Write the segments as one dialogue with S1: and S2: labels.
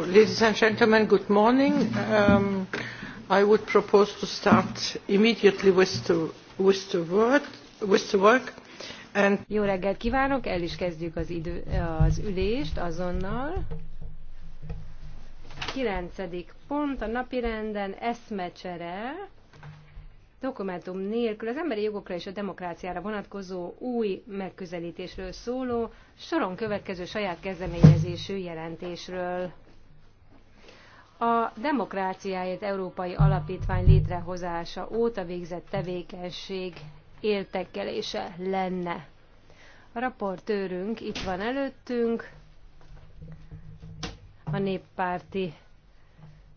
S1: ladies and gentlemen, good morning. Um, I would propose to start immediately with
S2: the, work.
S3: And Jó reggelt kívánok, el is kezdjük az, idő, az ülést azonnal. 9. pont a napirenden eszmecsere dokumentum nélkül az emberi jogokra és a demokráciára vonatkozó új megközelítésről szóló soron következő saját kezdeményezésű jelentésről. A demokráciáért Európai Alapítvány létrehozása óta végzett tevékenység értekelése lenne. A raportőrünk itt van előttünk, a néppárti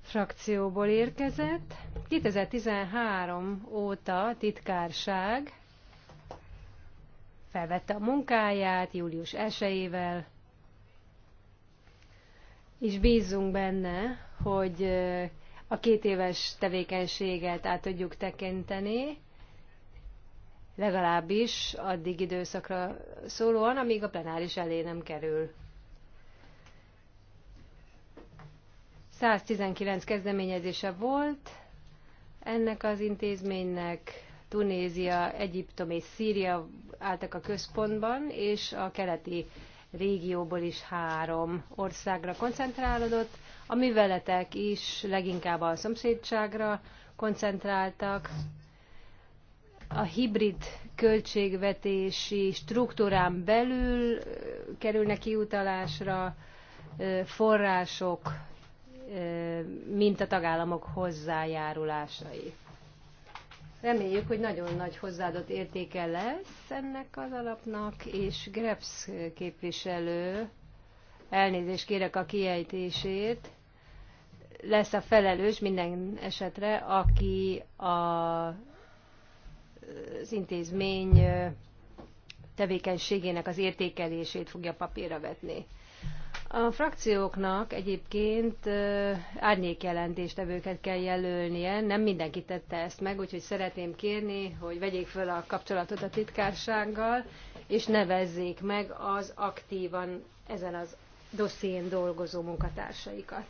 S3: frakcióból érkezett. 2013 óta a titkárság felvette a munkáját július 1 és bízunk benne, hogy eh, a két éves tevékenységet át tudjuk tekinteni, legalábbis addig időszakra szólóan, amíg a plenáris elé nem kerül. 119 kezdeményezése volt ennek az intézménynek. Tunézia, Egyiptom és Szíria álltak a központban, és a keleti régióból is három országra koncentrálódott. A műveletek is leginkább a szomszédságra koncentráltak. A hibrid költségvetési struktúrán belül kerülnek kiutalásra források, mint a tagállamok hozzájárulásai. Reméljük, hogy nagyon nagy hozzáadott értéke lesz ennek az alapnak, és Grebs képviselő, elnézést kérek a kiejtését, lesz a felelős minden esetre, aki a, az intézmény tevékenységének az értékelését fogja papírra vetni. A frakcióknak egyébként árnyékjelentéstevőket kell jelölnie, nem mindenki tette ezt meg, úgyhogy szeretném kérni, hogy vegyék föl a kapcsolatot a titkársággal, és nevezzék meg az aktívan ezen az dosszén dolgozó munkatársaikat.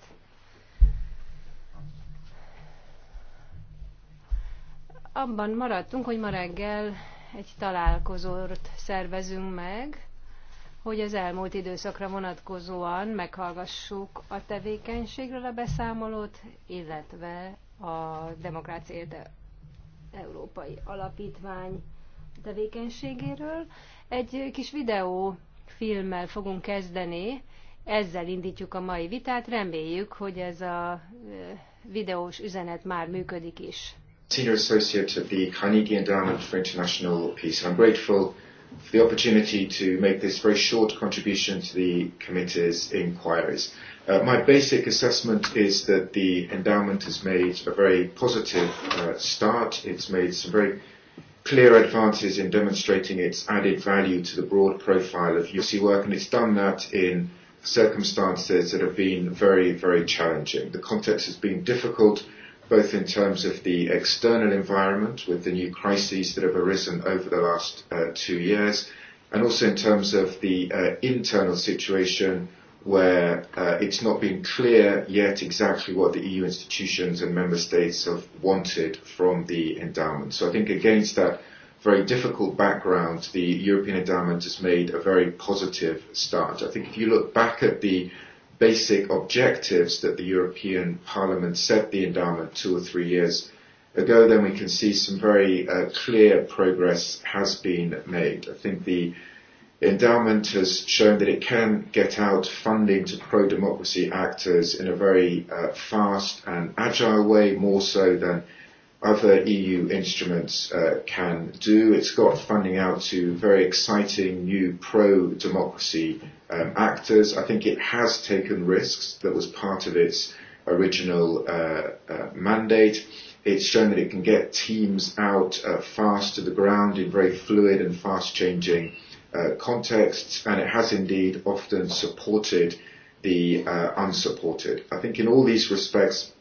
S3: abban maradtunk, hogy ma reggel egy találkozót szervezünk meg, hogy az elmúlt időszakra vonatkozóan meghallgassuk a tevékenységről a beszámolót, illetve a Demokráciát Európai Alapítvány tevékenységéről. Egy kis videó filmmel fogunk kezdeni, ezzel indítjuk a mai vitát, reméljük, hogy ez a videós üzenet már működik is.
S1: Senior Associate of the Carnegie Endowment for International Peace. I'm grateful for the opportunity to make this very short contribution to the committee's inquiries. Uh, my basic assessment is that the endowment has made a very positive uh, start. It's made some very clear advances in demonstrating its added value to the broad profile of UC work, and it's done that in circumstances that have been very, very challenging. The context has been difficult both in terms of the external environment with the new crises that have arisen over the last uh, two years, and also in terms of the uh, internal situation where uh, it's not been clear yet exactly what the EU institutions and member states have wanted from the endowment. So I think against that very difficult background, the European endowment has made a very positive start. I think if you look back at the uh, basic objectives that the European Parliament set the endowment two or three years ago, then we can see some very uh, clear progress has been made. I think the endowment has shown that it can get out funding to pro-democracy actors in a very uh, fast and agile way, more so than other EU instruments uh, can do. It's got funding out to very exciting new pro-democracy um, actors. I think it has taken risks that was part of its original uh, uh, mandate. It's shown that it can get teams out uh, fast to the ground in very fluid and fast changing uh, contexts, and it has indeed often supported the uh, unsupported. I think in all these respects,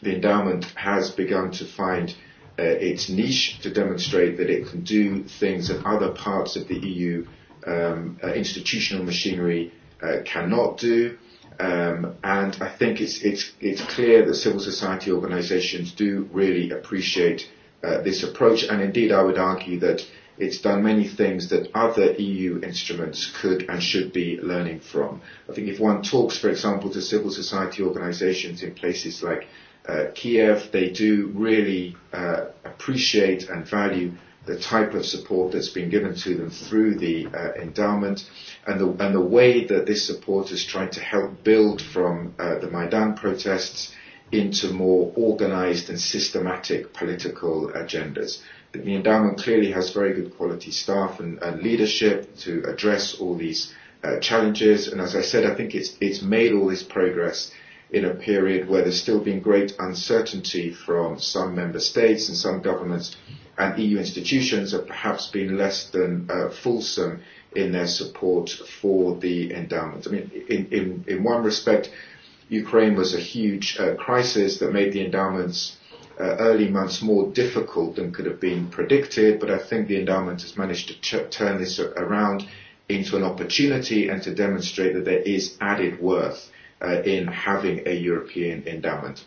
S1: the endowment has begun to find uh, its niche to demonstrate that it can do things that other parts of the EU um, uh, institutional machinery uh, cannot do. Um, and I think it's, it's, it's clear that civil society organisations do really appreciate uh, this approach. And indeed, I would argue that it's done many things that other EU instruments could and should be learning from. I think if one talks, for example, to civil society organisations in places like uh, Kiev, they do really uh, appreciate and value the type of support that's been given to them through the uh, endowment and the, and the way that this support is trying to help build from uh, the Maidan protests into more organized and systematic political agendas. The endowment clearly has very good quality staff and, and leadership to address all these uh, challenges. And as I said, I think it's, it's made all this progress in a period where there's still been great uncertainty from some member states and some governments, and EU institutions have perhaps been less than uh, fulsome in their support for the endowment. I mean, in, in, in one respect, Ukraine was a huge uh, crisis that made the endowment's uh, early months more difficult than could have been predicted, but I think the endowment has managed to ch- turn this around into an opportunity and to demonstrate that there is added worth uh, in having a European endowment.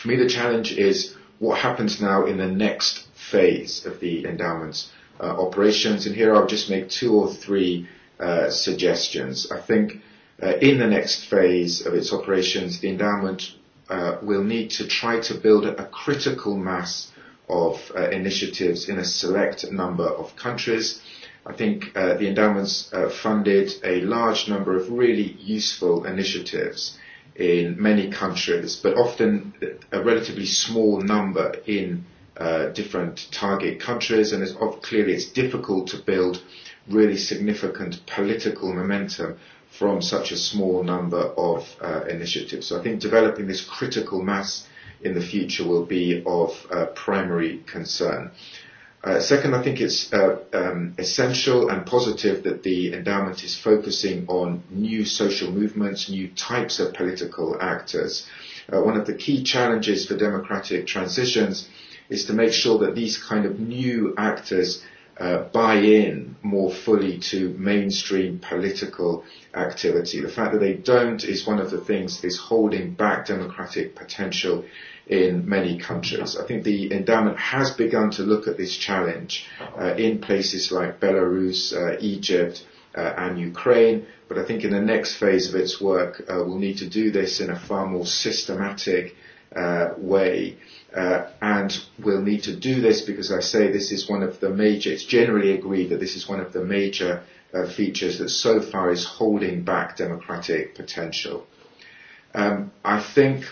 S1: For me, the challenge is what happens now in the next phase of the endowment's uh, operations. And here I'll just make two or three uh, suggestions. I think uh, in the next phase of its operations, the endowment uh, will need to try to build a critical mass of uh, initiatives in a select number of countries. Uh, I think uh, the endowments uh, funded a large number of really useful initiatives in many countries, but often uh, a relatively small number in uh, different target countries, and it's, clearly it's difficult to build really significant political momentum from such a small number of uh, initiatives. So I think developing this critical mass in the future will be of uh, primary concern. Uh, Uh, second, I think it's uh, um, essential and positive that the endowment is focusing on new social movements, new types of political actors. Uh, one of the key challenges for democratic transitions is to make sure that these kind of new actors uh, buy in more fully to mainstream political activity. The fact that they don't is one of the things that is holding back democratic potential in many countries. I think the endowment has begun to look at this challenge uh, in places like Belarus, uh, Egypt, uh, and Ukraine, but I think in the next phase of its work, uh, we'll need to do this in a far more systematic uh, way. Uh, and we'll need to do this because I say this is one of the major, it's generally agreed that this is one of the major uh, features that so far is holding back democratic potential. Um, I think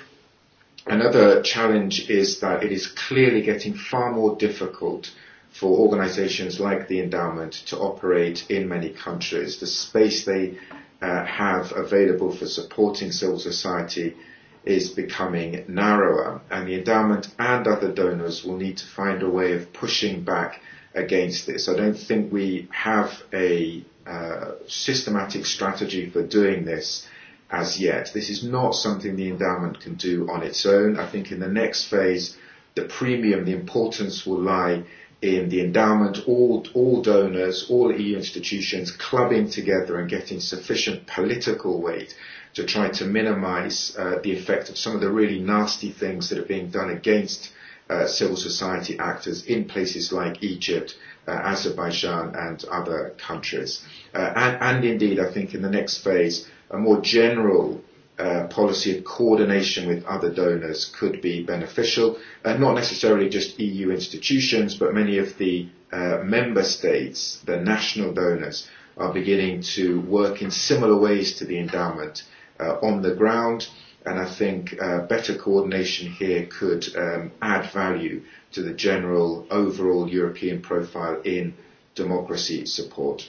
S1: Another challenge is that it is clearly getting far more difficult for organizations like the endowment to operate in many countries. The space they uh, have available for supporting civil society is becoming narrower and the endowment and other donors will need to find a way of pushing back against this. I don't think we have a uh, systematic strategy for doing this as yet. This is not something the endowment can do on its own. I think in the next phase, the premium, the importance will lie in the endowment, all, all donors, all EU institutions clubbing together and getting sufficient political weight to try to minimize uh, the effect of some of the really nasty things that are being done against uh, civil society actors in places like Egypt, uh, Azerbaijan and other countries. Uh, and, and indeed, I think in the next phase, a more general uh, policy of coordination with other donors could be beneficial, uh, not necessarily just EU institutions, but many of the uh, member states, the national donors, are beginning to work in similar ways to the endowment uh, on the ground. And I think uh, better coordination here could um, add value to the general overall European profile in democracy support.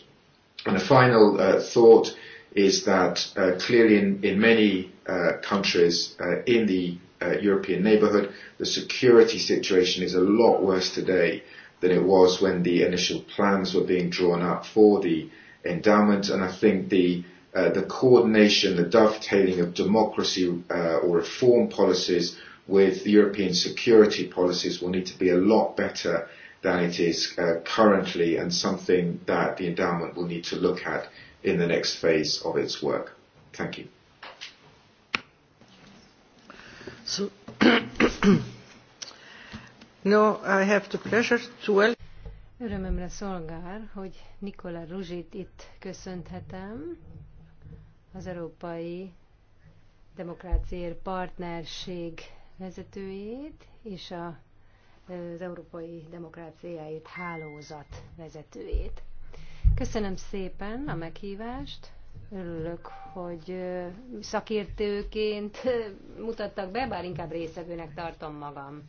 S1: And a final uh, thought is that uh, clearly in, in many uh, countries uh, in the uh, European neighbourhood, the security situation is a lot worse today than it was when the initial plans were being drawn up for the endowment. And I think the uh, the coordination, the dovetailing of democracy uh, or reform policies with European security policies will need to be a lot better than it is uh, currently and something that the endowment will need to look at in the next phase of its work. Thank you. So no, I have the pleasure to welcome.
S3: Örömömre szolgál, hogy Nikola Ruzsit itt köszönhetem, az Európai Demokráciért Partnerség vezetőjét és a, az Európai Demokráciáért Hálózat vezetőjét. Köszönöm szépen a meghívást. Örülök, hogy szakértőként mutattak be, bár inkább részevőnek tartom magam.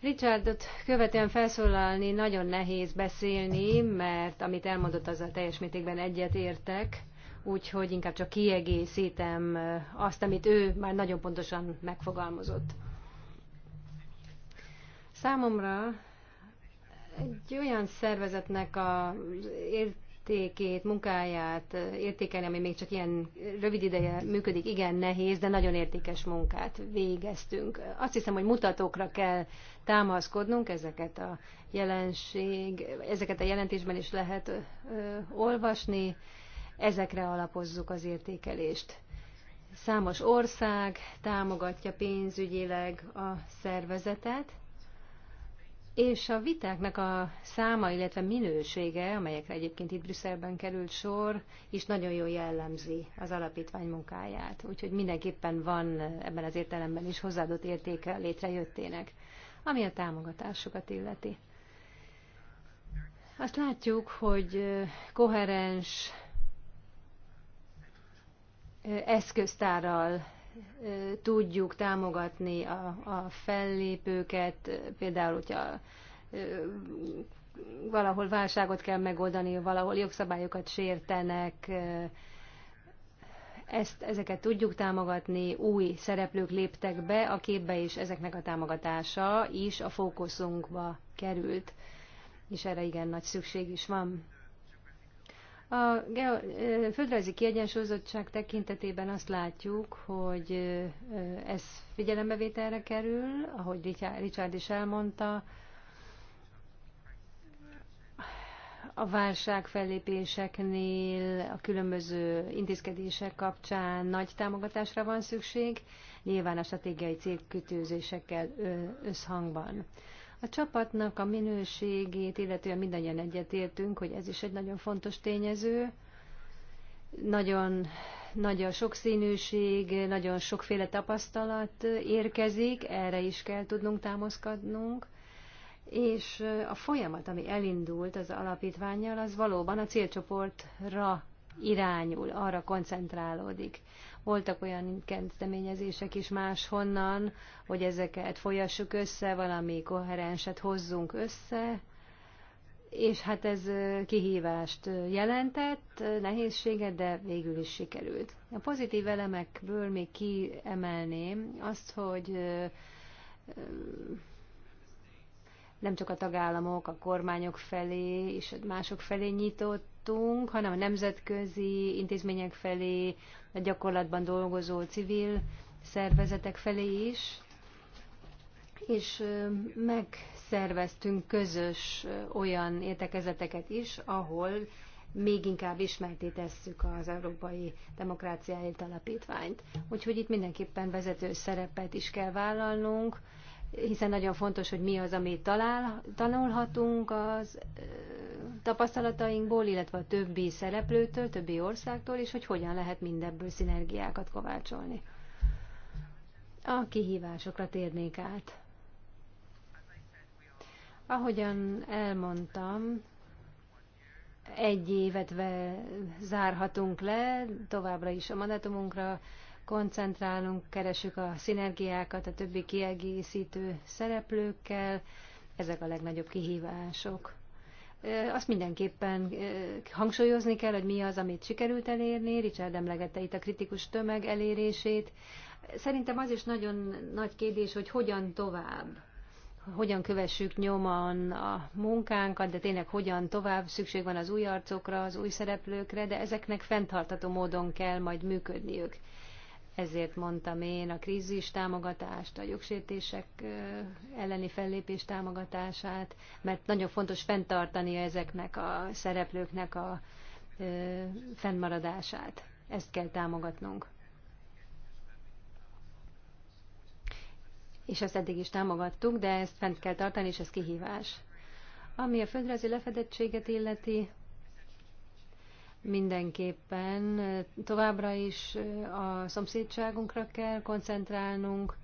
S3: Richardot követően felszólalni nagyon nehéz beszélni, mert amit elmondott, azzal teljes mértékben egyetértek, úgyhogy inkább csak kiegészítem azt, amit ő már nagyon pontosan megfogalmazott. Számomra egy olyan szervezetnek a értékét, munkáját értékelni, ami még csak ilyen rövid ideje működik, igen nehéz, de nagyon értékes munkát végeztünk. Azt hiszem, hogy mutatókra kell támaszkodnunk, ezeket a jelenség, ezeket a jelentésben is lehet ö, olvasni, ezekre alapozzuk az értékelést. Számos ország támogatja pénzügyileg a szervezetet, és a vitáknak a száma, illetve minősége, amelyekre egyébként itt Brüsszelben került sor, is nagyon jól jellemzi az alapítvány munkáját. Úgyhogy mindenképpen van ebben az értelemben is hozzáadott értéke a létrejöttének, ami a támogatásokat illeti. Azt látjuk, hogy koherens eszköztárral tudjuk támogatni a, a fellépőket, például, hogyha valahol válságot kell megoldani, valahol jogszabályokat sértenek, ezt, ezeket tudjuk támogatni, új szereplők léptek be a képbe, és ezeknek a támogatása is a fókuszunkba került, és erre igen nagy szükség is van. A földrajzi kiegyensúlyozottság tekintetében azt látjuk, hogy ez figyelembevételre kerül, ahogy Richard is elmondta, a válság fellépéseknél, a különböző intézkedések kapcsán nagy támogatásra van szükség, nyilván a stratégiai célkütőzésekkel összhangban. A csapatnak a minőségét, illetően mindannyian egyetértünk, hogy ez is egy nagyon fontos tényező. Nagyon nagy a sokszínűség, nagyon sokféle tapasztalat érkezik, erre is kell tudnunk támaszkodnunk. És a folyamat, ami elindult az alapítványjal, az valóban a célcsoportra irányul, arra koncentrálódik. Voltak olyan kezdeményezések is máshonnan, hogy ezeket folyassuk össze, valami koherenset hozzunk össze, és hát ez kihívást jelentett, nehézséget, de végül is sikerült. A pozitív elemekből még kiemelném azt, hogy nem csak a tagállamok, a kormányok felé és mások felé nyitott láttunk, hanem a nemzetközi intézmények felé, a gyakorlatban dolgozó civil szervezetek felé is, és megszerveztünk közös olyan értekezeteket is, ahol még inkább ismerté tesszük az Európai Demokráciáért Alapítványt. Úgyhogy itt mindenképpen vezető szerepet is kell vállalnunk, hiszen nagyon fontos, hogy mi az, amit talál, tanulhatunk az tapasztalatainkból, illetve a többi szereplőtől, többi országtól, és hogy hogyan lehet mindebből szinergiákat kovácsolni. A kihívásokra térnék át. Ahogyan elmondtam, egy évet zárhatunk le, továbbra is a mandátumunkra koncentrálunk, keresük a szinergiákat a többi kiegészítő szereplőkkel, ezek a legnagyobb kihívások. Azt mindenképpen hangsúlyozni kell, hogy mi az, amit sikerült elérni. Richard emlegette itt a kritikus tömeg elérését. Szerintem az is nagyon nagy kérdés, hogy hogyan tovább hogyan kövessük nyoman a munkánkat, de tényleg hogyan tovább szükség van az új arcokra, az új szereplőkre, de ezeknek fenntartató módon kell majd működniük. Ezért mondtam én a krízis támogatást, a jogsértések elleni fellépés támogatását, mert nagyon fontos fenntartani ezeknek a szereplőknek a fennmaradását. Ezt kell támogatnunk. És ezt eddig is támogattuk, de ezt fent kell tartani, és ez kihívás. Ami a földrajzi lefedettséget illeti, Mindenképpen továbbra is a szomszédságunkra kell koncentrálnunk,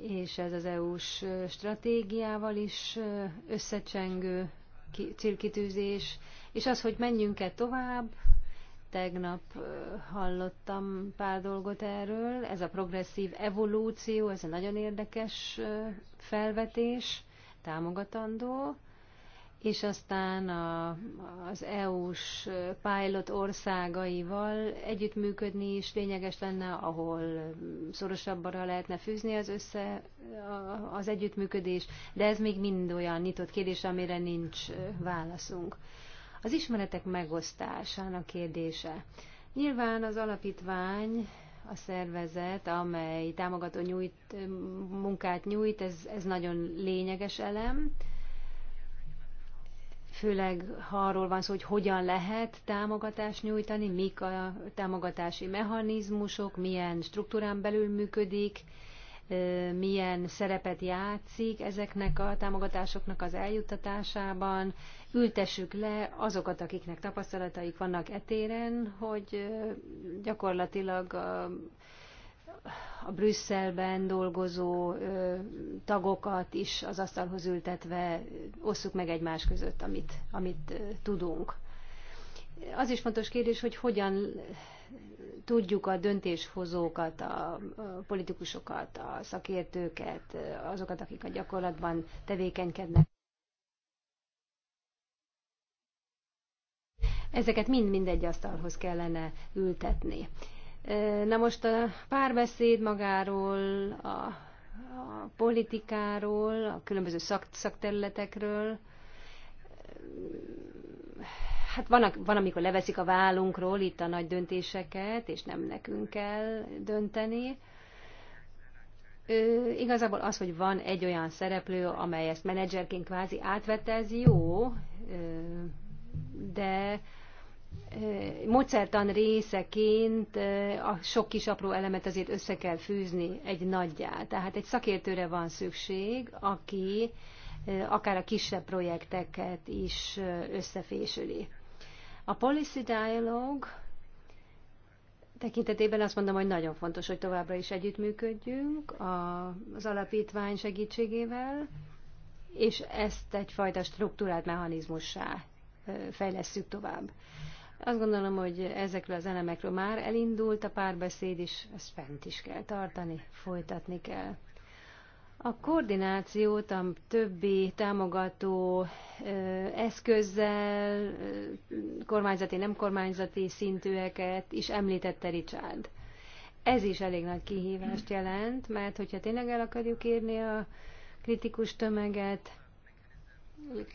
S3: és ez az EU-s stratégiával is összecsengő célkitűzés, és az, hogy menjünk-e tovább, tegnap hallottam pár dolgot erről, ez a progresszív evolúció, ez egy nagyon érdekes felvetés, támogatandó, és aztán a, az EU-s pilot országaival együttműködni is lényeges lenne, ahol szorosabbra lehetne fűzni az össze az együttműködés, de ez még mind olyan nyitott kérdés, amire nincs válaszunk. Az ismeretek megosztásának kérdése. Nyilván az alapítvány a szervezet, amely támogató nyújt, munkát nyújt, ez, ez nagyon lényeges elem, főleg ha arról van szó, hogy hogyan lehet támogatást nyújtani, mik a támogatási mechanizmusok, milyen struktúrán belül működik, milyen szerepet játszik ezeknek a támogatásoknak az eljuttatásában. Ültessük le azokat, akiknek tapasztalataik vannak etéren, hogy gyakorlatilag a Brüsszelben dolgozó tagokat is az asztalhoz ültetve osszuk meg egymás között, amit, amit tudunk. Az is fontos kérdés, hogy hogyan tudjuk a döntéshozókat, a politikusokat, a szakértőket, azokat, akik a gyakorlatban tevékenykednek. Ezeket mind mindegy asztalhoz kellene ültetni. Na most a párbeszéd magáról, a, a politikáról, a különböző szak, szakterületekről, hát van, van, amikor leveszik a vállunkról itt a nagy döntéseket, és nem nekünk kell dönteni. Ö, igazából az, hogy van egy olyan szereplő, amely ezt menedzserként kvázi átvette, ez jó, ö, de Mozertan részeként a sok kis apró elemet azért össze kell fűzni egy nagyjá. Tehát egy szakértőre van szükség, aki akár a kisebb projekteket is összefésüli. A policy dialogue tekintetében azt mondom, hogy nagyon fontos, hogy továbbra is együttműködjünk az alapítvány segítségével, és ezt egyfajta struktúrált mechanizmussá fejlesszük tovább. Azt gondolom, hogy ezekről az elemekről már elindult a párbeszéd, és ezt fent is kell tartani, folytatni kell. A koordinációt a többi támogató eszközzel, kormányzati, nem kormányzati szintűeket is említette Richard. Ez is elég nagy kihívást jelent, mert hogyha tényleg el akarjuk érni a kritikus tömeget,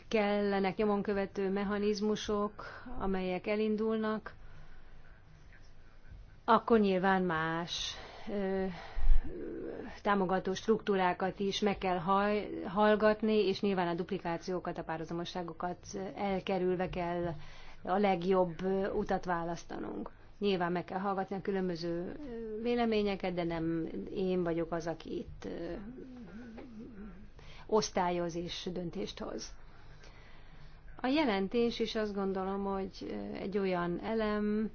S3: kellenek nyomon követő mechanizmusok, amelyek elindulnak, akkor nyilván más ö, támogató struktúrákat is meg kell haj, hallgatni, és nyilván a duplikációkat, a párhuzamosságokat elkerülve kell a legjobb utat választanunk. Nyilván meg kell hallgatni a különböző véleményeket, de nem én vagyok az, aki itt osztályoz és döntést hoz. A jelentés is azt gondolom, hogy egy olyan elem,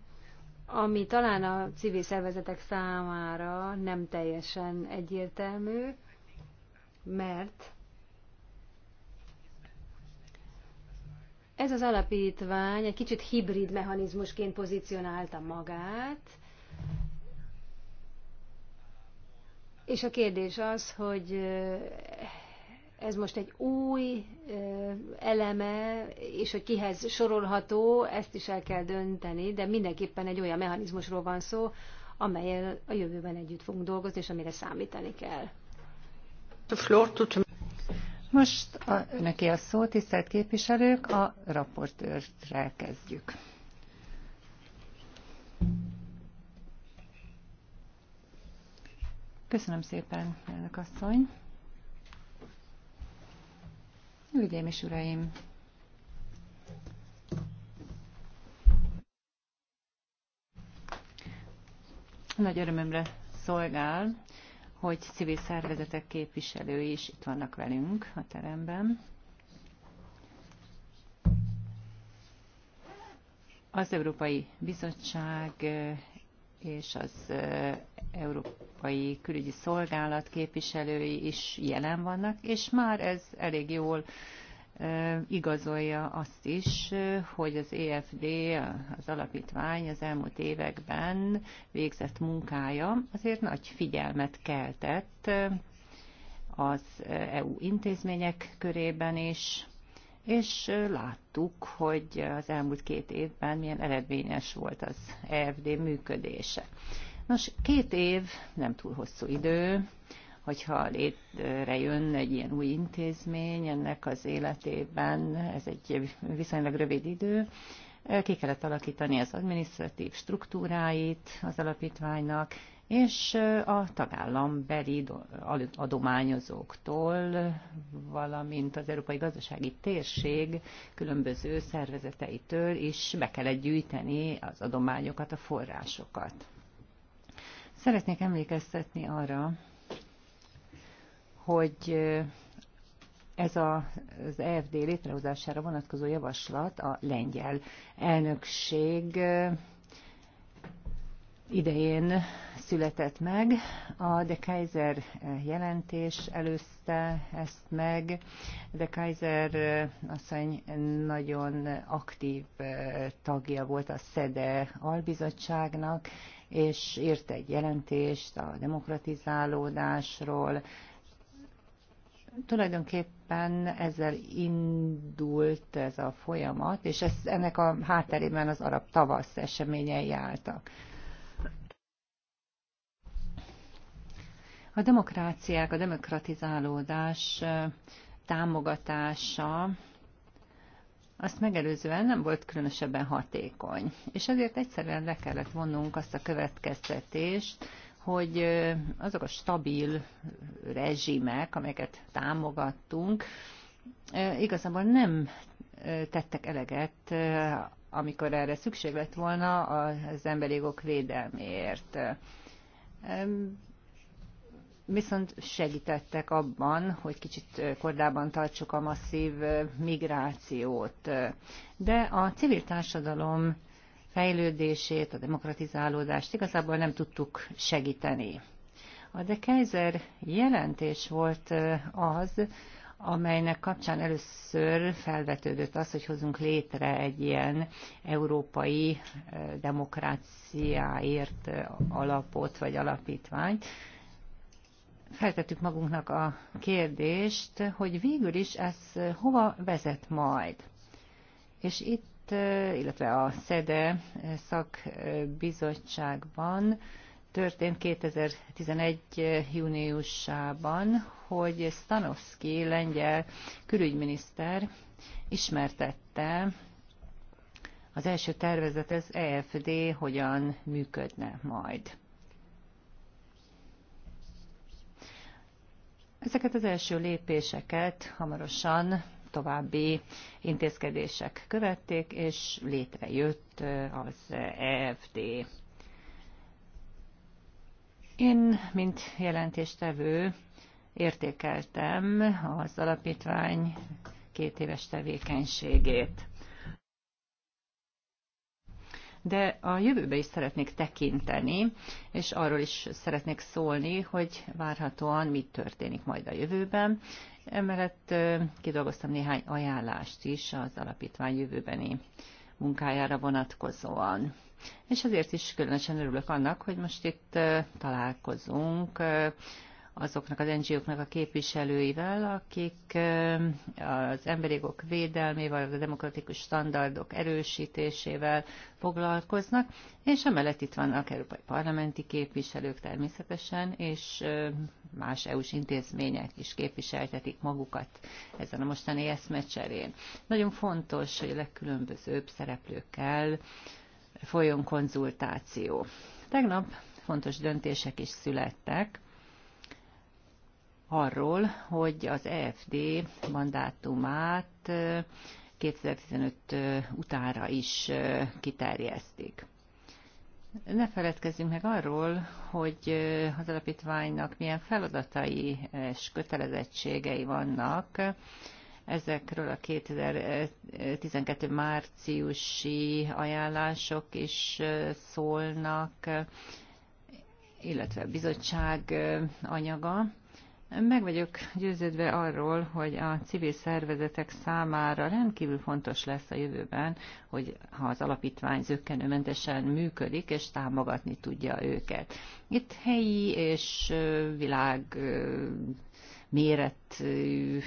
S3: ami talán a civil szervezetek számára nem teljesen egyértelmű, mert ez az alapítvány egy kicsit hibrid mechanizmusként pozícionálta magát, és a kérdés az, hogy ez most egy új eleme, és hogy kihez sorolható, ezt is el kell dönteni, de mindenképpen egy olyan mechanizmusról van szó, amelyel a jövőben együtt fogunk dolgozni, és amire számítani kell.
S2: Most a, neki a szó, tisztelt képviselők, a raportőrrel kezdjük. Köszönöm szépen, elnök asszony. Hölgyeim és uraim! Nagy örömömre szolgál, hogy civil szervezetek képviselői is itt vannak velünk a teremben. Az Európai Bizottság és az Európai Külügyi Szolgálat képviselői is jelen vannak, és már ez elég jól igazolja azt is, hogy az EFD, az alapítvány az elmúlt években végzett munkája azért nagy figyelmet keltett az EU intézmények körében is, és láttuk, hogy az elmúlt két évben milyen eredményes volt az EFD működése. Nos, két év nem túl hosszú idő, hogyha létrejön egy ilyen új intézmény ennek az életében, ez egy viszonylag rövid idő, ki kellett alakítani az administratív struktúráit az alapítványnak, és a tagállambeli adományozóktól, valamint az Európai Gazdasági Térség különböző szervezeteitől is be kellett gyűjteni az adományokat, a forrásokat. Szeretnék emlékeztetni arra, hogy ez a, az EFD létrehozására vonatkozó javaslat a lengyel elnökség idején született meg. A De Kaiser jelentés előzte ezt meg. De Kaiser asszony nagyon aktív eh, tagja volt a SZEDE albizottságnak, és írt egy jelentést a demokratizálódásról. Tulajdonképpen ezzel indult ez a folyamat, és ez, ennek a hátterében az arab tavasz eseményei álltak. A demokráciák, a demokratizálódás támogatása azt megelőzően nem volt különösebben hatékony. És ezért egyszerűen le kellett vonnunk azt a következtetést, hogy azok a stabil rezsimek, amelyeket támogattunk, igazából nem tettek eleget, amikor erre szükség lett volna az emberi jogok védelméért viszont segítettek abban, hogy kicsit kordában tartsuk a masszív migrációt. De a civil társadalom fejlődését, a demokratizálódást igazából nem tudtuk segíteni. A De Kaiser jelentés volt az, amelynek kapcsán először felvetődött az, hogy hozunk létre egy ilyen európai demokráciáért alapot vagy alapítványt, feltettük magunknak a kérdést, hogy végül is ez hova vezet majd. És itt, illetve a SZEDE szakbizottságban történt 2011. júniusában, hogy Stanowski, lengyel külügyminiszter ismertette az első tervezet, az EFD hogyan működne majd. Ezeket az első lépéseket hamarosan további intézkedések követték, és létrejött az EFD. Én, mint jelentéstevő, értékeltem az alapítvány két éves tevékenységét de a jövőbe is szeretnék tekinteni, és arról is szeretnék szólni, hogy várhatóan mit történik majd a jövőben. Emellett kidolgoztam néhány ajánlást is az alapítvány jövőbeni munkájára vonatkozóan. És azért is különösen örülök annak, hogy most itt találkozunk azoknak az NGO-knak a képviselőivel, akik az emberi jogok védelmével, a demokratikus standardok erősítésével foglalkoznak, és emellett itt vannak európai parlamenti képviselők természetesen, és más EU-s intézmények is képviseltetik magukat ezen a mostani eszmecserén. Nagyon fontos, hogy a legkülönbözőbb szereplőkkel folyjon konzultáció. Tegnap fontos döntések is születtek, arról, hogy az EFD mandátumát 2015 utára is kiterjesztik. Ne feledkezzünk meg arról, hogy az alapítványnak milyen feladatai és kötelezettségei vannak. Ezekről a 2012 márciusi ajánlások is szólnak, illetve a bizottság anyaga. Meg vagyok győződve arról, hogy a civil szervezetek számára rendkívül fontos lesz a jövőben, hogy ha az alapítvány zöggenőmentesen működik, és támogatni tudja őket. Itt helyi és világ méretű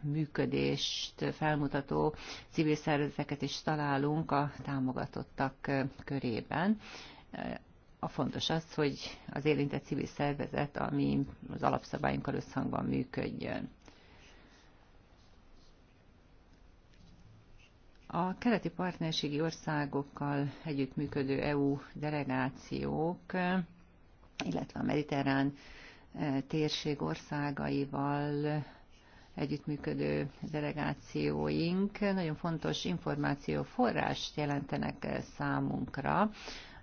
S2: működést felmutató civil szervezeteket is találunk a támogatottak körében a fontos az, hogy az érintett civil szervezet, ami az alapszabályunkkal összhangban működjön. A keleti partnerségi országokkal együttműködő EU delegációk, illetve a mediterrán e, térség országaival együttműködő delegációink nagyon fontos információforrást jelentenek e, számunkra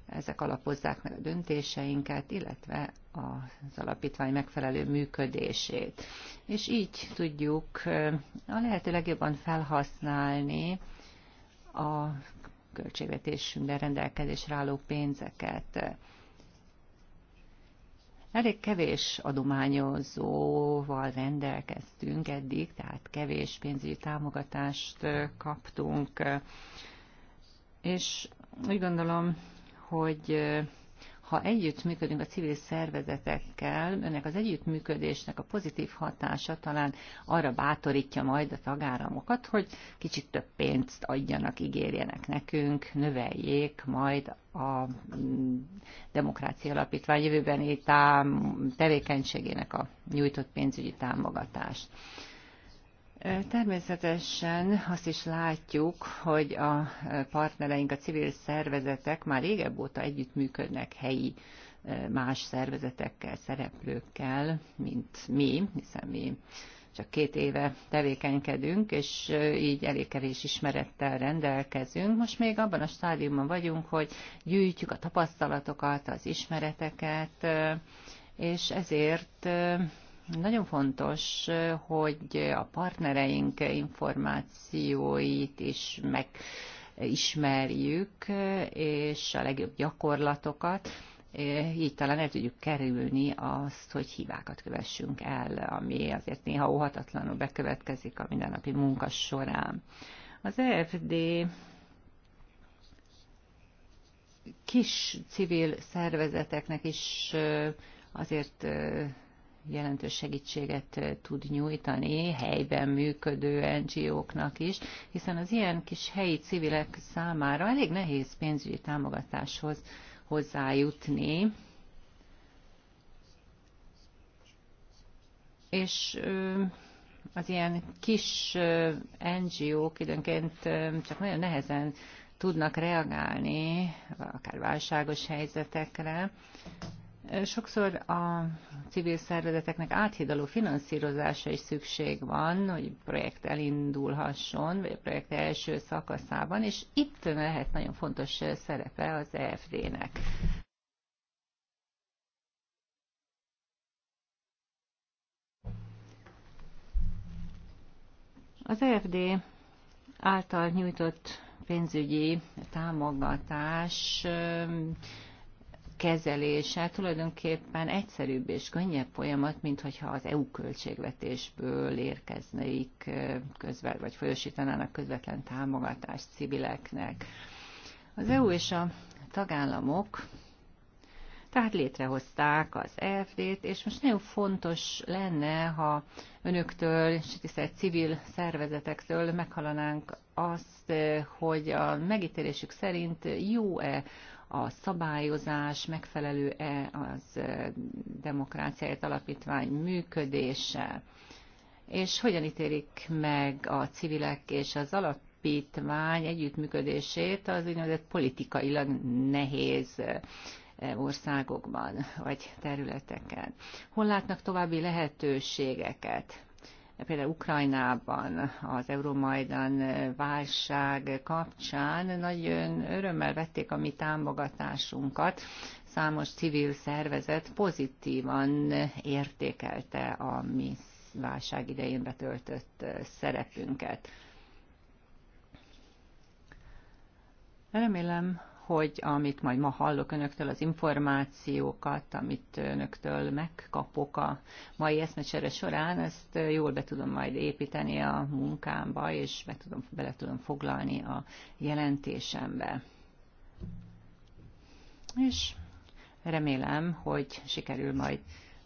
S2: ezek alapozzák meg a döntéseinket, illetve az alapítvány megfelelő működését. És így tudjuk a lehető legjobban felhasználni a költségvetésünkben rendelkezésre álló pénzeket. Elég kevés adományozóval rendelkeztünk eddig, tehát kevés pénzügyi támogatást kaptunk, és úgy gondolom, hogy ha együttműködünk a civil szervezetekkel, ennek az együttműködésnek a pozitív hatása talán arra bátorítja majd a tagáramokat, hogy kicsit több pénzt adjanak, ígérjenek nekünk, növeljék majd a mm, demokrácia alapítvány jövőbeni tám, tevékenységének a nyújtott pénzügyi támogatást. Természetesen azt is látjuk, hogy a partnereink, a civil szervezetek már régebb óta együttműködnek helyi más szervezetekkel, szereplőkkel, mint mi, hiszen mi csak két éve tevékenykedünk, és így elég kevés ismerettel rendelkezünk. Most még abban a stádiumban vagyunk, hogy gyűjtjük a tapasztalatokat, az ismereteket, és ezért nagyon fontos, hogy a partnereink információit is megismerjük, és a legjobb gyakorlatokat, e, így talán el tudjuk kerülni azt, hogy hibákat kövessünk el, ami azért néha óhatatlanul bekövetkezik a mindennapi munka során. Az EFD kis civil szervezeteknek is e, azért e, jelentős segítséget tud nyújtani helyben működő NGO-knak is, hiszen az ilyen kis helyi civilek számára elég nehéz pénzügyi támogatáshoz hozzájutni, és az ilyen kis NGO-k időnként csak nagyon nehezen tudnak reagálni, akár válságos helyzetekre, Sokszor a civil szervezeteknek áthidaló finanszírozása is szükség van, hogy projekt elindulhasson, vagy a projekt első szakaszában, és itt lehet nagyon fontos szerepe az EFD-nek. Az EFD által nyújtott pénzügyi támogatás kezelése tulajdonképpen egyszerűbb és könnyebb folyamat, mint hogyha az EU költségvetésből érkeznék közvel, vagy folyosítanának közvetlen támogatást civileknek. Az EU és a tagállamok tehát létrehozták az EFD-t, és most nagyon fontos lenne, ha önöktől, és tisztelt civil szervezetektől meghallanánk azt, hogy a megítélésük szerint jó-e a szabályozás megfelelő-e az demokráciáért alapítvány működése, és hogyan ítélik meg a civilek és az alapítvány együttműködését az úgynevezett politikailag nehéz országokban vagy területeken. Hol látnak további lehetőségeket? például Ukrajnában az Euromajdan válság kapcsán nagyon örömmel vették a mi támogatásunkat. Számos civil szervezet pozitívan értékelte a mi válság idején betöltött szerepünket. Remélem, hogy amit majd ma hallok önöktől, az információkat, amit önöktől megkapok a mai eszmecsere során, ezt jól be tudom majd építeni a munkámba, és be tudom, bele tudom foglalni a jelentésembe. És remélem, hogy sikerül majd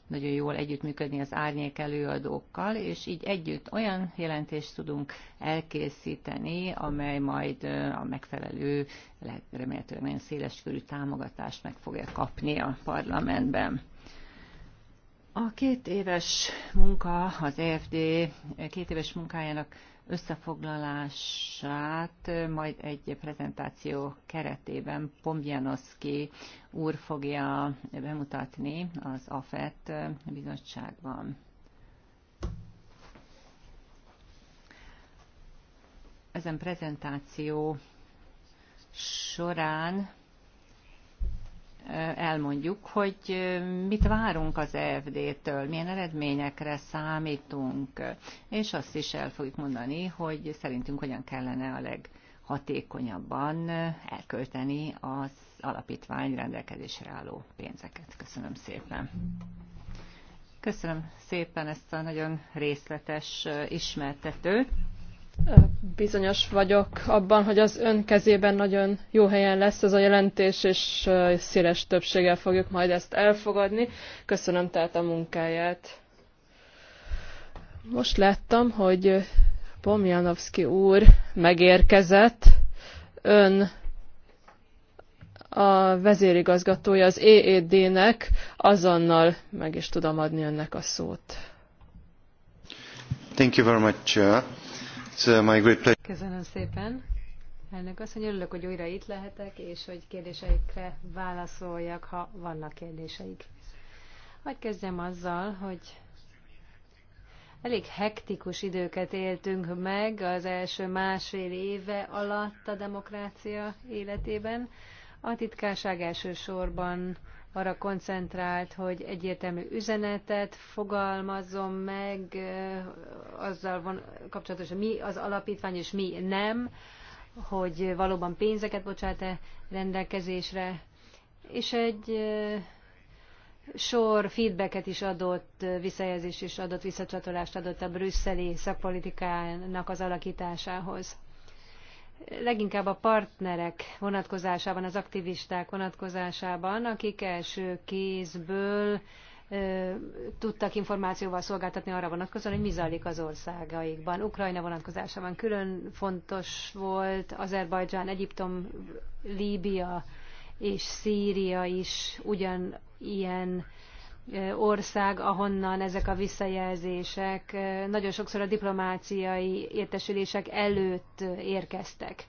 S2: nagyon jól együttműködni az árnyék előadókkal, és így együtt olyan jelentést tudunk elkészíteni, amely majd a megfelelő, remélhetőleg nagyon széles körű támogatást meg fogja kapni a parlamentben. A két éves munka, az EFD két éves munkájának összefoglalását majd egy prezentáció keretében Pombjanoszki úr fogja bemutatni az AFET bizottságban. Ezen prezentáció során Eh, elmondjuk, hogy eh, mit várunk az EFD-től, milyen eredményekre számítunk, és azt is el fogjuk mondani, hogy szerintünk hogyan kellene a leghatékonyabban eh, elkölteni az alapítvány rendelkezésre álló pénzeket. Köszönöm szépen. Köszönöm szépen ezt a nagyon részletes ismertetőt.
S4: Bizonyos vagyok abban, hogy az ön kezében nagyon jó helyen lesz ez a jelentés, és széles többséggel fogjuk majd ezt elfogadni. Köszönöm tehát a munkáját. Most láttam, hogy Pomjanovszki úr megérkezett. Ön a vezérigazgatója az EED-nek, azonnal meg is tudom adni önnek a szót.
S5: Thank you very much. Uh,
S3: Köszönöm szépen. Elnök asszony, örülök, hogy újra itt lehetek, és hogy kérdéseikre válaszoljak, ha vannak kérdéseik. Hogy kezdjem azzal, hogy elég hektikus időket éltünk meg az első másfél éve alatt a demokrácia életében. A titkárság elsősorban arra koncentrált, hogy egyértelmű üzenetet fogalmazzon meg, azzal van kapcsolatosan mi az alapítvány és mi nem, hogy valóban pénzeket bocsát-e rendelkezésre, és egy sor feedbacket is adott, visszajelzést is adott, visszacsatolást adott a brüsszeli szakpolitikának az alakításához leginkább a partnerek vonatkozásában, az aktivisták vonatkozásában, akik első kézből tudtak információval szolgáltatni arra vonatkozóan, hogy mi zajlik az országaikban. Ukrajna vonatkozásában külön fontos volt, Azerbajdzsán, Egyiptom, Líbia és Szíria is ugyanilyen ország, ahonnan ezek a visszajelzések nagyon sokszor a diplomáciai értesülések előtt érkeztek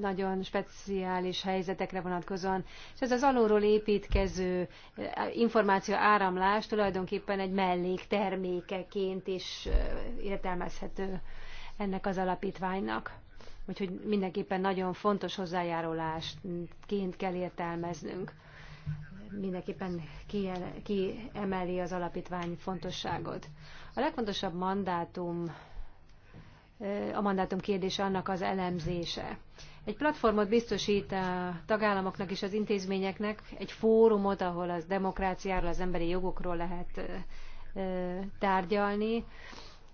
S3: nagyon speciális helyzetekre vonatkozóan. És ez az alulról építkező információ áramlás tulajdonképpen egy melléktermékeként is értelmezhető ennek az alapítványnak. Úgyhogy mindenképpen nagyon fontos hozzájárulásként kell értelmeznünk mindenképpen kiemeli az alapítvány fontosságot. A legfontosabb mandátum, a mandátum kérdése annak az elemzése. Egy platformot biztosít a tagállamoknak és az intézményeknek, egy fórumot, ahol az demokráciáról, az emberi jogokról lehet tárgyalni.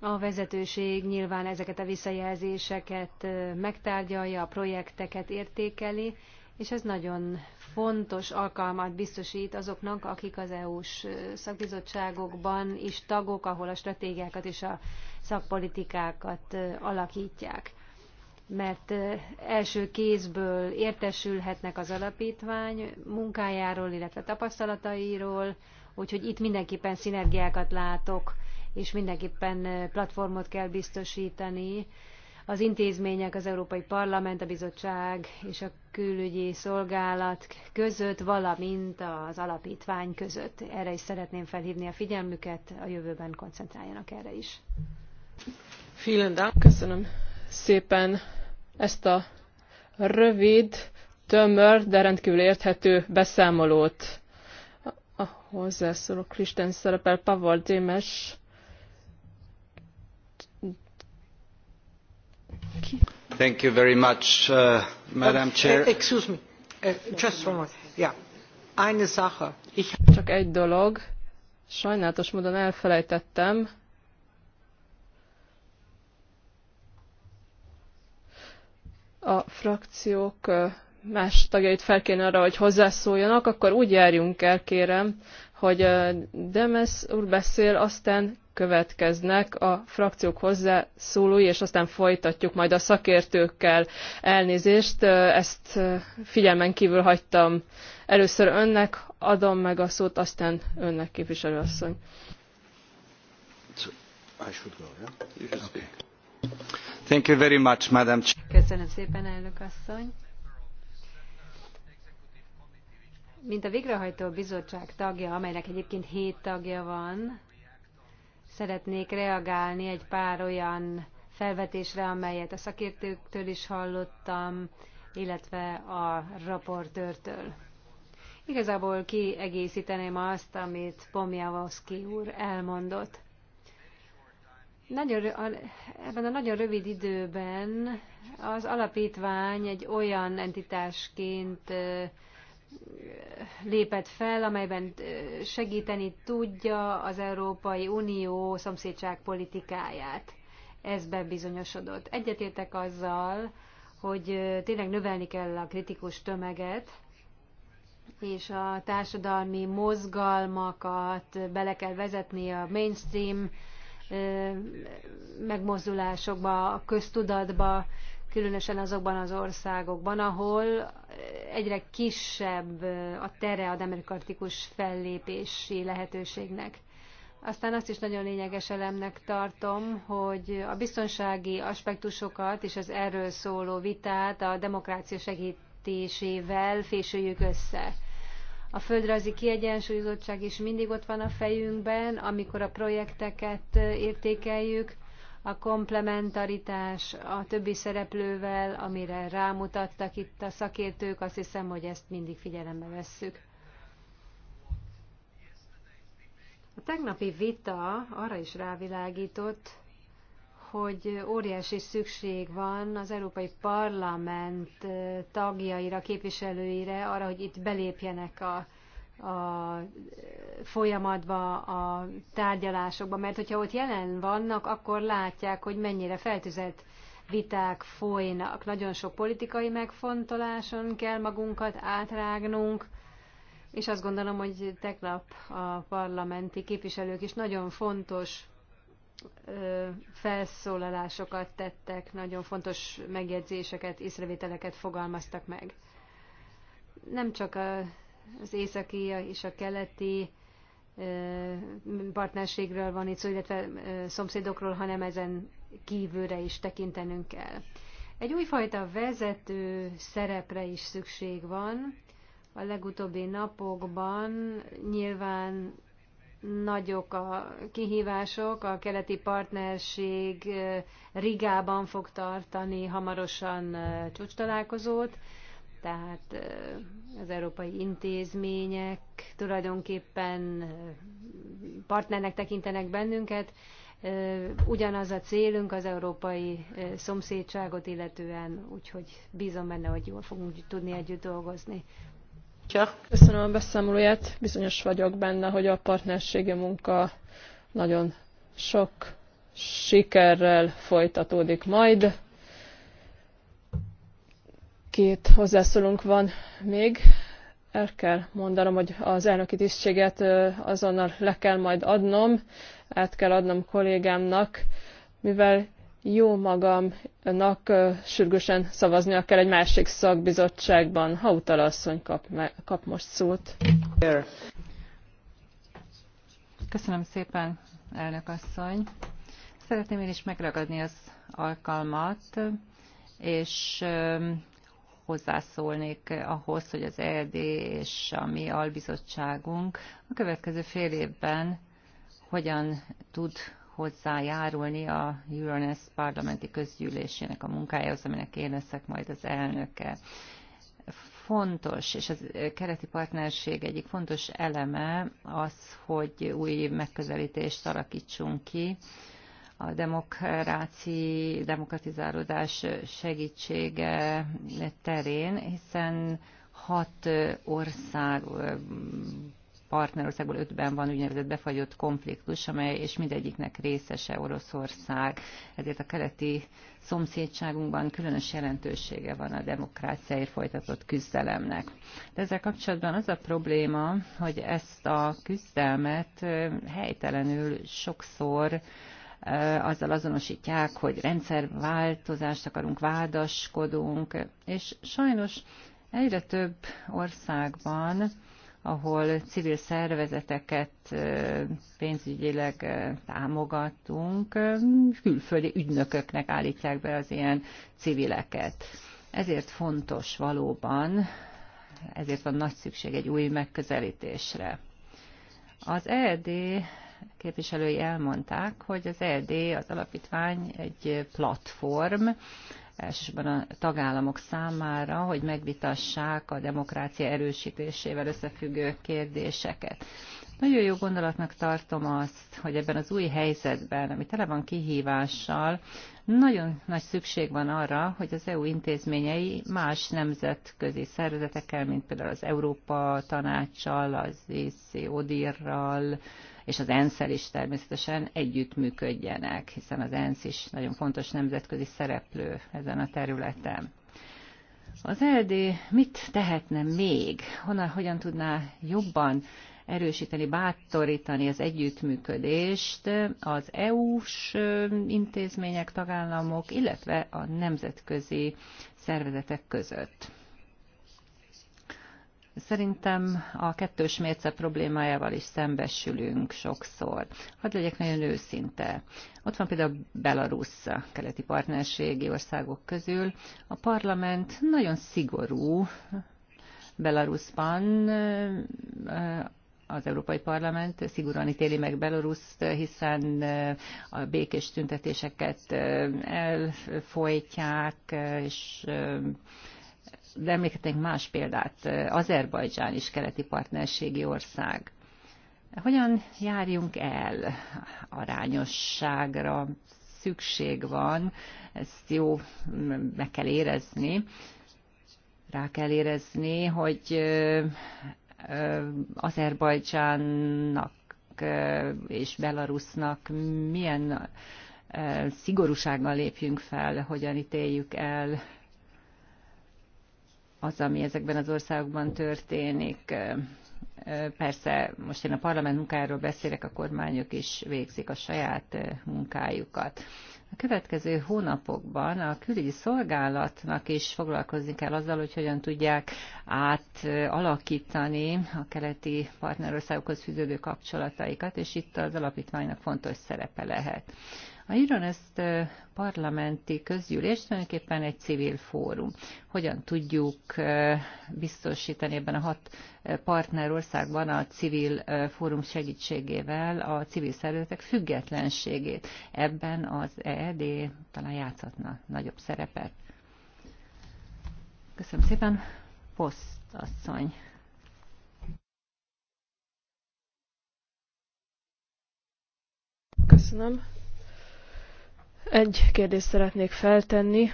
S3: A vezetőség nyilván ezeket a visszajelzéseket megtárgyalja, a projekteket értékeli, és ez nagyon fontos alkalmat biztosít azoknak, akik az EU-s szakbizottságokban is tagok, ahol a stratégiákat és a szakpolitikákat alakítják. Mert első kézből értesülhetnek az alapítvány munkájáról, illetve tapasztalatairól, úgyhogy itt mindenképpen szinergiákat látok, és mindenképpen platformot kell biztosítani, az intézmények, az Európai Parlament, a Bizottság és a külügyi szolgálat között, valamint az alapítvány között. Erre is szeretném felhívni a figyelmüket, a jövőben
S4: koncentráljanak erre is. Köszönöm szépen ezt a rövid, tömör, de rendkívül érthető beszámolót. A hozzászóló Kristen szerepel Pavel Démes
S5: Thank you very much, uh, Madam oh, Chair. Eh, excuse
S4: me, uh, just one more. Yeah. Eine Sache. Ich... Csak egy dolog. Sajnálatos módon elfelejtettem, a frakciók más tagjait fel kéne arra, hogy hozzászóljanak, akkor úgy járjunk el, kérem, hogy Demes úr beszél, aztán következnek a frakciók hozzászólói, és aztán folytatjuk majd a szakértőkkel elnézést. Ezt figyelmen kívül hagytam. Először önnek adom meg a szót, aztán önnek képviselőasszony.
S5: Thank you very much, madam.
S3: Köszönöm szépen, elnök asszony. Mint a végrehajtó bizottság tagja, amelynek egyébként hét tagja van, Szeretnék reagálni egy pár olyan felvetésre, amelyet a szakértőktől is hallottam, illetve a raportőrtől. Igazából kiegészíteném azt, amit Pomjavoszki úr elmondott. Nagyon, ebben a nagyon rövid időben az alapítvány egy olyan entitásként lépett fel, amelyben segíteni tudja az Európai Unió szomszédság politikáját. Ez bebizonyosodott. Egyetértek azzal, hogy tényleg növelni kell a kritikus tömeget, és a társadalmi mozgalmakat bele kell vezetni a mainstream megmozdulásokba, a köztudatba, különösen azokban az országokban, ahol egyre kisebb a tere a demokratikus fellépési lehetőségnek. Aztán azt is nagyon lényeges elemnek tartom, hogy a biztonsági aspektusokat és az erről szóló vitát a demokrácia segítésével fésüljük össze. A földrajzi kiegyensúlyozottság is mindig ott van a fejünkben, amikor a projekteket értékeljük, a komplementaritás a többi szereplővel, amire rámutattak itt a szakértők, azt hiszem, hogy ezt mindig figyelembe vesszük. A tegnapi vita arra is rávilágított, hogy óriási szükség van az Európai Parlament tagjaira, képviselőire arra, hogy itt belépjenek a a folyamatba, a tárgyalásokba, mert hogyha ott jelen vannak, akkor látják, hogy mennyire feltüzett viták folynak. Nagyon sok politikai megfontoláson kell magunkat átrágnunk, és azt gondolom, hogy tegnap a parlamenti képviselők is nagyon fontos felszólalásokat tettek, nagyon fontos megjegyzéseket, észrevételeket fogalmaztak meg. Nem csak a az északi és a keleti partnerségről van itt szó, illetve szomszédokról, hanem ezen kívülre is tekintenünk kell. Egy újfajta vezető szerepre is szükség van. A legutóbbi napokban nyilván nagyok a kihívások, a keleti partnerség Rigában fog tartani hamarosan csúcstalálkozót, találkozót, tehát az európai intézmények tulajdonképpen partnernek tekintenek bennünket. Ugyanaz a célunk az európai szomszédságot
S4: illetően, úgyhogy bízom benne, hogy jól fogunk tudni együtt dolgozni. Köszönöm a beszámolóját. Bizonyos vagyok benne, hogy a partnerségi munka nagyon sok sikerrel folytatódik majd Két hozzászólunk van még. El kell mondanom, hogy az elnöki tisztséget azonnal le kell majd adnom, át kell adnom kollégámnak, mivel jó magamnak sürgősen szavaznia kell egy másik szakbizottságban. Ha asszony kap, kap most szót. Köszönöm szépen,
S2: elnök asszony. Szeretném én is megragadni az alkalmat, és hozzászólnék ahhoz, hogy az ED és a mi albizottságunk a következő fél évben hogyan tud hozzájárulni a Euronest parlamenti közgyűlésének a munkájához, aminek én leszek majd az elnöke. Fontos, és az keleti partnerség egyik fontos eleme az, hogy új megközelítést alakítsunk ki, a demokráci, demokratizálódás segítsége terén, hiszen hat ország partnerországból ötben van úgynevezett befagyott konfliktus, amely és mindegyiknek részese Oroszország, ezért a keleti szomszédságunkban különös jelentősége van a demokráciáért folytatott küzdelemnek. De ezzel kapcsolatban az a probléma, hogy ezt a küzdelmet helytelenül sokszor azzal azonosítják, hogy rendszerváltozást akarunk, vádaskodunk, és sajnos egyre több országban, ahol civil szervezeteket pénzügyileg támogatunk, külföldi ügynököknek állítják be az ilyen civileket. Ezért fontos valóban, ezért van nagy szükség egy új megközelítésre. Az ED képviselői elmondták, hogy az ED, az alapítvány egy platform, elsősorban a tagállamok számára, hogy megvitassák a demokrácia erősítésével összefüggő kérdéseket. Nagyon jó gondolatnak tartom azt, hogy ebben az új helyzetben, ami tele van kihívással, nagyon nagy szükség van arra, hogy az EU intézményei más nemzetközi szervezetekkel, mint például az Európa tanácssal, az ICODIR-ral, és az ensz is természetesen együttműködjenek, hiszen az ENSZ is nagyon fontos nemzetközi szereplő ezen a területen. Az LD mit tehetne még? Honnan, hogyan tudná jobban erősíteni, bátorítani az együttműködést az EU-s intézmények, tagállamok, illetve a nemzetközi szervezetek között. Szerintem a kettős mérce problémájával is szembesülünk sokszor. Hadd legyek nagyon őszinte. Ott van például Belarus, a keleti partnerségi országok közül. A parlament nagyon szigorú Belarusban, eh, az Európai Parlament szigorúan ítéli meg Beloruszt, hiszen eh, a békés tüntetéseket eh, elfolytják, és de emlékeztetek más példát, Azerbajdzsán is keleti partnerségi ország. Hogyan járjunk el arányosságra? Szükség van, ezt jó meg kell érezni, rá kell érezni, hogy Azerbajdzsánnak és Belarusnak milyen szigorúsággal lépjünk fel, hogyan ítéljük el az, ami ezekben az országokban történik. Persze most én a parlament munkáról beszélek, a kormányok is végzik a saját munkájukat. A következő hónapokban a külügyi szolgálatnak is foglalkozni kell azzal, hogy hogyan tudják átalakítani a keleti partnerországokhoz fűződő kapcsolataikat, és itt az alapítványnak fontos szerepe lehet. A Euronest parlamenti közgyűlés tulajdonképpen egy civil fórum. Hogyan tudjuk biztosítani ebben a hat partnerországban a civil fórum segítségével a civil szervezetek függetlenségét? Ebben az EED talán játszhatna nagyobb szerepet. Köszönöm szépen. Poszt asszony.
S4: Köszönöm. Egy kérdést szeretnék feltenni.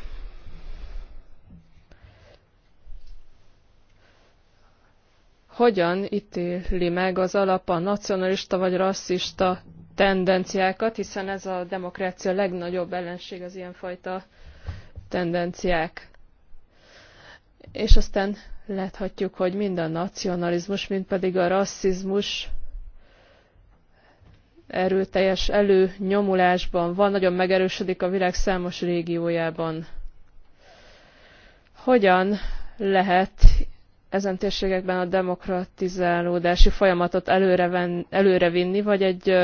S4: Hogyan ítéli meg az alap a nacionalista vagy rasszista tendenciákat, hiszen ez a demokrácia legnagyobb ellenség az ilyenfajta tendenciák. És aztán láthatjuk, hogy mind a nacionalizmus, mind pedig a rasszizmus erőteljes előnyomulásban van, nagyon megerősödik a világ számos régiójában. Hogyan lehet ezen térségekben a demokratizálódási folyamatot előreven, előrevinni, vagy egy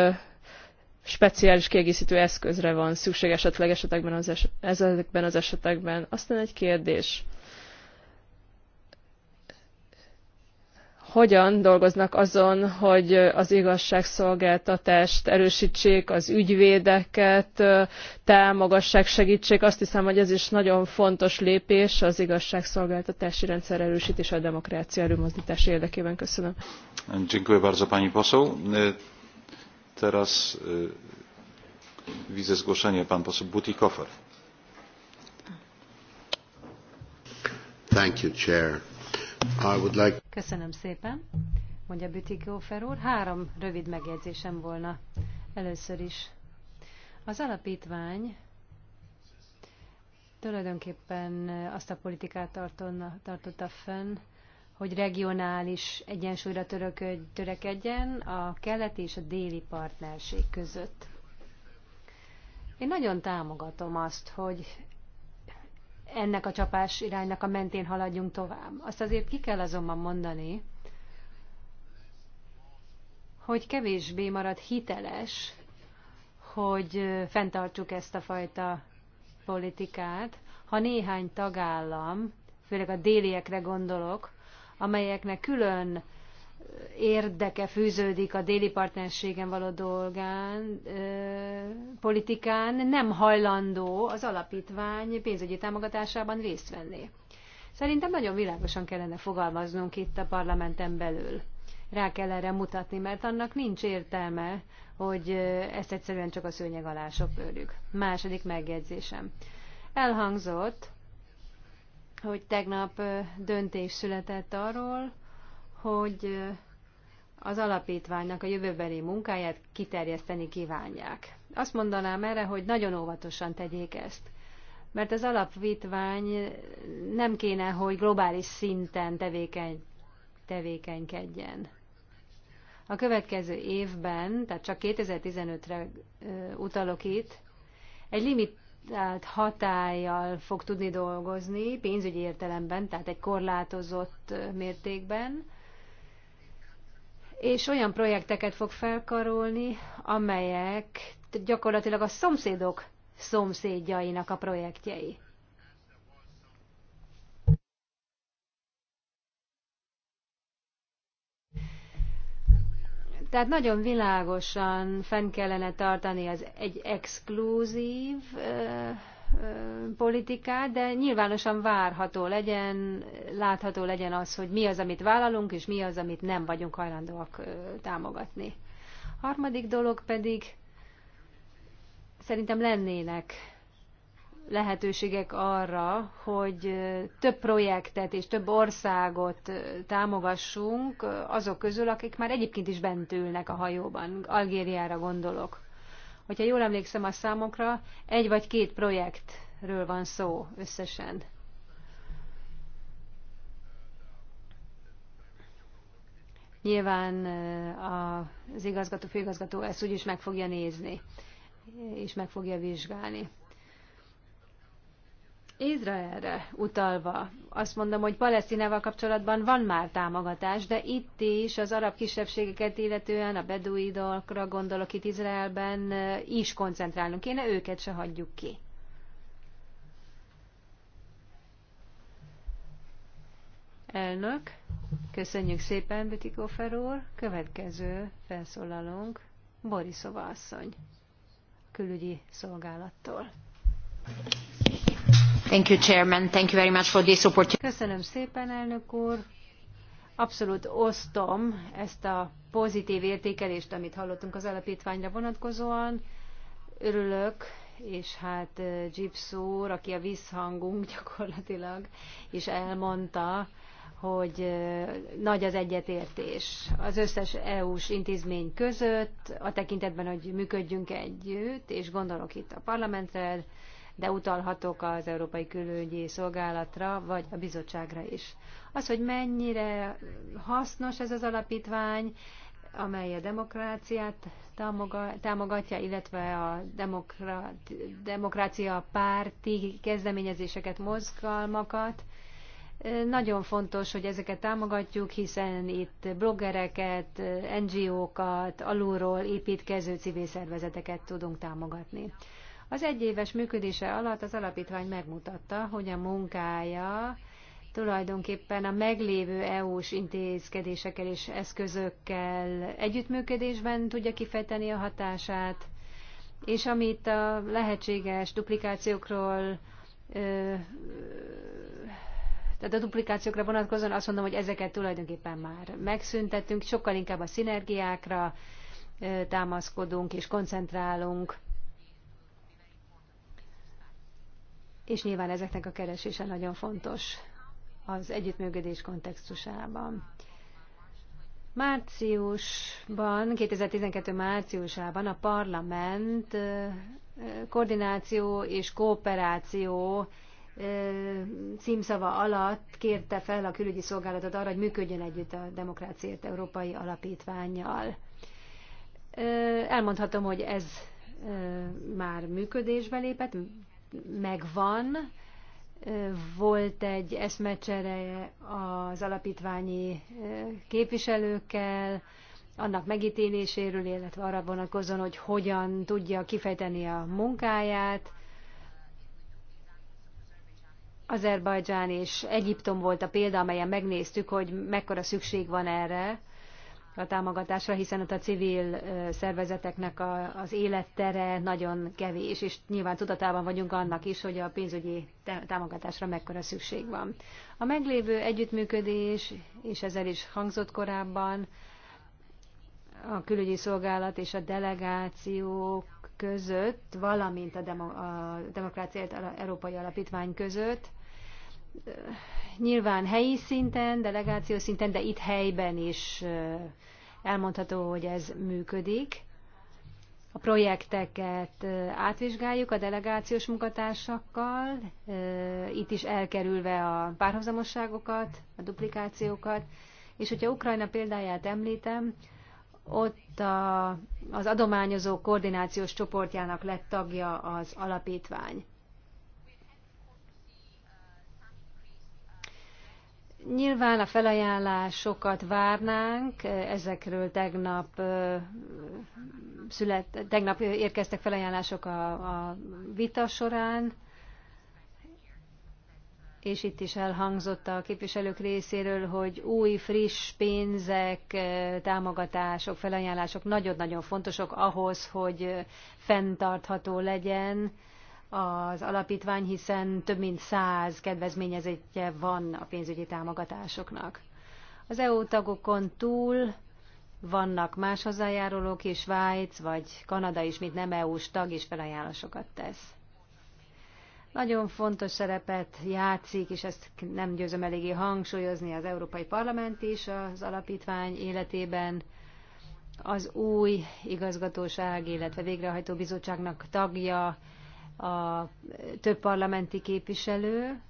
S4: speciális kiegészítő eszközre van szükség esetleg esetekben az es, ezekben az esetekben. Aztán egy kérdés. hogyan dolgoznak azon, hogy az igazságszolgáltatást erősítsék, az ügyvédeket támogassák, segítsék. Azt hiszem, hogy ez is nagyon fontos lépés az igazságszolgáltatási rendszer erősítése a demokrácia előmozdítás érdekében. Köszönöm.
S5: Dziękuję bardzo pani poseł. E, teraz e, widzę zgłoszenie pan poseł Butikofer. Thank you, Chair.
S3: Köszönöm szépen, mondja Bütikófer úr. Három rövid megjegyzésem volna. Először is. Az alapítvány tulajdonképpen azt a politikát tartotta fenn, hogy regionális egyensúlyra törekedjen a keleti és a déli partnerség között. Én nagyon támogatom azt, hogy ennek a csapás iránynak a mentén haladjunk tovább. Azt azért ki kell azonban mondani, hogy kevésbé marad hiteles, hogy fenntartsuk ezt a fajta politikát, ha néhány tagállam, főleg a déliekre gondolok, amelyeknek külön érdeke fűződik a déli partnerségen való dolgán, politikán, nem hajlandó az alapítvány pénzügyi támogatásában részt venni. Szerintem nagyon világosan kellene fogalmaznunk itt a parlamenten belül. Rá kell erre mutatni, mert annak nincs értelme, hogy ezt egyszerűen csak a szőnyeg alá sopörjük. Második megjegyzésem. Elhangzott, hogy tegnap döntés született arról, hogy az alapítványnak a jövőbeli munkáját kiterjeszteni kívánják. Azt mondanám erre, hogy nagyon óvatosan tegyék ezt, mert az alapítvány nem kéne, hogy globális szinten tevékeny, tevékenykedjen. A következő évben, tehát csak 2015-re utalok itt, egy limitált hatállyal fog tudni dolgozni pénzügyi értelemben, tehát egy korlátozott mértékben, és olyan projekteket fog felkarolni, amelyek gyakorlatilag a szomszédok szomszédjainak a projektjei. Tehát nagyon világosan fenn kellene tartani az egy exkluzív politikát, de nyilvánosan várható legyen, látható legyen az, hogy mi az, amit vállalunk, és mi az, amit nem vagyunk hajlandóak támogatni. Harmadik dolog pedig szerintem lennének lehetőségek arra, hogy több projektet és több országot támogassunk azok közül, akik már egyébként is bent ülnek a hajóban. Algériára gondolok. Hogyha jól emlékszem a számokra, egy vagy két projektről van szó összesen. Nyilván az igazgató, főigazgató ezt úgyis meg fogja nézni, és meg fogja vizsgálni. Izraelre utalva, azt mondom, hogy Palesztinával kapcsolatban van már támogatás, de itt is az arab kisebbségeket illetően, a beduidokra gondolok itt Izraelben, eh, is koncentrálnunk kéne, őket se hagyjuk ki. Elnök, köszönjük szépen, Bütikofer úr. Következő felszólalónk Borisova asszony, külügyi szolgálattól. Köszönöm szépen, elnök úr. Abszolút osztom ezt a pozitív értékelést, amit hallottunk az alapítványra vonatkozóan. Örülök, és hát eh, Gips úr, aki a visszhangunk gyakorlatilag, is elmondta, hogy eh, nagy az egyetértés az összes EU-s intézmény között, a tekintetben, hogy működjünk együtt, és gondolok itt a parlamentre, de utalhatok az Európai Külügyi Szolgálatra, vagy a bizottságra is. Az, hogy mennyire hasznos ez az alapítvány, amely a demokráciát támogatja, illetve a demokra, demokrácia párti kezdeményezéseket, mozgalmakat. Nagyon fontos, hogy ezeket támogatjuk, hiszen itt bloggereket, NGO-kat, alulról építkező civil szervezeteket tudunk támogatni. Az egyéves működése alatt az alapítvány megmutatta, hogy a munkája tulajdonképpen a meglévő EU-s intézkedésekkel és eszközökkel együttműködésben tudja kifejteni a hatását, és amit a lehetséges duplikációkról tehát a duplikációkra vonatkozóan azt mondom, hogy ezeket tulajdonképpen már megszüntettünk, sokkal inkább a szinergiákra támaszkodunk és koncentrálunk és nyilván ezeknek a keresése nagyon fontos az együttműködés kontextusában. Márciusban, 2012 márciusában a parlament koordináció és kooperáció címszava alatt kérte fel a külügyi szolgálatot arra, hogy működjön együtt a Demokráciért Európai Alapítványjal. Elmondhatom, hogy ez már működésbe lépett, megvan. Volt egy eszmecsere az alapítványi képviselőkkel, annak megítéléséről, illetve arra vonatkozóan, hogy hogyan tudja kifejteni a munkáját. Azerbajdzsán és Egyiptom volt a példa, amelyen megnéztük, hogy mekkora szükség van erre, a támogatásra, hiszen ott a civil szervezeteknek a, az élettere nagyon kevés, és nyilván tudatában vagyunk annak is, hogy a pénzügyi támogatásra mekkora szükség van. A meglévő együttműködés, és ezzel is hangzott korábban, a külügyi szolgálat és a delegációk között, valamint a, demo, a Demokrácia Európai Alapítvány között nyilván helyi szinten, delegáció szinten, de itt helyben is elmondható, hogy ez működik. A projekteket átvizsgáljuk a delegációs munkatársakkal, itt is elkerülve a párhuzamosságokat, a duplikációkat, és hogyha Ukrajna példáját említem, ott a, az adományozó koordinációs csoportjának lett tagja az alapítvány. Nyilván a felajánlásokat várnánk, ezekről tegnap, szület, tegnap érkeztek felajánlások a, a vita során, és itt is elhangzott a képviselők részéről, hogy új, friss pénzek, támogatások, felajánlások nagyon-nagyon fontosok ahhoz, hogy fenntartható legyen az alapítvány, hiszen több mint száz kedvezményezettje van a pénzügyi támogatásoknak. Az EU tagokon túl vannak más hozzájárulók is, Svájc vagy Kanada is, mint nem EU-s tag is felajánlásokat tesz. Nagyon fontos szerepet játszik, és ezt nem győzöm eléggé hangsúlyozni az Európai Parlament is az alapítvány életében. Az új igazgatóság, illetve végrehajtó bizottságnak tagja a több parlamenti képviselő,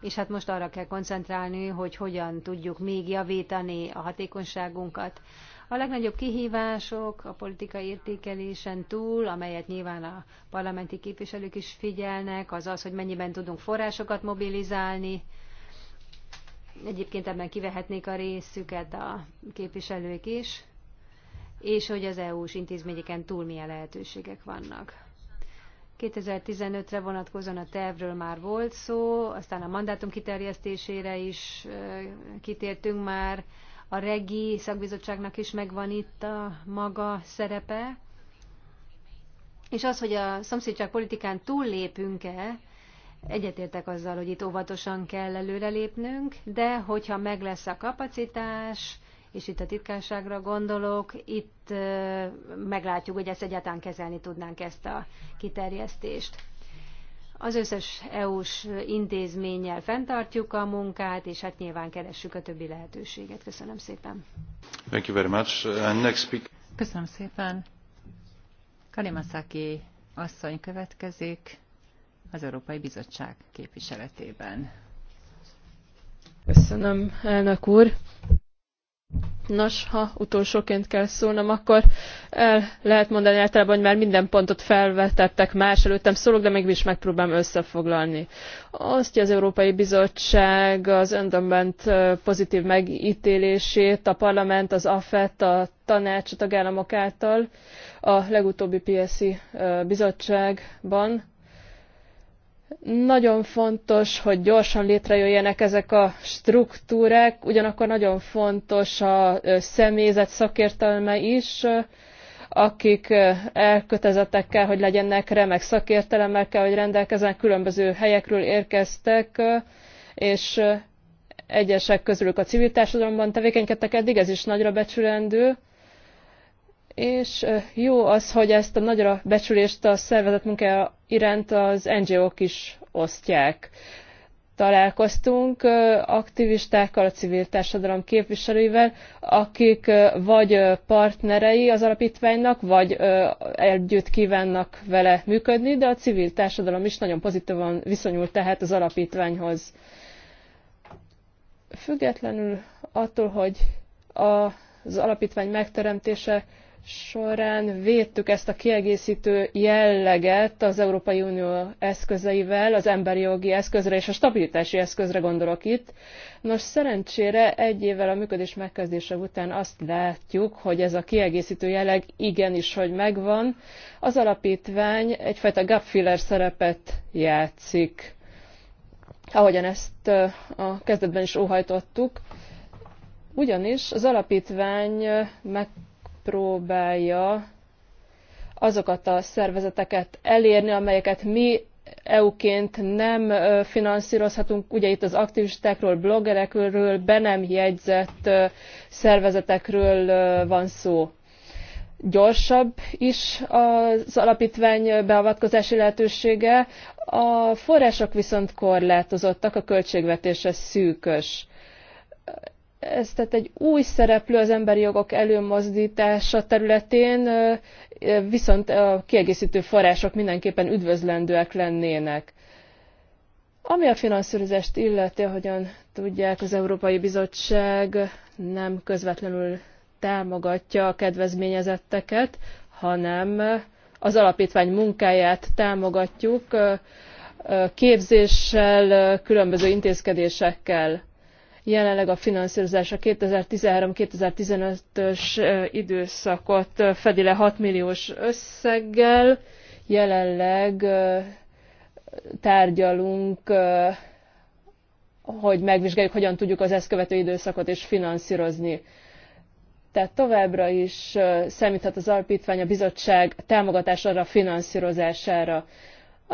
S3: és hát most arra kell koncentrálni, hogy hogyan tudjuk még javítani a hatékonyságunkat. A legnagyobb kihívások a politikai értékelésen túl, amelyet nyilván a parlamenti képviselők is figyelnek, az az, hogy mennyiben tudunk forrásokat mobilizálni. Egyébként ebben kivehetnék a részüket a képviselők is, és hogy az EU-s intézményeken túl milyen lehetőségek vannak. 2015-re vonatkozóan a tervről már volt szó, aztán a mandátum kiterjesztésére is kitértünk már, a regi szakbizottságnak is megvan itt a maga szerepe, és az, hogy a szomszédság politikán túllépünk-e, egyetértek azzal, hogy itt óvatosan kell előrelépnünk, de hogyha meg lesz a kapacitás, és itt a titkárságra gondolok, itt meglátjuk, hogy ezt egyáltalán kezelni tudnánk ezt a kiterjesztést. Az összes EU-s intézménnyel fenntartjuk a munkát, és hát nyilván keressük a többi lehetőséget. Köszönöm szépen.
S5: Thank you very much. And next speak.
S2: Köszönöm szépen. Kalimaszaki asszony következik az Európai Bizottság képviseletében.
S4: Köszönöm, elnök úr. Nos, ha utolsóként kell szólnom, akkor el lehet mondani általában, hogy már minden pontot felvetettek más előttem szólok, de mégis megpróbálom összefoglalni. Azt, hogy az Európai Bizottság az öndömbent pozitív megítélését, a parlament, az AFET, a tanács, a tagállamok által a legutóbbi PSI bizottságban nagyon fontos, hogy gyorsan létrejöjjenek ezek a struktúrák, ugyanakkor nagyon fontos a személyzet szakértelme is, akik elkötelezettek kell, hogy legyenek, remek szakértelemmel kell, hogy rendelkezzenek, különböző helyekről érkeztek, és egyesek közülük a civil társadalomban tevékenykedtek eddig, ez is nagyra becsülendő és jó az, hogy ezt a nagyra becsülést a szervezet munkája iránt az NGO-k is osztják. Találkoztunk aktivistákkal, a civil társadalom képviselőivel, akik vagy partnerei az alapítványnak, vagy együtt kívánnak vele működni, de a civil társadalom is nagyon pozitívan viszonyul tehát az alapítványhoz. Függetlenül attól, hogy a az alapítvány megteremtése során védtük ezt a kiegészítő jelleget az Európai Unió eszközeivel, az emberi jogi eszközre és a stabilitási eszközre gondolok itt. Nos, szerencsére egy évvel a működés megkezdése után azt látjuk, hogy ez a kiegészítő jelleg igenis, hogy megvan. Az alapítvány egyfajta gapfiller szerepet játszik, ahogyan ezt a kezdetben is óhajtottuk. Ugyanis az alapítvány meg próbálja azokat a szervezeteket elérni, amelyeket mi EU-ként nem finanszírozhatunk. Ugye itt az aktivistákról, bloggerekről, be nem jegyzett szervezetekről van szó. Gyorsabb is az alapítvány beavatkozási lehetősége, a források viszont korlátozottak, a költségvetése szűkös ez tehát egy új szereplő az emberi jogok előmozdítása területén, viszont a kiegészítő források mindenképpen üdvözlendőek lennének. Ami a finanszírozást illeti, ahogyan tudják, az Európai Bizottság nem közvetlenül támogatja a kedvezményezetteket, hanem az alapítvány munkáját támogatjuk képzéssel, különböző intézkedésekkel jelenleg a finanszírozás a 2013-2015-ös időszakot fedi le 6 milliós összeggel. Jelenleg tárgyalunk, hogy megvizsgáljuk, hogyan tudjuk az ezt követő időszakot is finanszírozni. Tehát továbbra is számíthat az alapítvány a bizottság támogatására, finanszírozására.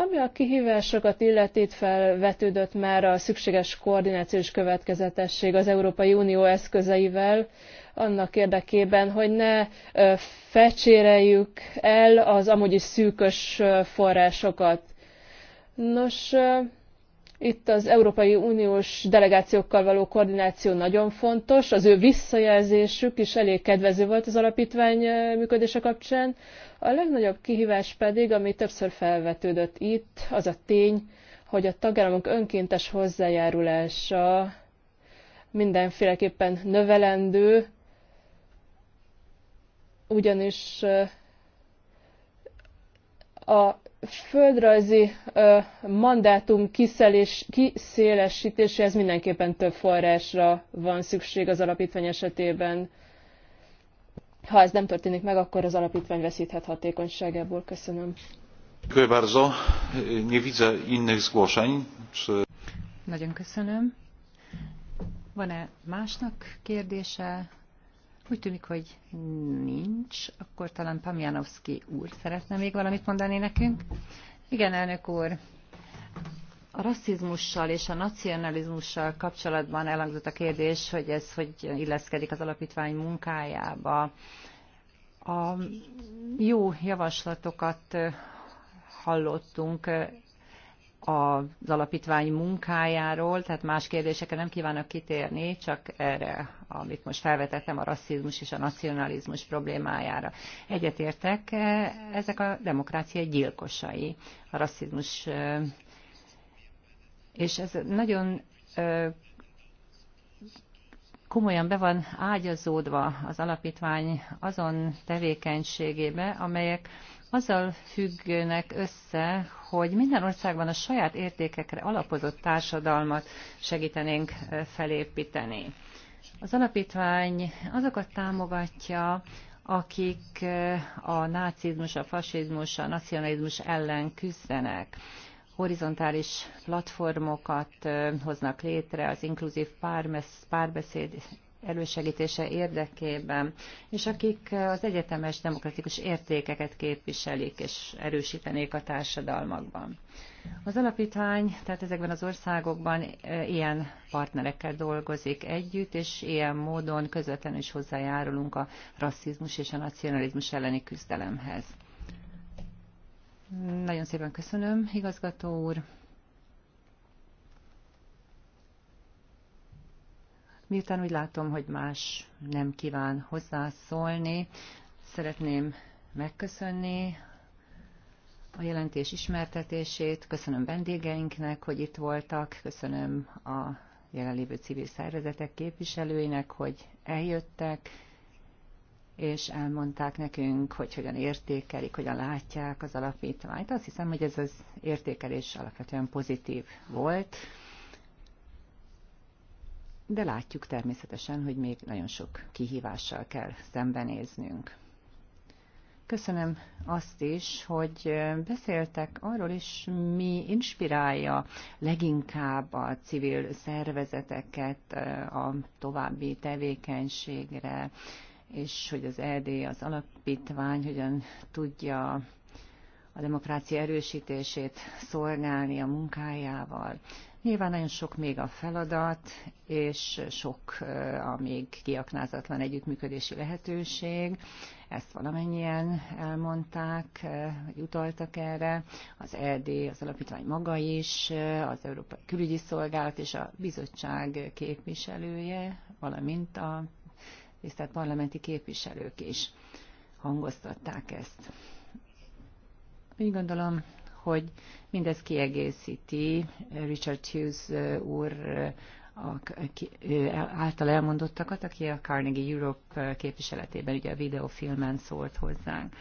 S4: Ami a kihívásokat illeti, itt felvetődött már a szükséges koordinációs következetesség az Európai Unió eszközeivel, annak érdekében, hogy ne fecséreljük el az amúgy is szűkös forrásokat. Nos, itt az Európai Uniós delegációkkal való koordináció nagyon fontos, az ő visszajelzésük is elég kedvező volt az alapítvány működése kapcsán. A legnagyobb kihívás pedig, ami többször felvetődött itt, az a tény, hogy a tagállamok önkéntes hozzájárulása mindenféleképpen növelendő, ugyanis a földrajzi mandátum kiszelés, kiszélesítéséhez mindenképpen több forrásra van szükség az alapítvány esetében. Ha ez nem történik meg, akkor az alapítvány veszíthet hatékonyságából. Köszönöm.
S2: Nagyon köszönöm. Van-e másnak kérdése? Úgy tűnik, hogy nincs. Akkor talán Pamjanovszki úr szeretne még valamit mondani nekünk. Igen, elnök úr. A rasszizmussal és a nacionalizmussal kapcsolatban elhangzott a kérdés, hogy ez hogy illeszkedik az alapítvány munkájába. A jó javaslatokat hallottunk az alapítvány munkájáról, tehát más kérdésekre nem kívánok kitérni, csak erre, amit most felvetettem, a rasszizmus és a nacionalizmus problémájára. Egyetértek, ezek a demokrácia gyilkosai, a rasszizmus és ez nagyon komolyan be van ágyazódva az alapítvány azon tevékenységébe, amelyek azzal függnek össze, hogy minden országban a saját értékekre alapozott társadalmat segítenénk felépíteni. Az alapítvány azokat támogatja, akik a nácizmus, a fasizmus, a nacionalizmus ellen küzdenek horizontális platformokat hoznak létre az inkluzív párbeszéd elősegítése érdekében, és akik az egyetemes demokratikus értékeket képviselik és erősítenék a társadalmakban. Az alapítvány, tehát ezekben az országokban ilyen partnerekkel dolgozik együtt, és ilyen módon közvetlenül is hozzájárulunk a rasszizmus és a nacionalizmus elleni küzdelemhez. Nagyon szépen köszönöm, igazgató úr. Miután úgy látom, hogy más nem kíván hozzászólni, szeretném megköszönni a jelentés ismertetését, köszönöm vendégeinknek, hogy itt voltak, köszönöm a jelenlévő civil szervezetek képviselőinek, hogy eljöttek, és elmondták nekünk, hogy hogyan értékelik, hogyan látják az alapítványt. Azt hiszem, hogy ez az értékelés alapvetően pozitív volt, de látjuk természetesen, hogy még nagyon sok kihívással kell szembenéznünk. Köszönöm azt is, hogy beszéltek arról is, mi inspirálja leginkább a civil szervezeteket a további tevékenységre, és hogy az ED, az alapítvány hogyan tudja a demokrácia erősítését szolgálni a munkájával. Nyilván nagyon sok még a feladat, és sok a még kiaknázatlan együttműködési lehetőség. Ezt valamennyien elmondták, hogy utaltak erre. Az ED, az alapítvány maga is, az Európai Külügyi Szolgálat és a bizottság képviselője, valamint a tehát parlamenti képviselők is hangoztatták ezt. Úgy gondolom, hogy mindez kiegészíti Richard Hughes úr által elmondottakat, aki a Carnegie Europe képviseletében, ugye a videófilmen szólt hozzánk.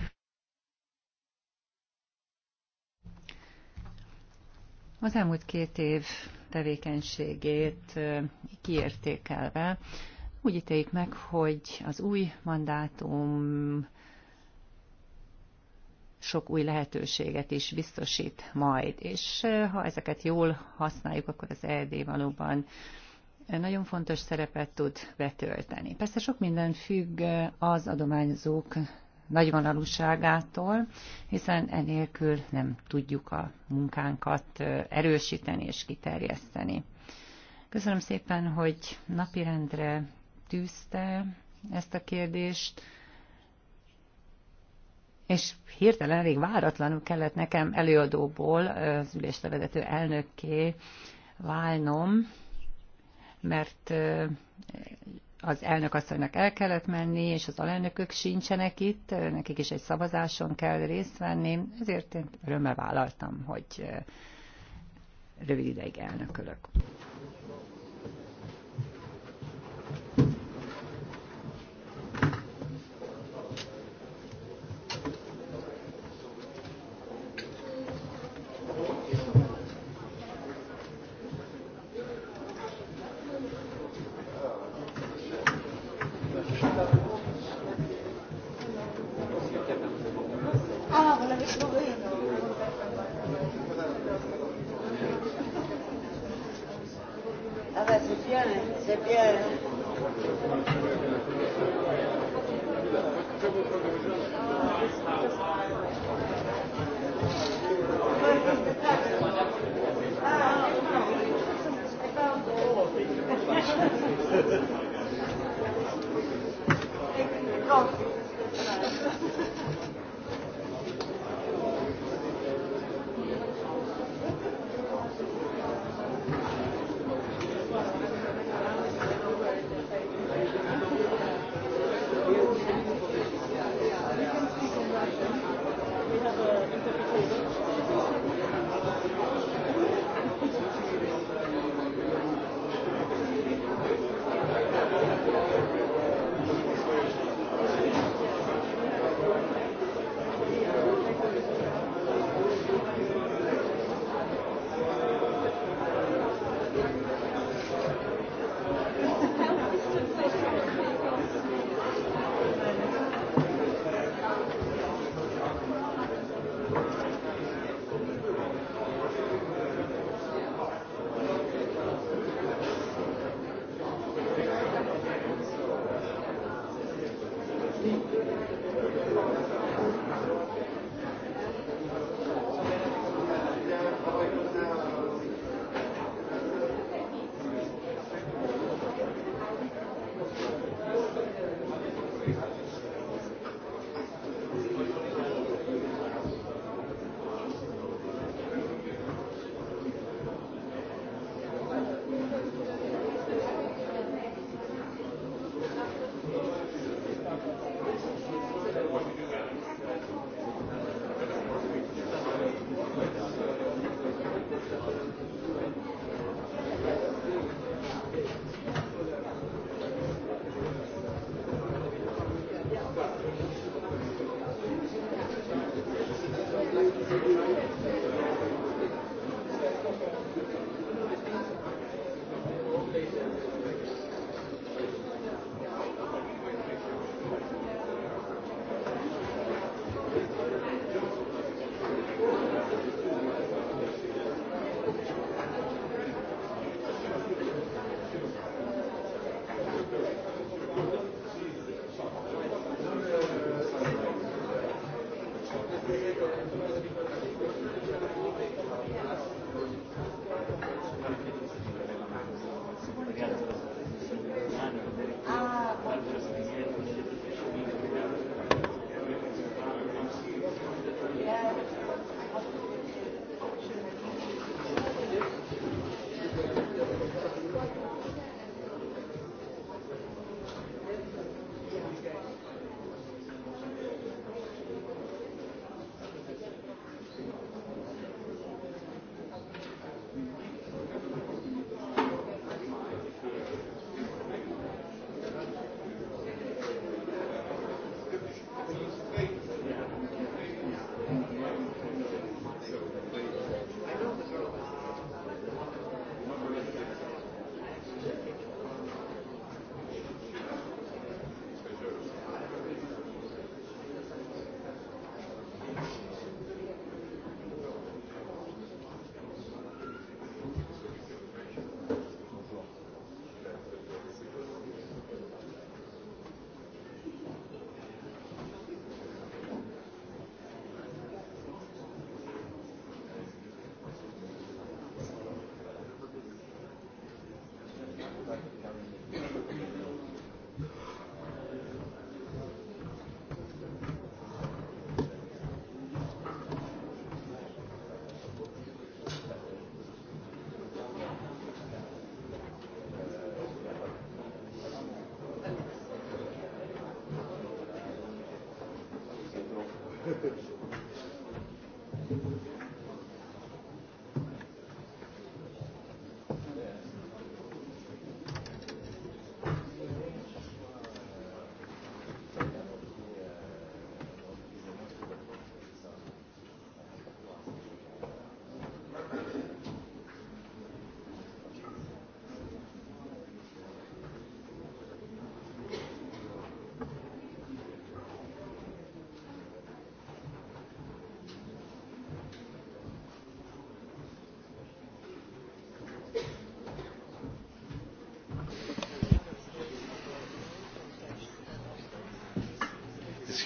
S2: Az elmúlt két év tevékenységét kiértékelve úgy ítéljük meg, hogy az új mandátum sok új lehetőséget is biztosít majd, és ha ezeket jól használjuk, akkor az ED valóban nagyon fontos szerepet tud betölteni. Persze sok minden függ az adományzók nagyvonalúságától, hiszen enélkül nem tudjuk a munkánkat erősíteni és kiterjeszteni. Köszönöm szépen, hogy napirendre tűzte ezt a kérdést, és hirtelen elég váratlanul kellett nekem előadóból az ülésre vezető elnökké válnom, mert az elnök asszonynak el kellett menni, és az alelnökök sincsenek itt, nekik is egy szavazáson kell részt venni, ezért én örömmel vállaltam, hogy rövid ideig elnökölök.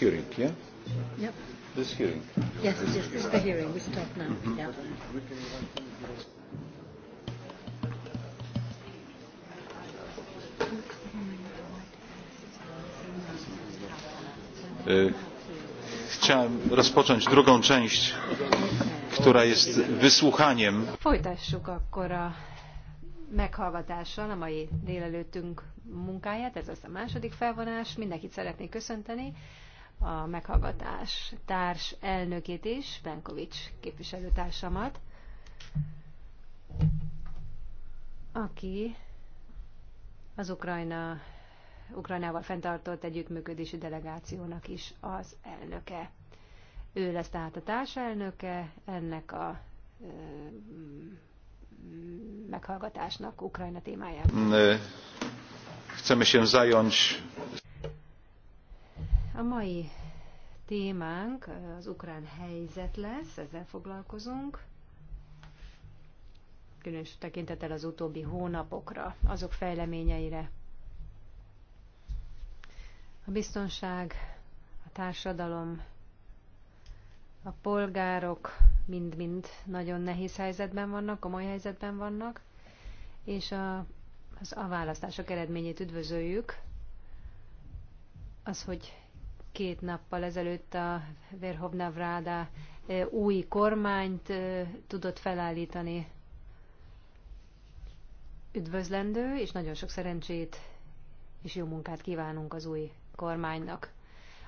S5: hearing, yeah? Yep. This hearing. Yes, yes, this is the hearing. We start now. Mm-hmm. Yeah. E, chciałem rozpocząć drugą część, która jest wysłuchaniem.
S3: Folytassuk akkor a meghallgatással a mai délelőttünk munkáját, ez az a második felvonás. Mindenkit szeretnék köszönteni a meghallgatás társ elnökét is, Benkovics képviselőtársamat, aki az Ukrajna, Ukrajnával fenntartott együttműködési delegációnak is az elnöke. Ő lesz tehát a társelnöke ennek a meghallgatásnak Ukrajna témájában.
S5: Chcemy się zająć
S3: a mai témánk az ukrán helyzet lesz, ezzel foglalkozunk, különös tekintetel az utóbbi hónapokra, azok fejleményeire. A biztonság, a társadalom, a polgárok mind-mind nagyon nehéz helyzetben vannak, a mai helyzetben vannak, és a, az, a választások eredményét üdvözöljük. Az, hogy Két nappal ezelőtt a Verhovna Vráda e, új kormányt e, tudott felállítani. Üdvözlendő, és nagyon sok szerencsét és jó munkát kívánunk az új kormánynak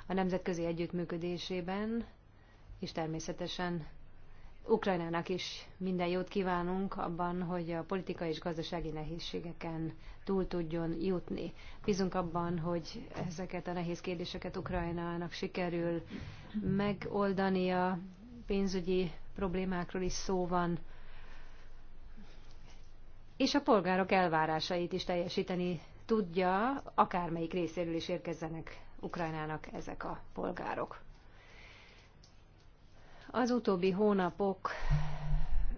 S3: a nemzetközi együttműködésében, és természetesen Ukrajnának is minden jót kívánunk abban, hogy a politikai és gazdasági nehézségeken túl tudjon jutni. Bízunk abban, hogy ezeket a nehéz kérdéseket Ukrajnának sikerül megoldania. Pénzügyi problémákról is szó van, és a polgárok elvárásait is teljesíteni tudja, akármelyik részéről is érkezzenek Ukrajnának ezek a polgárok. Az utóbbi hónapok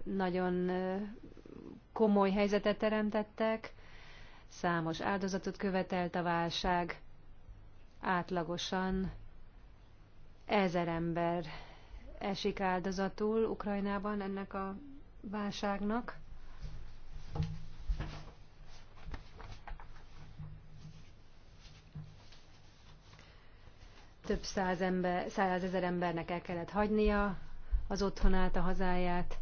S3: nagyon komoly helyzetet teremtettek, számos áldozatot követelt a válság, átlagosan ezer ember esik áldozatul Ukrajnában ennek a válságnak. Több száz ember, százezer embernek el kellett hagynia az otthonát, a hazáját.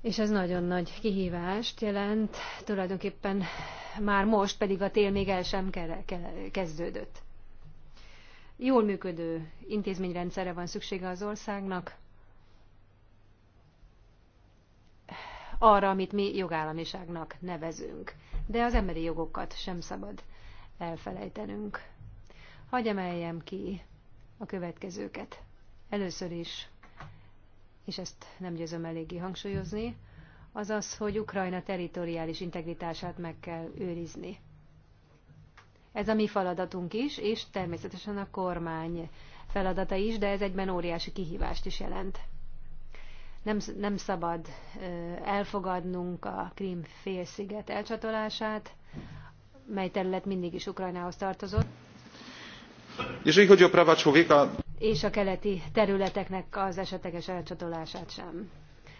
S3: És ez nagyon nagy kihívást jelent, tulajdonképpen már most pedig a tél még el sem kezdődött. Jól működő intézményrendszerre van szüksége az országnak, arra, amit mi jogállamiságnak nevezünk. De az emberi jogokat sem szabad elfelejtenünk. Hagy emeljem ki a következőket. Először is, és ezt nem győzöm eléggé hangsúlyozni, az az, hogy Ukrajna teritoriális integritását meg kell őrizni. Ez a mi feladatunk is, és természetesen a kormány feladata is, de ez egyben óriási kihívást is jelent. Nem, nem szabad elfogadnunk a Krim félsziget elcsatolását, mely terület mindig is Ukrajnához tartozott.
S5: Jeżeli chodzi a prava człowieka,
S3: és a keleti területeknek az esetleges elcsatolását sem.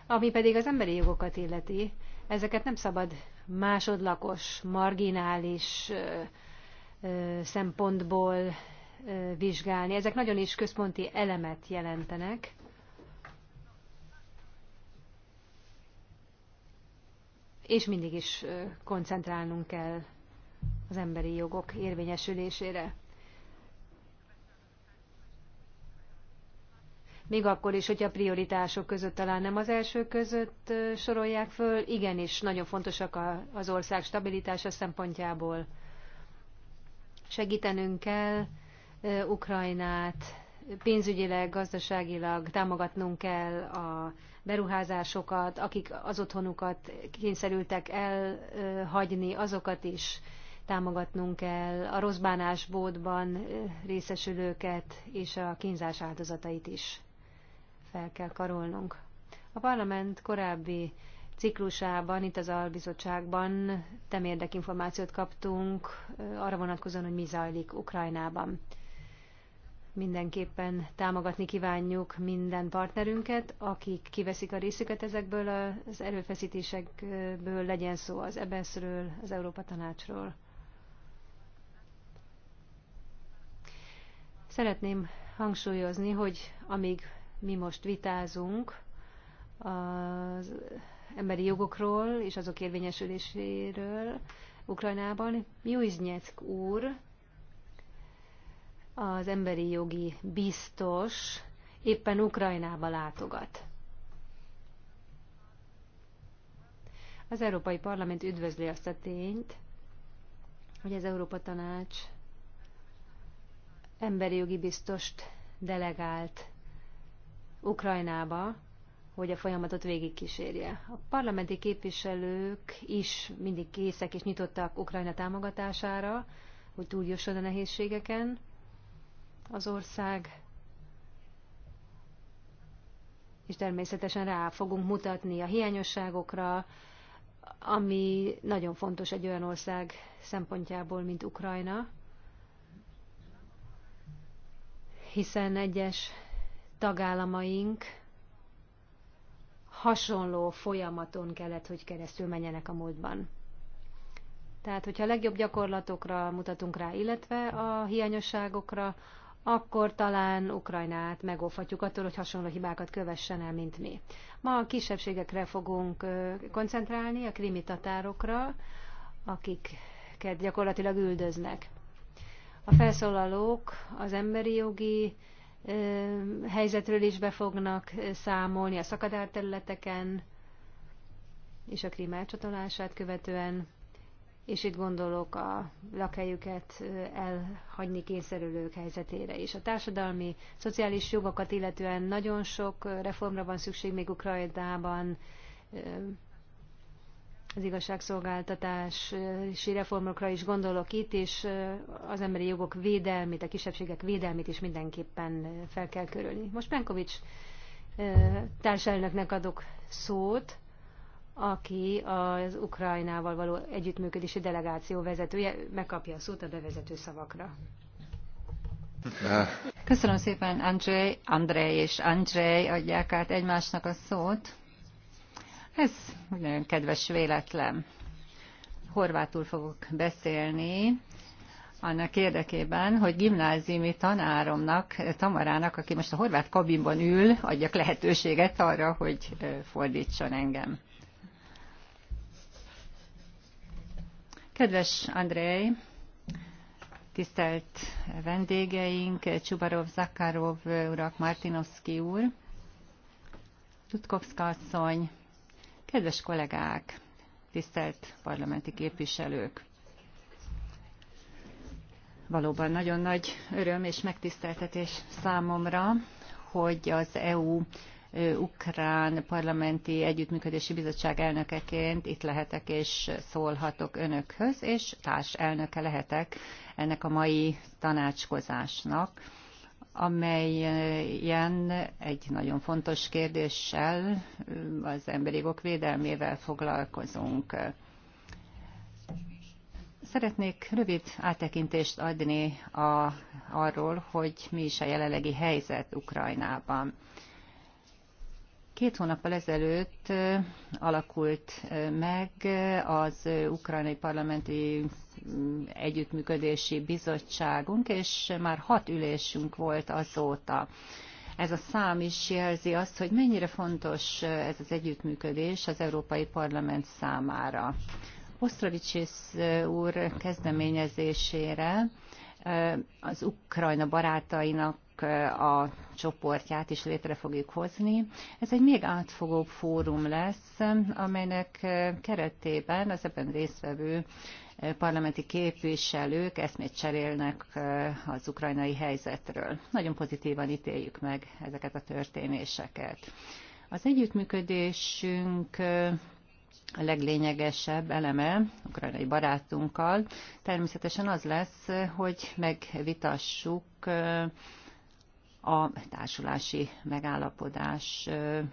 S3: Ami pedig az emberi jogokat illeti, ezeket nem szabad másodlakos, marginális ö, ö, szempontból ö, vizsgálni. Ezek nagyon is központi elemet jelentenek. És mindig is koncentrálnunk kell az emberi jogok érvényesülésére. még akkor is, hogyha a prioritások között talán nem az első között sorolják föl, igenis nagyon fontosak az ország stabilitása szempontjából. Segítenünk kell Ukrajnát, pénzügyileg, gazdaságilag támogatnunk kell a beruházásokat, akik az otthonukat kényszerültek elhagyni, azokat is támogatnunk kell, a rossz bánásbódban részesülőket és a kínzás áldozatait is fel kell karolnunk. A parlament korábbi ciklusában, itt az albizottságban temérdek kaptunk arra vonatkozóan, hogy mi zajlik Ukrajnában. Mindenképpen támogatni kívánjuk minden partnerünket, akik kiveszik a részüket ezekből az erőfeszítésekből, legyen szó az ebesz ről az Európa Tanácsról. Szeretném hangsúlyozni, hogy amíg mi most vitázunk az emberi jogokról és azok érvényesüléséről Ukrajnában. Juiznyeck úr, az emberi jogi biztos éppen Ukrajnába látogat. Az Európai Parlament üdvözli azt a tényt, hogy az Európa Tanács emberi jogi biztost delegált Ukrajnába, hogy a folyamatot végigkísérje. A parlamenti képviselők is mindig készek és nyitottak Ukrajna támogatására, hogy túljusson a nehézségeken az ország, és természetesen rá fogunk mutatni a hiányosságokra, ami nagyon fontos egy olyan ország szempontjából, mint Ukrajna, hiszen egyes tagállamaink hasonló folyamaton kellett, hogy keresztül menjenek a múltban. Tehát, hogyha a legjobb gyakorlatokra mutatunk rá, illetve a hiányosságokra, akkor talán Ukrajnát megóvhatjuk attól, hogy hasonló hibákat kövessen el, mint mi. Ma a kisebbségekre fogunk koncentrálni, a krimi tatárokra, akiket gyakorlatilag üldöznek. A felszólalók az emberi jogi helyzetről is be fognak számolni a szakadárterületeken és a krím elcsatolását követően, és itt gondolok a lakhelyüket elhagyni kényszerülők helyzetére is. A társadalmi, szociális jogokat illetően nagyon sok reformra van szükség még Ukrajnában, az igazságszolgáltatási reformokra is gondolok itt, és az emberi jogok védelmét, a kisebbségek védelmét is mindenképpen fel kell körülni. Most Penkovics társelnöknek adok szót, aki az Ukrajnával való együttműködési delegáció vezetője, megkapja a szót a bevezető szavakra.
S2: Köszönöm szépen, Andrzej, Andrej és Andrzej adják át egymásnak a szót. Ez nagyon kedves véletlen. Horvátul fogok beszélni annak érdekében, hogy gimnáziumi tanáromnak, Tamarának, aki most a horvát kabinban ül, adjak lehetőséget arra, hogy fordítson engem. Kedves Andrei, tisztelt vendégeink, Csubarov, Zakarov urak, Martinovszki úr, Tutkovszka asszony, Kedves kollégák, tisztelt parlamenti képviselők! Valóban nagyon nagy öröm és megtiszteltetés számomra, hogy az EU Ukrán Parlamenti Együttműködési Bizottság elnökeként itt lehetek és szólhatok önökhöz, és társ elnöke lehetek ennek a mai tanácskozásnak amelyen egy nagyon fontos kérdéssel, az emberi jogok védelmével foglalkozunk. Szeretnék rövid áttekintést adni a, arról, hogy mi is a jelenlegi helyzet Ukrajnában. Két hónappal ezelőtt alakult meg az ukrajnai parlamenti Együttműködési Bizottságunk, és már hat ülésünk volt azóta. Ez a szám is jelzi azt, hogy mennyire fontos ez az együttműködés az Európai Parlament számára. Osztravicsis úr kezdeményezésére az Ukrajna barátainak a csoportját is létre fogjuk hozni. Ez egy még átfogóbb fórum lesz, amelynek keretében az ebben résztvevő parlamenti képviselők eszmét cserélnek az ukrajnai helyzetről. Nagyon pozitívan ítéljük meg ezeket a történéseket. Az együttműködésünk a leglényegesebb eleme ukrajnai barátunkkal természetesen az lesz, hogy megvitassuk a társulási megállapodás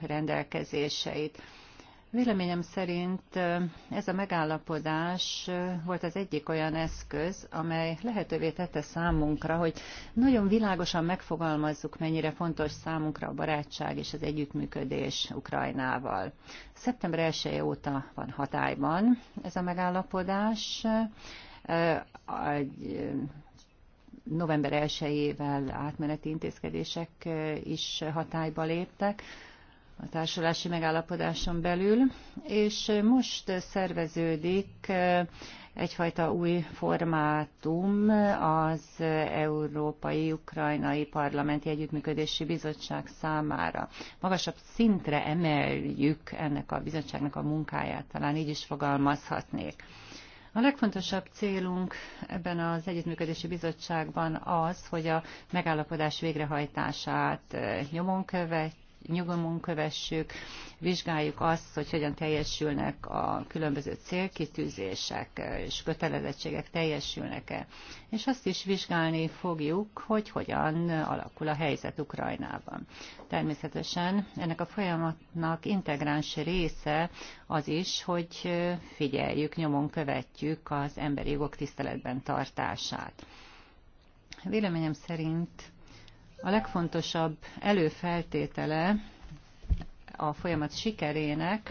S2: rendelkezéseit. Véleményem szerint ez a megállapodás volt az egyik olyan eszköz, amely lehetővé tette számunkra, hogy nagyon világosan megfogalmazzuk, mennyire fontos számunkra a barátság és az együttműködés Ukrajnával. Szeptember 1 óta van hatályban ez a megállapodás. November 1-ével átmeneti intézkedések is hatályba léptek a társulási megállapodáson belül, és most szerveződik egyfajta új formátum az Európai Ukrajnai Parlamenti Együttműködési Bizottság számára. Magasabb szintre emeljük ennek a bizottságnak a munkáját, talán így is fogalmazhatnék. A legfontosabb célunk ebben az Együttműködési Bizottságban az, hogy a megállapodás végrehajtását nyomon követ, nyugomon kövessük, vizsgáljuk azt, hogy hogyan teljesülnek a különböző célkitűzések és kötelezettségek teljesülnek-e, és azt is vizsgálni fogjuk, hogy hogyan alakul a helyzet Ukrajnában. Természetesen ennek a folyamatnak integráns része az is, hogy figyeljük, nyomon követjük az emberi jogok tiszteletben tartását. Véleményem szerint a legfontosabb előfeltétele a folyamat sikerének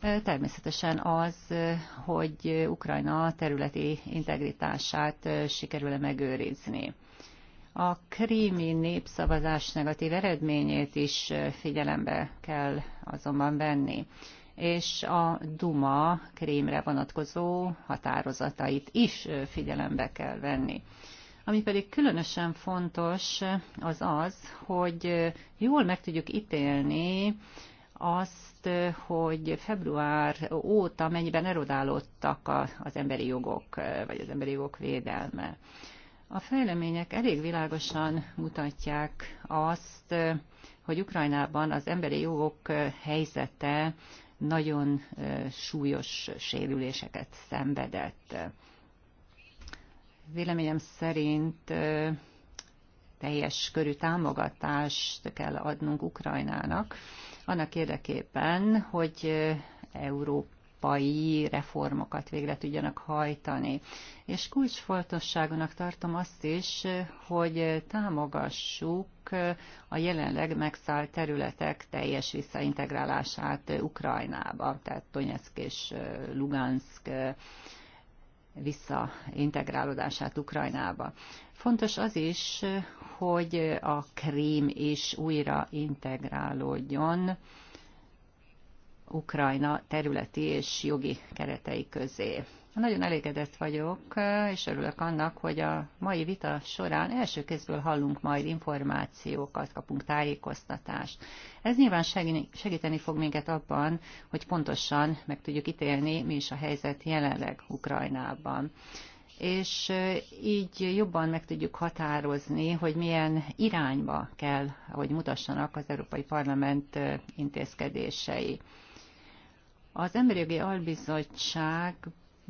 S2: eh, természetesen az, eh, hogy Ukrajna területi integritását eh, sikerül-e megőrizni. A krími népszavazás negatív eredményét is figyelembe kell azonban venni és a Duma krímre vonatkozó határozatait is figyelembe kell venni. Ami pedig különösen fontos, az az, hogy jól meg tudjuk ítélni azt, hogy február óta mennyiben erodálódtak az emberi jogok, vagy az emberi jogok védelme. A fejlemények elég világosan mutatják azt, hogy Ukrajnában az emberi jogok helyzete nagyon súlyos sérüléseket szenvedett véleményem szerint teljes körű támogatást kell adnunk Ukrajnának, annak érdekében, hogy európai reformokat végre tudjanak hajtani. És kulcsfontosságonak tartom azt is, hogy támogassuk a jelenleg megszállt területek teljes visszaintegrálását Ukrajnába, tehát Donetsk és Lugansk visszaintegrálódását Ukrajnába. Fontos az is, hogy a Krím is újra integrálódjon Ukrajna területi és jogi keretei közé. Nagyon elégedett vagyok, és örülök annak, hogy a mai vita során első kézből hallunk majd információkat, kapunk tájékoztatást. Ez nyilván segíteni fog minket abban, hogy pontosan meg tudjuk ítélni, mi is a helyzet jelenleg Ukrajnában és eh, így jobban meg tudjuk határozni, hogy milyen irányba kell, hogy mutassanak az Európai Parlament eh, intézkedései. Az Emberi Jogi Albizottság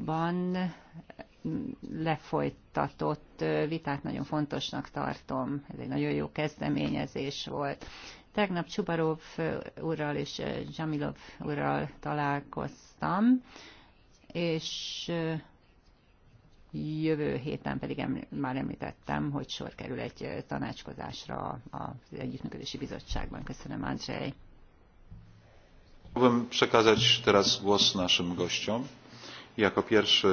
S2: ban lefolytatott vitát nagyon fontosnak tartom. Ez egy nagyon jó kezdeményezés volt. Tegnap Csubarov úrral és Zsamilov úrral találkoztam, és jövő héten pedig már említettem, hogy sor kerül egy tanácskozásra az Együttműködési Bizottságban. Köszönöm, Andrzej.
S5: Chciałbym przekazać teraz głos naszym gościom. Jako pierwszy...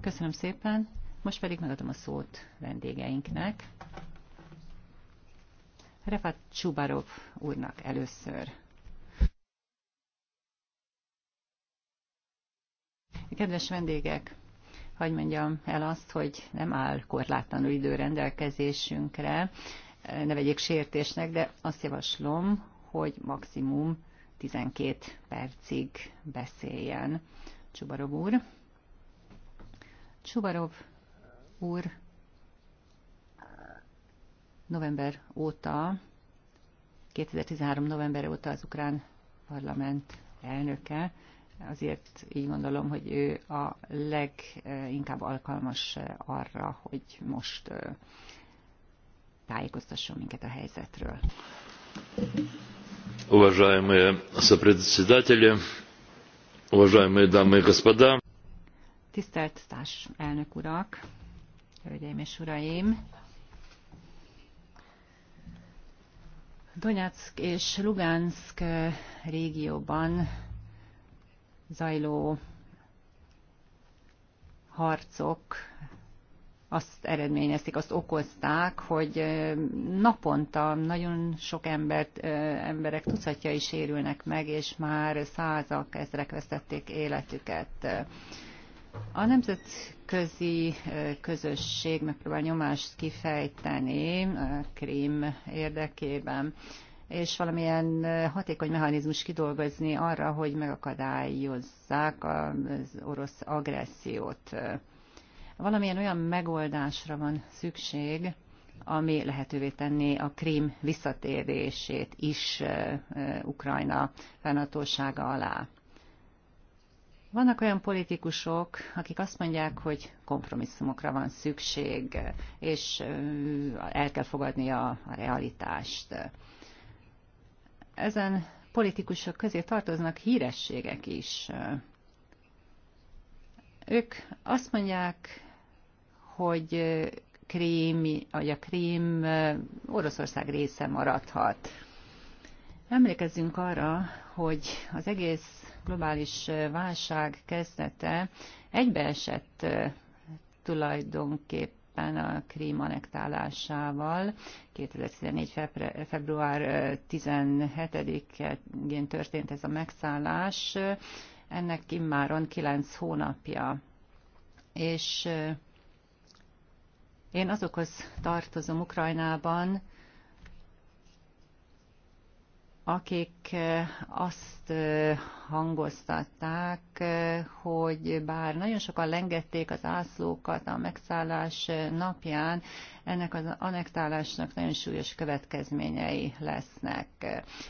S2: Köszönöm szépen. Most pedig megadom a szót vendégeinknek. Refat Csubarov úrnak először. Kedves vendégek, hagyd mondjam el azt, hogy nem áll korlátlanul idő rendelkezésünkre, ne vegyék sértésnek, de azt javaslom, hogy maximum 12 percig beszéljen. Csubarov úr. Csubarov úr november óta, 2013 november óta az ukrán parlament elnöke, azért így gondolom, hogy ő a leginkább alkalmas arra, hogy most tájékoztasson minket a helyzetről.
S5: Уважаемые сопредседатели, Уважаемые дамы господа.
S2: Tisztelt társ elnök urak, hölgyeim és uraim! Donetsk és Lugansk régióban zajló harcok azt eredményezték, azt okozták, hogy naponta nagyon sok embert, emberek tucatjai sérülnek meg, és már százak, ezrek vesztették életüket. A nemzetközi közösség megpróbál nyomást kifejteni a Krím érdekében, és valamilyen hatékony mechanizmus kidolgozni arra, hogy megakadályozzák az orosz agressziót. Valamilyen olyan megoldásra van szükség, ami lehetővé tenné a Krím visszatérését is Ukrajna fennhatósága alá. Vannak olyan politikusok, akik azt mondják, hogy kompromisszumokra van szükség, és el kell fogadni a, a realitást. Ezen politikusok közé tartoznak hírességek is. Ők azt mondják, hogy krém, vagy a krém Oroszország része maradhat. Emlékezzünk arra, hogy az egész globális válság kezdete egybeesett tulajdonképpen a Krím anektálásával. 2014. február 17-én történt ez a megszállás. Ennek immáron 9 hónapja. És én azokhoz tartozom Ukrajnában, akik azt hangoztatták, hogy bár nagyon sokan lengették az ászlókat a megszállás napján, ennek az anektálásnak nagyon súlyos következményei lesznek.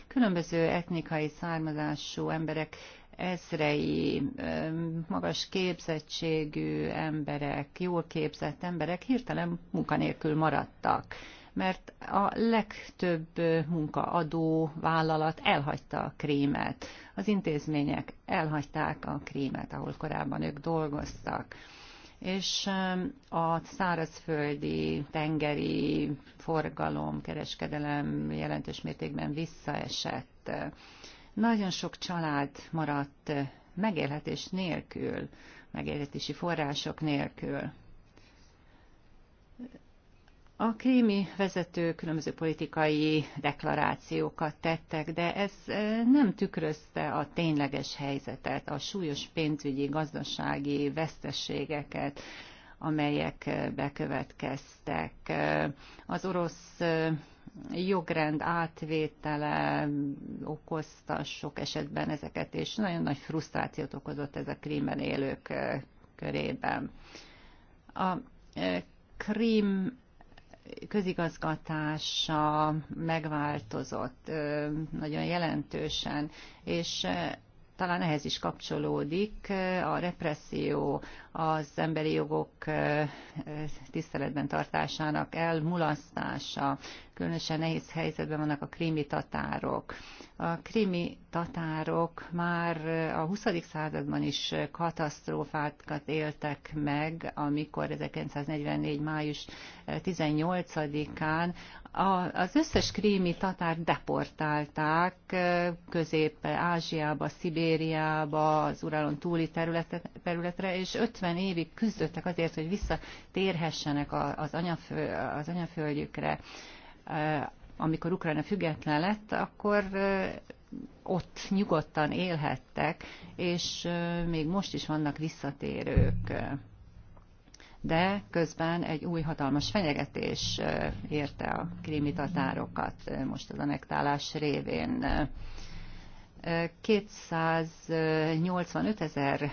S2: Különböző etnikai származású emberek ezrei magas képzettségű emberek, jól képzett emberek hirtelen munkanélkül maradtak mert a legtöbb munkaadó vállalat elhagyta a krémet. Az intézmények elhagyták a krémet, ahol korábban ők dolgoztak. És a szárazföldi, tengeri forgalom, kereskedelem jelentős mértékben visszaesett nagyon sok család maradt megélhetés nélkül, megélhetési források nélkül. A krími vezetők különböző politikai deklarációkat tettek, de ez e, nem tükrözte a tényleges helyzetet, a súlyos pénzügyi, gazdasági vesztességeket, amelyek bekövetkeztek. E, az orosz e, jogrend átvétele okozta sok esetben ezeket, és nagyon nagy frusztrációt okozott ez a krímen élők körében. A krím közigazgatása megváltozott nagyon jelentősen, és talán ehhez is kapcsolódik a represszió, az emberi jogok tiszteletben tartásának elmulasztása, különösen nehéz helyzetben vannak a krími tatárok. A krimi tatárok már a 20. században is katasztrófákat éltek meg, amikor 1944. május 18-án az összes krími tatár deportálták Közép-Ázsiába, Szibériába, az Uralon túli területre, és 50 évig küzdöttek azért, hogy visszatérhessenek az, anyafö, az anyaföldjükre amikor Ukrajna független lett, akkor ott nyugodtan élhettek, és még most is vannak visszatérők. De közben egy új hatalmas fenyegetés érte a krími tatárokat most az anektálás révén. 285 ezerre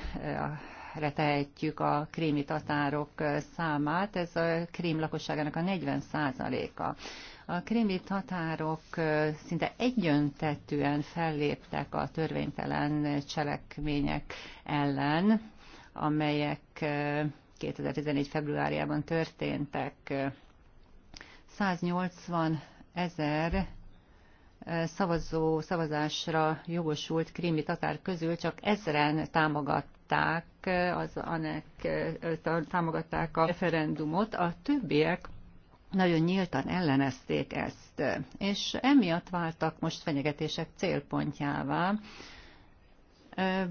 S2: tehetjük a krími tatárok számát, ez a krím lakosságának a 40 százaléka. A krimi tatárok szinte egyöntetűen felléptek a törvénytelen cselekmények ellen, amelyek 2014. februárjában történtek. 180 ezer szavazó, szavazásra jogosult krimi tatár közül csak ezren támogatták, az, anek, támogatták a referendumot, a többiek nagyon nyíltan ellenezték ezt, és emiatt váltak most fenyegetések célpontjává,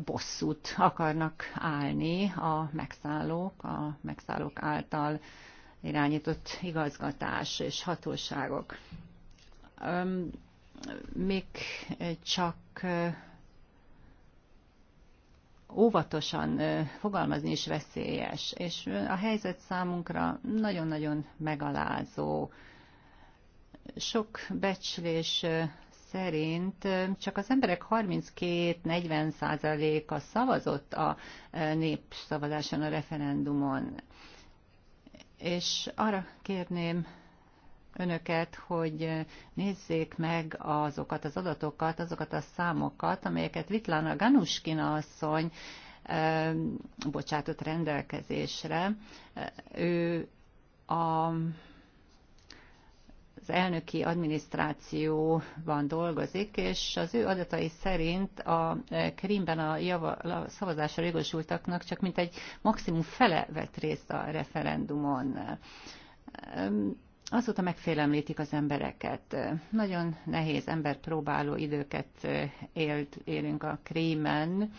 S2: bosszút akarnak állni a megszállók, a megszállók által irányított igazgatás és hatóságok. Még csak óvatosan fogalmazni is veszélyes, és a helyzet számunkra nagyon-nagyon megalázó. Sok becslés szerint csak az emberek 32-40 a szavazott a népszavazáson, a referendumon. És arra kérném önöket, hogy nézzék meg azokat az adatokat, azokat a számokat, amelyeket Vitlana Ganuskina asszony bocsátott rendelkezésre. Ő a az elnöki adminisztrációban dolgozik, és az ő adatai szerint a Krímben a, a szavazásra jogosultaknak csak mint egy maximum fele vett részt a referendumon. Azóta megfélemlítik az embereket. Nagyon nehéz ember próbáló időket élt, élünk a krémen.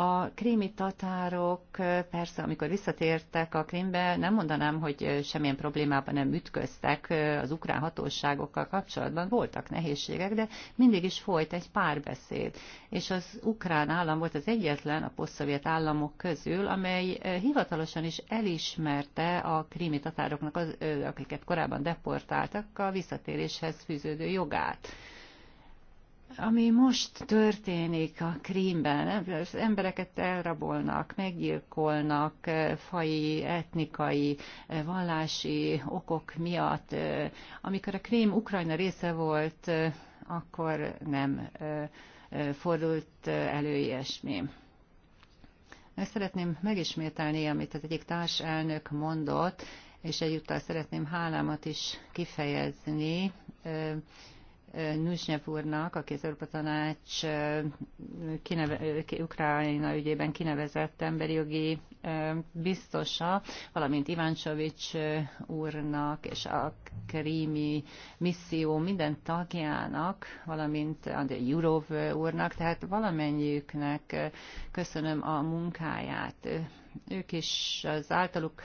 S2: A krími tatárok persze, amikor visszatértek a Krímbe, nem mondanám, hogy semmilyen problémában nem ütköztek az ukrán hatóságokkal kapcsolatban. Voltak nehézségek, de mindig is folyt egy párbeszéd. És az ukrán állam volt az egyetlen a posztszovjet államok közül, amely eh, hivatalosan is elismerte a krími tatároknak, az, eh, akiket korábban deportáltak, a visszatéréshez fűződő jogát. Ami most történik a Krímben, az embereket elrabolnak, meggyilkolnak fai, etnikai, vallási okok miatt. Amikor a Krím Ukrajna része volt, akkor nem fordult elő ilyesmi. Szeretném megismételni, amit az egyik társelnök mondott, és egyúttal szeretném hálámat is kifejezni Nuzsnyev úrnak, aki az Európa Tanács kineve, Ukrajna ügyében kinevezett emberi jogi biztosa, valamint Iváncsovics úrnak és a krími misszió minden tagjának, valamint Andrei Jurov úrnak, tehát valamennyiüknek köszönöm a munkáját. Ők is az általuk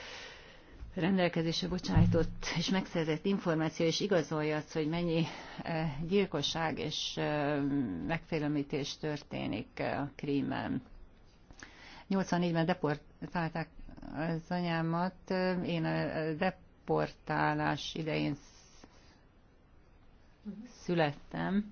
S2: rendelkezésre bocsájtott és megszerzett információ és igazolja azt, hogy mennyi eh, gyilkosság és eh, megfélemlítés történik eh, a krímen. 84-ben deportálták az anyámat, én a deportálás idején születtem,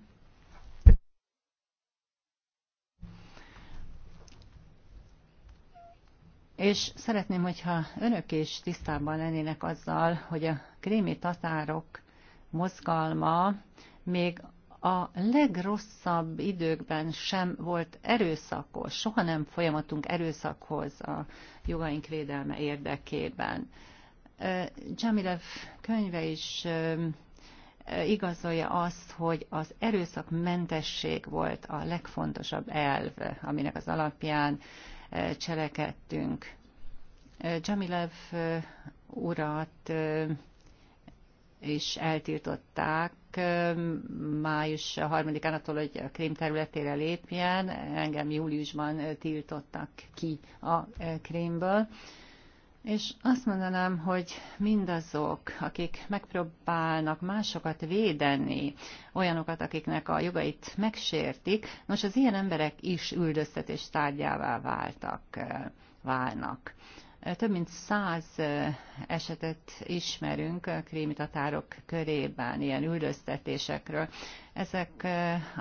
S2: és szeretném, hogyha önök is tisztában lennének azzal, hogy a krími tatárok mozgalma még a legrosszabb időkben sem volt erőszakos, soha nem folyamatunk erőszakhoz a jogaink védelme érdekében. Jamilev könyve is igazolja azt, hogy az erőszakmentesség volt a legfontosabb elv, aminek az alapján cselekedtünk. Jamilev eh, urat eh, is eltiltották eh, május 3-án attól, hogy a Krím területére lépjen. Engem júliusban tiltottak ki a Krímből. És azt mondanám, hogy mindazok, akik megpróbálnak másokat védeni, olyanokat, akiknek a jogait megsértik, nos, az ilyen emberek is üldöztetés tárgyává váltak, válnak. Több mint száz esetet ismerünk a krími tatárok körében, ilyen üldöztetésekről. Ezek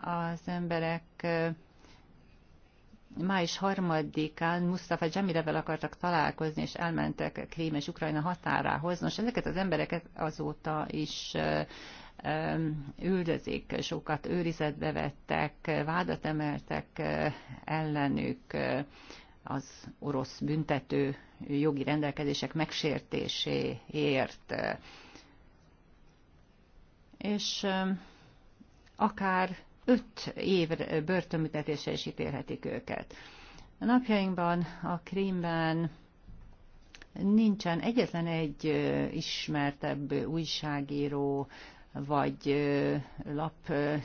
S2: az emberek május harmadikán Mustafa Dzsemilevel akartak találkozni, és elmentek Krím és Ukrajna határához. Nos, ezeket az embereket azóta is üldözik, sokat őrizetbe vettek, vádat emeltek ellenük az orosz büntető jogi rendelkezések megsértéséért. És akár öt év börtönbüntetése is ítélhetik őket. A napjainkban a Krímben nincsen egyetlen egy ismertebb újságíró, vagy lap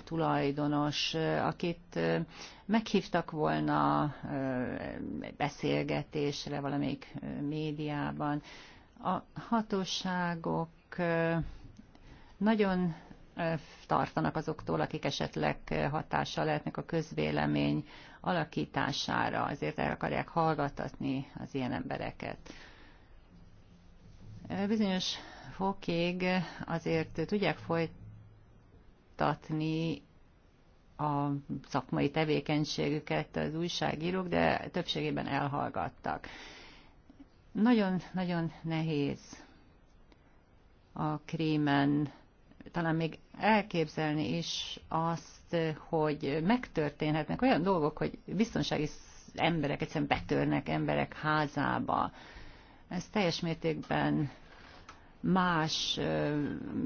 S2: tulajdonos, akit meghívtak volna beszélgetésre valamelyik médiában. A hatóságok nagyon tartanak azoktól, akik esetleg hatással lehetnek a közvélemény alakítására, azért el akarják hallgatatni az ilyen embereket. Bizonyos fokig azért tudják folytatni a szakmai tevékenységüket az újságírók, de többségében elhallgattak. Nagyon-nagyon nehéz a krímen talán még elképzelni is azt, hogy megtörténhetnek olyan dolgok, hogy biztonsági emberek egyszerűen betörnek emberek házába. Ez teljes mértékben más,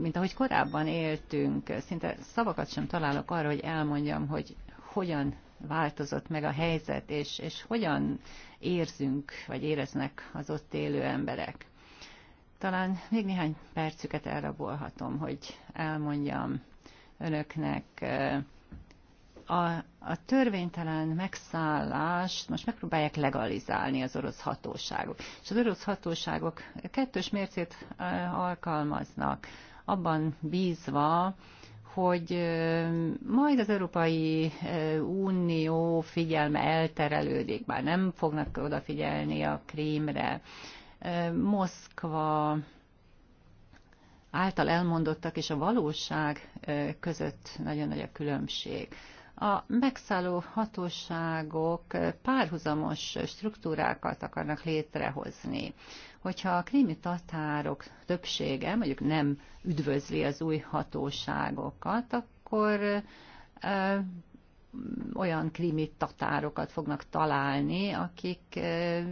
S2: mint ahogy korábban éltünk. Szinte szavakat sem találok arra, hogy elmondjam, hogy hogyan változott meg a helyzet, és, és hogyan érzünk, vagy éreznek az ott élő emberek. Talán még néhány percüket elrabolhatom, hogy elmondjam önöknek eh, a, a törvénytelen megszállást most megpróbálják legalizálni az orosz hatóságok. És az orosz hatóságok kettős mércét eh, alkalmaznak, abban bízva, hogy eh, majd az Európai Unió figyelme elterelődik, bár nem fognak odafigyelni a krímre, Moszkva által elmondottak és a valóság között nagyon nagy a különbség. A megszálló hatóságok párhuzamos struktúrákat akarnak létrehozni. Hogyha a krími tatárok többsége mondjuk nem üdvözli az új hatóságokat, akkor olyan krimi tatárokat fognak találni, akik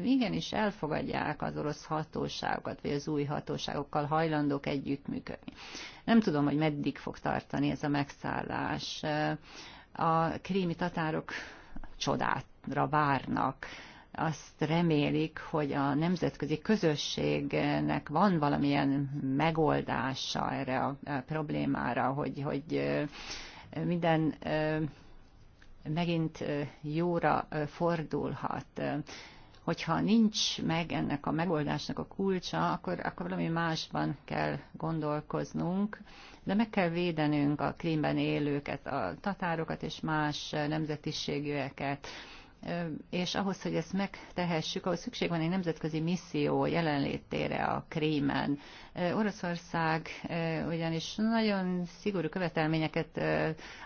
S2: igenis elfogadják az orosz hatóságokat, vagy az új hatóságokkal hajlandók együttműködni. Nem tudom, hogy meddig fog tartani ez a megszállás. A krimi tatárok csodára várnak, azt remélik, hogy a nemzetközi közösségnek van valamilyen megoldása erre a problémára, hogy, hogy minden megint jóra fordulhat. Hogyha nincs meg ennek a megoldásnak a kulcsa, akkor, akkor valami másban kell gondolkoznunk, de meg kell védenünk a krímben élőket, a tatárokat és más nemzetiségűeket, és ahhoz, hogy ezt megtehessük, ahhoz szükség van egy nemzetközi misszió jelenlétére a Krímen. Oroszország ugyanis nagyon szigorú követelményeket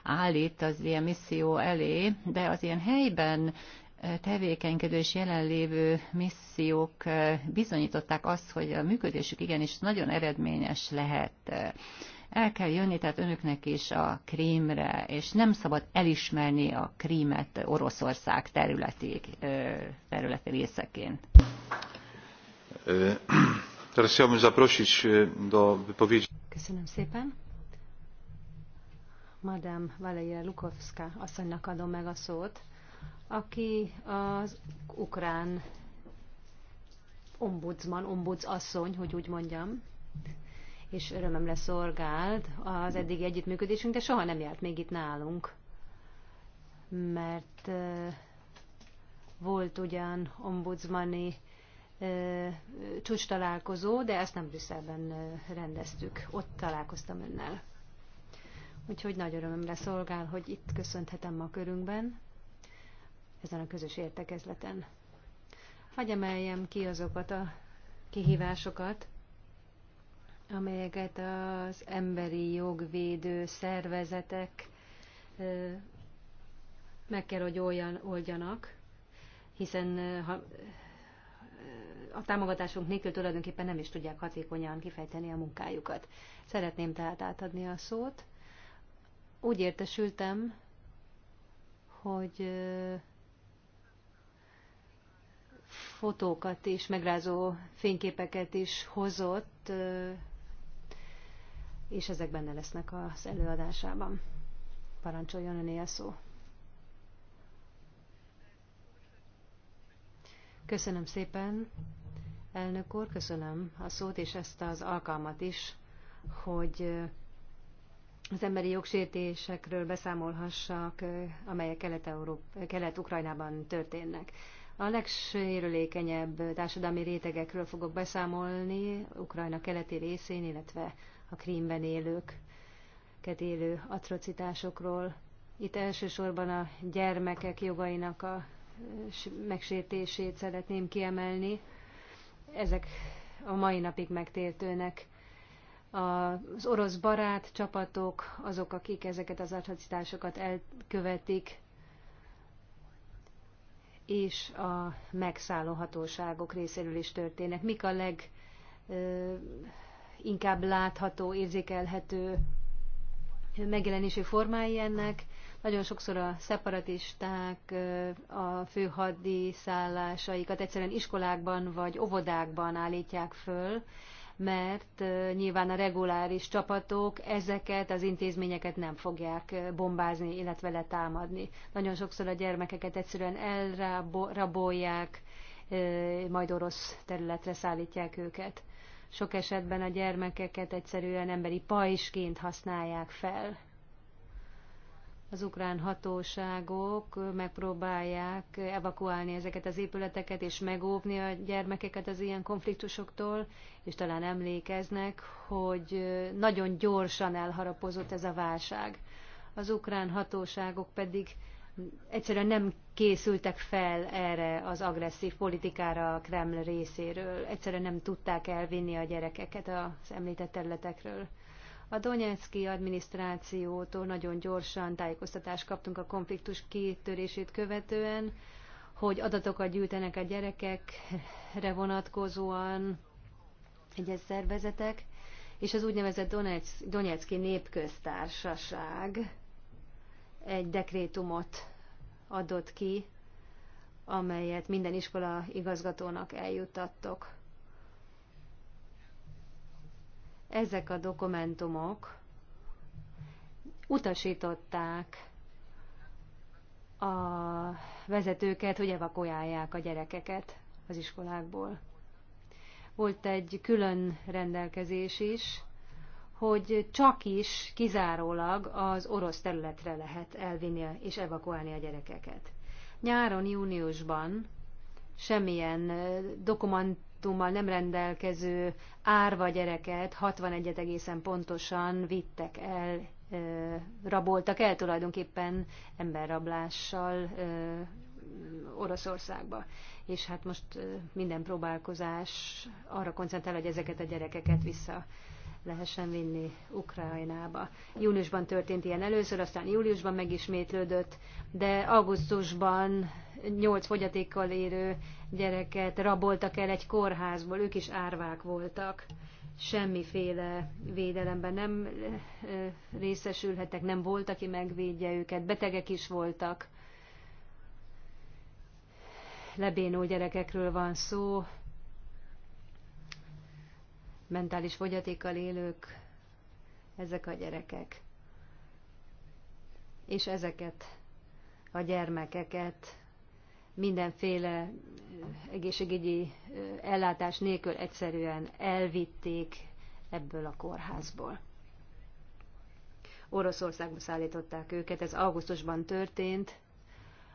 S2: állít az ilyen misszió elé, de az ilyen helyben tevékenykedő és jelenlévő missziók bizonyították azt, hogy a működésük igenis nagyon eredményes lehet el kell jönni, tehát önöknek is a krémre, és nem szabad elismerni a krímet Oroszország területi, területi részeként.
S5: E, do
S2: Köszönöm
S3: szépen. Madame Valeria Lukovska asszonynak adom meg a szót, aki az ukrán ombudsman, ombudsasszony, hogy úgy mondjam, és örömömre szolgált az eddigi együttműködésünk, de soha nem járt még itt nálunk, mert volt ugyan ombudsmani csúcs találkozó, de ezt nem Brüsszelben rendeztük. Ott találkoztam önnel. Úgyhogy nagy örömömre szolgál, hogy itt köszönhetem ma körünkben, ezen a közös értekezleten. Hagy emeljem ki azokat a kihívásokat, amelyeket az emberi jogvédő szervezetek meg kell, hogy olyan oldjanak, hiszen ha, a támogatásunk nélkül tulajdonképpen nem is tudják hatékonyan kifejteni a munkájukat. Szeretném tehát átadni a szót. Úgy értesültem, hogy fotókat és megrázó fényképeket is hozott és ezek benne lesznek az előadásában. Parancsoljon öné a szó. Köszönöm szépen, elnök úr, köszönöm a szót és ezt az alkalmat is, hogy az emberi jogsértésekről beszámolhassak, amelyek Kelet-Ukrajnában Kelet történnek. A legsérülékenyebb társadalmi rétegekről fogok beszámolni Ukrajna keleti részén, illetve a krímben élőket élő atrocitásokról. Itt elsősorban a gyermekek jogainak a megsértését szeretném kiemelni. Ezek a mai napig megtértőnek az orosz barát csapatok, azok, akik ezeket az atrocitásokat elkövetik, és a megszálló hatóságok részéről is történnek. Mik a leg inkább látható, érzékelhető megjelenési formái ennek. Nagyon sokszor a szeparatisták a főhaddi szállásaikat egyszerűen iskolákban vagy óvodákban állítják föl, mert nyilván a reguláris csapatok ezeket az intézményeket nem fogják bombázni, illetve letámadni. Nagyon sokszor a gyermekeket egyszerűen elrabolják, majd orosz területre szállítják őket. Sok esetben a gyermekeket egyszerűen emberi pajsként használják fel. Az ukrán hatóságok megpróbálják evakuálni ezeket az épületeket és megóvni a gyermekeket az ilyen konfliktusoktól, és talán emlékeznek, hogy nagyon gyorsan elharapozott ez a válság. Az ukrán hatóságok pedig egyszerűen nem készültek fel erre az agresszív politikára a Kreml részéről. Egyszerűen nem tudták elvinni a gyerekeket az említett területekről. A Donetszki adminisztrációtól nagyon gyorsan tájékoztatást kaptunk a konfliktus kitörését követően, hogy adatokat gyűjtenek a gyerekekre vonatkozóan egyes szervezetek, és az úgynevezett Donetszki Népköztársaság egy dekrétumot adott ki, amelyet minden iskola igazgatónak eljutattok. Ezek a dokumentumok utasították a vezetőket, hogy evakuálják a gyerekeket az iskolákból. Volt egy külön rendelkezés is, hogy csak is kizárólag az orosz területre lehet elvinni és evakuálni a gyerekeket. Nyáron, júniusban semmilyen dokumentummal nem rendelkező árva gyereket 61-et egészen pontosan vittek el, raboltak el tulajdonképpen emberrablással Oroszországba. És hát most minden próbálkozás arra koncentrál, hogy ezeket a gyerekeket vissza lehessen vinni Ukrajnába. Júniusban történt ilyen először, aztán júliusban megismétlődött, de augusztusban nyolc fogyatékkal érő gyereket raboltak el egy kórházból, ők is árvák voltak. Semmiféle védelemben nem részesülhettek, nem volt, aki megvédje őket, betegek is voltak. Lebénó gyerekekről van szó, mentális fogyatékkal élők, ezek a gyerekek. És ezeket a gyermekeket mindenféle egészségügyi ellátás nélkül egyszerűen elvitték ebből a kórházból. Oroszországba szállították őket, ez augusztusban történt,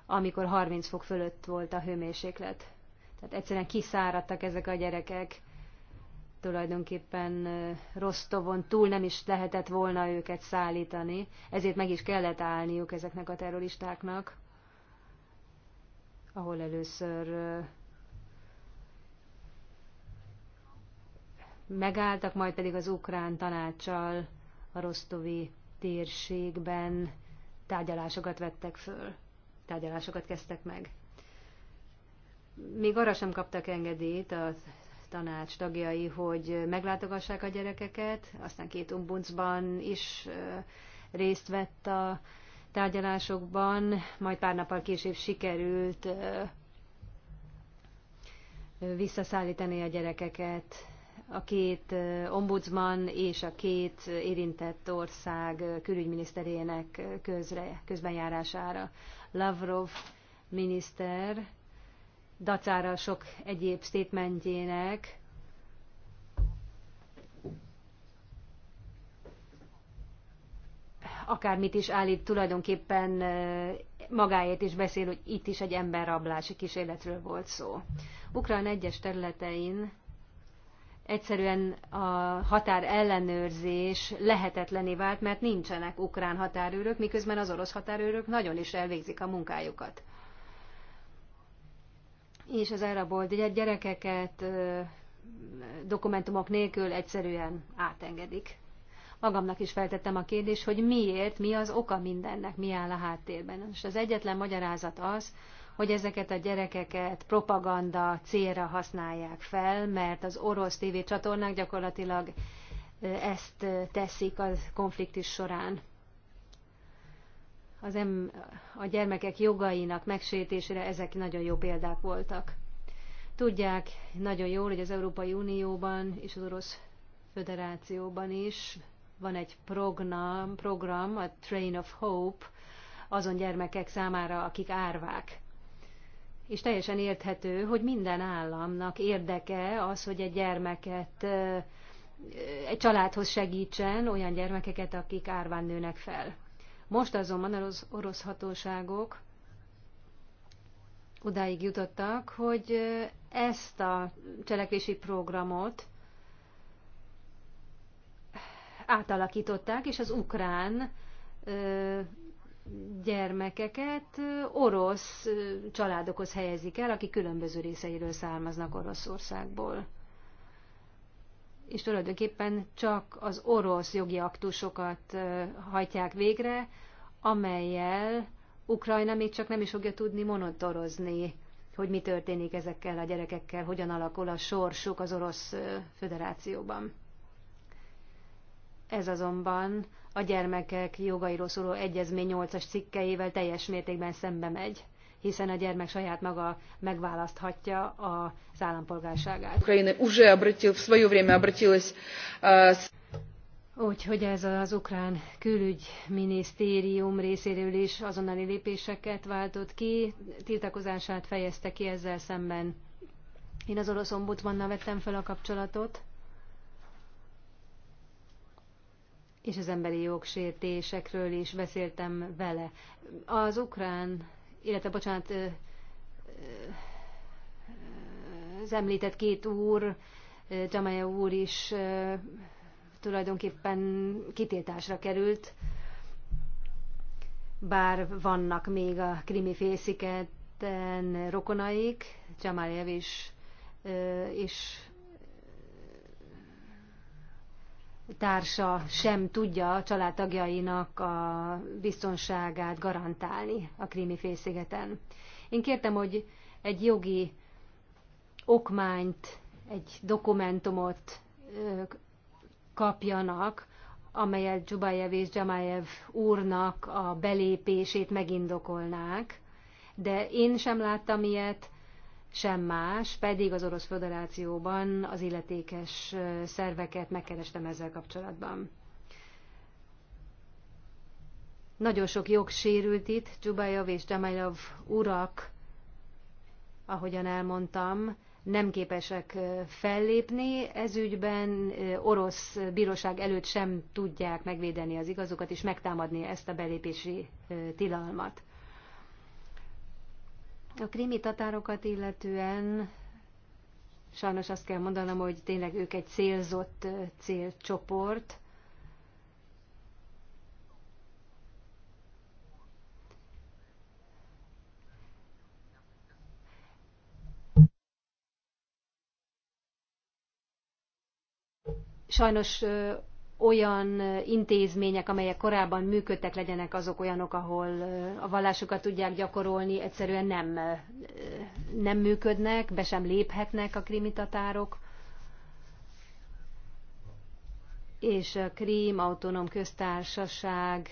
S3: amikor 30 fok fölött volt a hőmérséklet. Tehát egyszerűen kiszáradtak ezek a gyerekek, tulajdonképpen Rostovon túl nem is lehetett volna őket szállítani, ezért meg is kellett állniuk ezeknek a terroristáknak, ahol először megálltak, majd pedig az ukrán tanácsal a rostovi térségben tárgyalásokat vettek föl, tárgyalásokat kezdtek meg. Még arra sem kaptak engedélyt a tanács tagjai, hogy meglátogassák a gyerekeket, aztán két ombudsban is részt vett a tárgyalásokban, majd pár nappal később sikerült visszaszállítani a gyerekeket. A két ombudsman és a két érintett ország külügyminiszterének közre, közbenjárására. Lavrov miniszter dacára sok egyéb szétmentjének. akármit is állít, tulajdonképpen magáért is beszél, hogy itt is egy emberrablási kísérletről volt szó. Ukrán egyes területein egyszerűen a határ ellenőrzés lehetetlené vált, mert nincsenek ukrán határőrök, miközben az orosz határőrök nagyon is elvégzik a munkájukat és az elrabolt ugye, gyerekeket dokumentumok nélkül egyszerűen átengedik. Magamnak is feltettem a kérdést, hogy miért, mi az oka mindennek, mi áll a háttérben. És az egyetlen magyarázat az, hogy ezeket a gyerekeket propaganda célra használják fel, mert az orosz csatornák gyakorlatilag ezt teszik a konfliktus során az em, a gyermekek jogainak megsértésére ezek nagyon jó példák voltak. Tudják nagyon jól, hogy az Európai Unióban és az Orosz Föderációban is van egy program, program a Train of Hope, azon gyermekek számára, akik árvák. És teljesen érthető, hogy minden államnak érdeke az, hogy egy gyermeket, egy családhoz segítsen olyan gyermekeket, akik árván nőnek fel. Most azonban az orosz hatóságok odáig jutottak, hogy ezt a cselekvési programot átalakították, és az ukrán gyermekeket orosz családokhoz helyezik el, akik különböző részeiről származnak Oroszországból és tulajdonképpen csak az orosz jogi aktusokat hajtják végre, amelyel Ukrajna még csak nem is fogja tudni monitorozni, hogy mi történik ezekkel a gyerekekkel, hogyan alakul a sorsuk az Orosz Föderációban. Ez azonban a gyermekek jogairól szóló egyezmény 8-as cikkeivel teljes mértékben szembe megy hiszen a gyermek saját maga megválaszthatja az állampolgárságát. Ukrajina уже обратил, в свое время обратилась Úgyhogy ez az ukrán külügyminisztérium részéről is azonnali lépéseket váltott ki, tiltakozását fejezte ki ezzel szemben. Én az orosz ombudsmannal vettem fel a kapcsolatot, és az emberi jogsértésekről is beszéltem vele. Az ukrán illetve bocsánat, az említett két úr, Jamaya úr is tulajdonképpen kitiltásra került, bár vannak még a krimi félsziketen rokonaik, Jamaljev is, és társa sem tudja a családtagjainak a biztonságát garantálni a krími félszigeten. Én kértem, hogy egy jogi okmányt, egy dokumentumot kapjanak, amelyet Dzsubájev és Dzsamájev úrnak a belépését megindokolnák, de én sem láttam ilyet, sem más, pedig az Orosz Föderációban az illetékes szerveket megkerestem ezzel kapcsolatban. Nagyon sok sérült itt, Csubajov és Jamajov urak, ahogyan elmondtam, nem képesek fellépni ez ügyben, orosz bíróság előtt sem tudják megvédeni az igazukat és megtámadni ezt a belépési tilalmat. A krími tatárokat illetően sajnos azt kell mondanom, hogy tényleg ők egy célzott célcsoport. Sajnos olyan intézmények, amelyek korábban működtek, legyenek azok olyanok, ahol a vallásukat tudják gyakorolni, egyszerűen nem, nem működnek, be sem léphetnek a krimitatárok. És a Krím Autonóm Köztársaság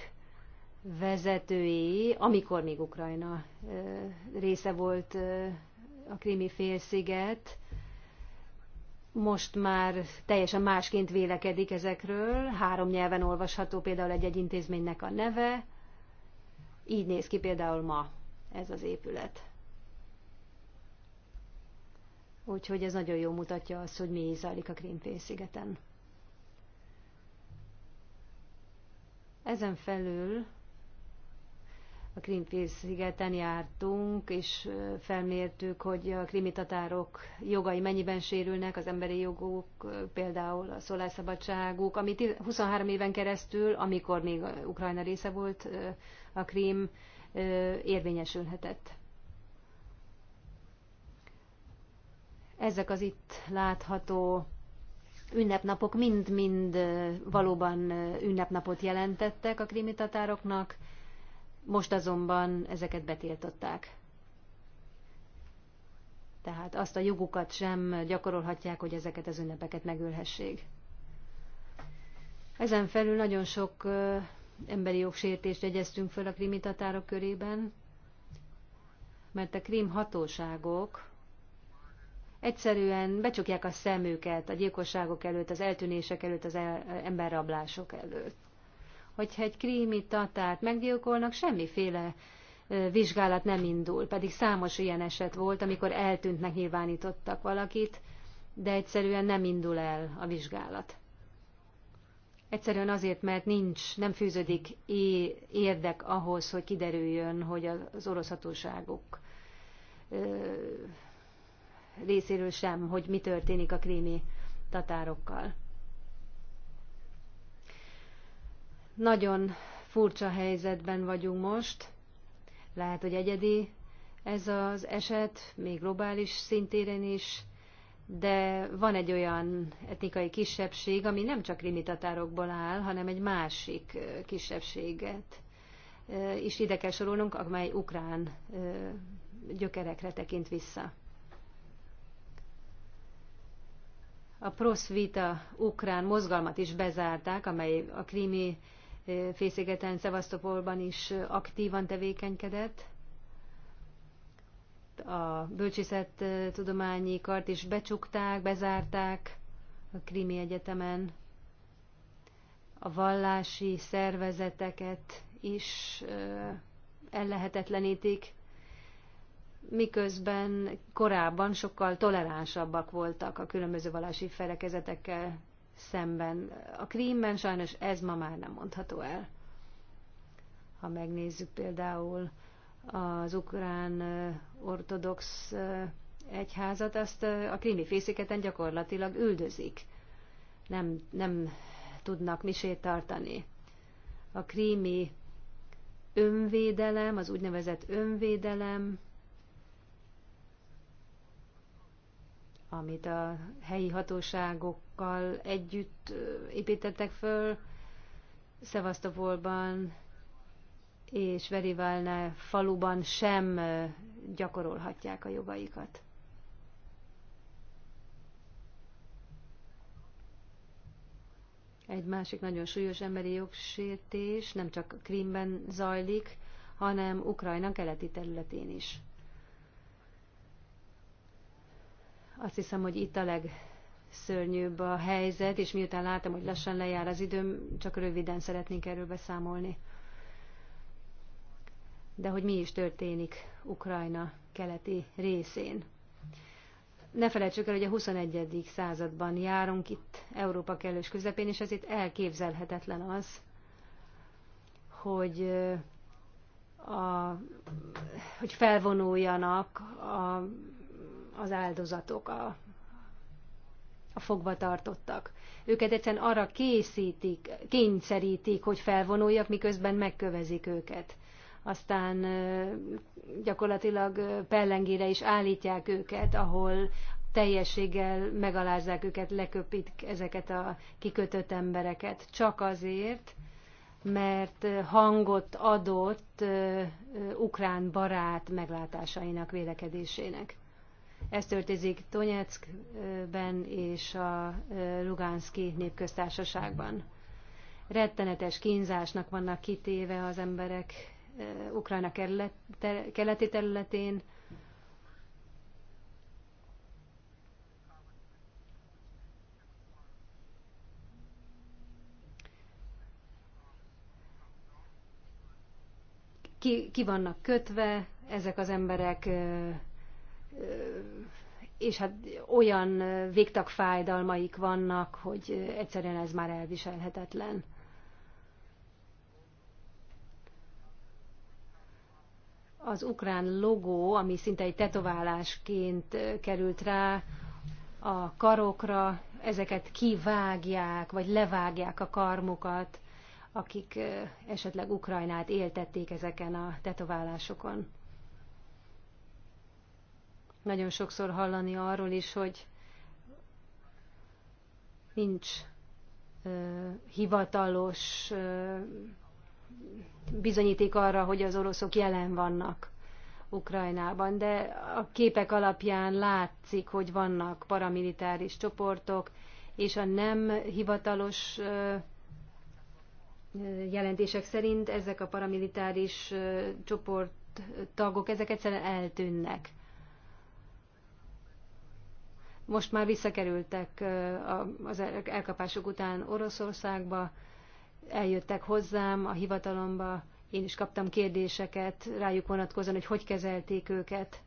S3: vezetői, amikor még Ukrajna része volt a Krími félsziget, most már teljesen másként vélekedik ezekről. Három nyelven olvasható például egy-egy intézménynek a neve. Így néz ki például ma ez az épület. Úgyhogy ez nagyon jól mutatja azt, hogy mi zajlik a Greenpeace-szigeten. Ezen felül a Greenpeace-szigeten jártunk, és felmértük, hogy a krimitatárok jogai mennyiben sérülnek, az emberi jogok, például a szólásszabadságuk, amit 23 éven keresztül, amikor még Ukrajna része volt a krím, érvényesülhetett. Ezek az itt látható ünnepnapok mind-mind valóban ünnepnapot jelentettek a krimitatároknak, tatároknak, most azonban ezeket betiltották. Tehát azt a jogukat sem gyakorolhatják, hogy ezeket az ünnepeket megölhessék. Ezen felül nagyon sok emberi jogsértést jegyeztünk föl a krimi tatárok körében, mert a krim hatóságok egyszerűen becsukják a szemüket a gyilkosságok előtt, az eltűnések előtt, az emberrablások előtt hogyha egy krími tatárt meggyilkolnak, semmiféle vizsgálat nem indul, pedig számos ilyen eset volt, amikor eltűntnek nyilvánítottak valakit, de egyszerűen nem indul el a vizsgálat. Egyszerűen azért, mert nincs, nem fűződik érdek ahhoz, hogy kiderüljön, hogy az orosz hatóságok részéről sem, hogy mi történik a krími tatárokkal. Nagyon furcsa helyzetben vagyunk most. Lehet, hogy egyedi ez az eset, még globális szintéren is, de van egy olyan etnikai kisebbség, ami nem csak limitatárokból áll, hanem egy másik kisebbséget is ide kell sorolnunk, amely ukrán gyökerekre tekint vissza. A proszvita ukrán mozgalmat is bezárták, amely a krími Fészigeten, Szevasztopolban is aktívan tevékenykedett. A bölcsészet tudományi kart is becsukták, bezárták a Krimi Egyetemen. A vallási szervezeteket is ellehetetlenítik, miközben korábban sokkal toleránsabbak voltak a különböző vallási felekezetekkel szemben. A krímben sajnos ez ma már nem mondható el. Ha megnézzük például az ukrán ortodox egyházat, azt a krími fészéketen gyakorlatilag üldözik. Nem, nem tudnak misét tartani. A krími önvédelem, az úgynevezett önvédelem amit a helyi hatóságokkal együtt építettek föl Szevasztopolban és Veriválne faluban sem gyakorolhatják a jogaikat. Egy másik nagyon súlyos emberi jogsértés nem csak Krimben zajlik, hanem Ukrajna keleti területén is. Azt hiszem, hogy itt a legszörnyűbb a helyzet, és miután látom, hogy lassan lejár az időm, csak röviden szeretnénk erről beszámolni. De hogy mi is történik Ukrajna keleti részén. Ne felejtsük el, hogy a 21. században járunk itt Európa kellős közepén, és ezért elképzelhetetlen az, hogy a, hogy felvonuljanak a az áldozatok, a, a fogvatartottak. Őket egyszerűen arra készítik, kényszerítik, hogy felvonuljak, miközben megkövezik őket. Aztán gyakorlatilag pellengére is állítják őket, ahol teljességgel megalázzák őket, leköpik ezeket a kikötött embereket. Csak azért, mert hangot adott ukrán barát meglátásainak, vélekedésének. Ez történik Donetskben és a Luganszki népköztársaságban. Rettenetes kínzásnak vannak kitéve az emberek Ukrajna keleti területén. Ki, ki vannak kötve ezek az emberek és hát olyan fájdalmaik vannak, hogy egyszerűen ez már elviselhetetlen. Az ukrán logó, ami szinte egy tetoválásként került rá a karokra, ezeket kivágják, vagy levágják a karmukat, akik eh, esetleg Ukrajnát éltették ezeken a tetoválásokon. Nagyon sokszor hallani arról is, hogy nincs ö, hivatalos ö, bizonyíték arra, hogy az oroszok jelen vannak Ukrajnában, de a képek alapján látszik, hogy vannak paramilitáris csoportok, és a nem hivatalos ö, jelentések szerint ezek a paramilitáris csoport tagok, ezek egyszerűen eltűnnek. Most már visszakerültek az elkapások után Oroszországba, eljöttek hozzám a hivatalomba, én is kaptam kérdéseket rájuk vonatkozóan, hogy hogy kezelték őket.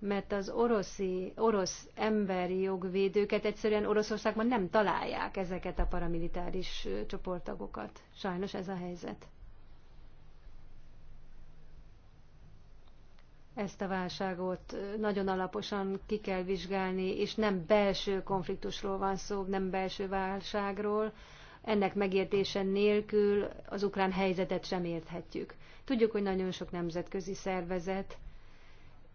S3: Mert az oroszi, orosz emberi jogvédőket egyszerűen Oroszországban nem találják ezeket a paramilitáris csoporttagokat. Sajnos ez a helyzet. ezt a válságot nagyon alaposan ki kell vizsgálni, és nem belső konfliktusról van szó, nem belső válságról. Ennek megértése nélkül az ukrán helyzetet sem érthetjük. Tudjuk, hogy nagyon sok nemzetközi szervezet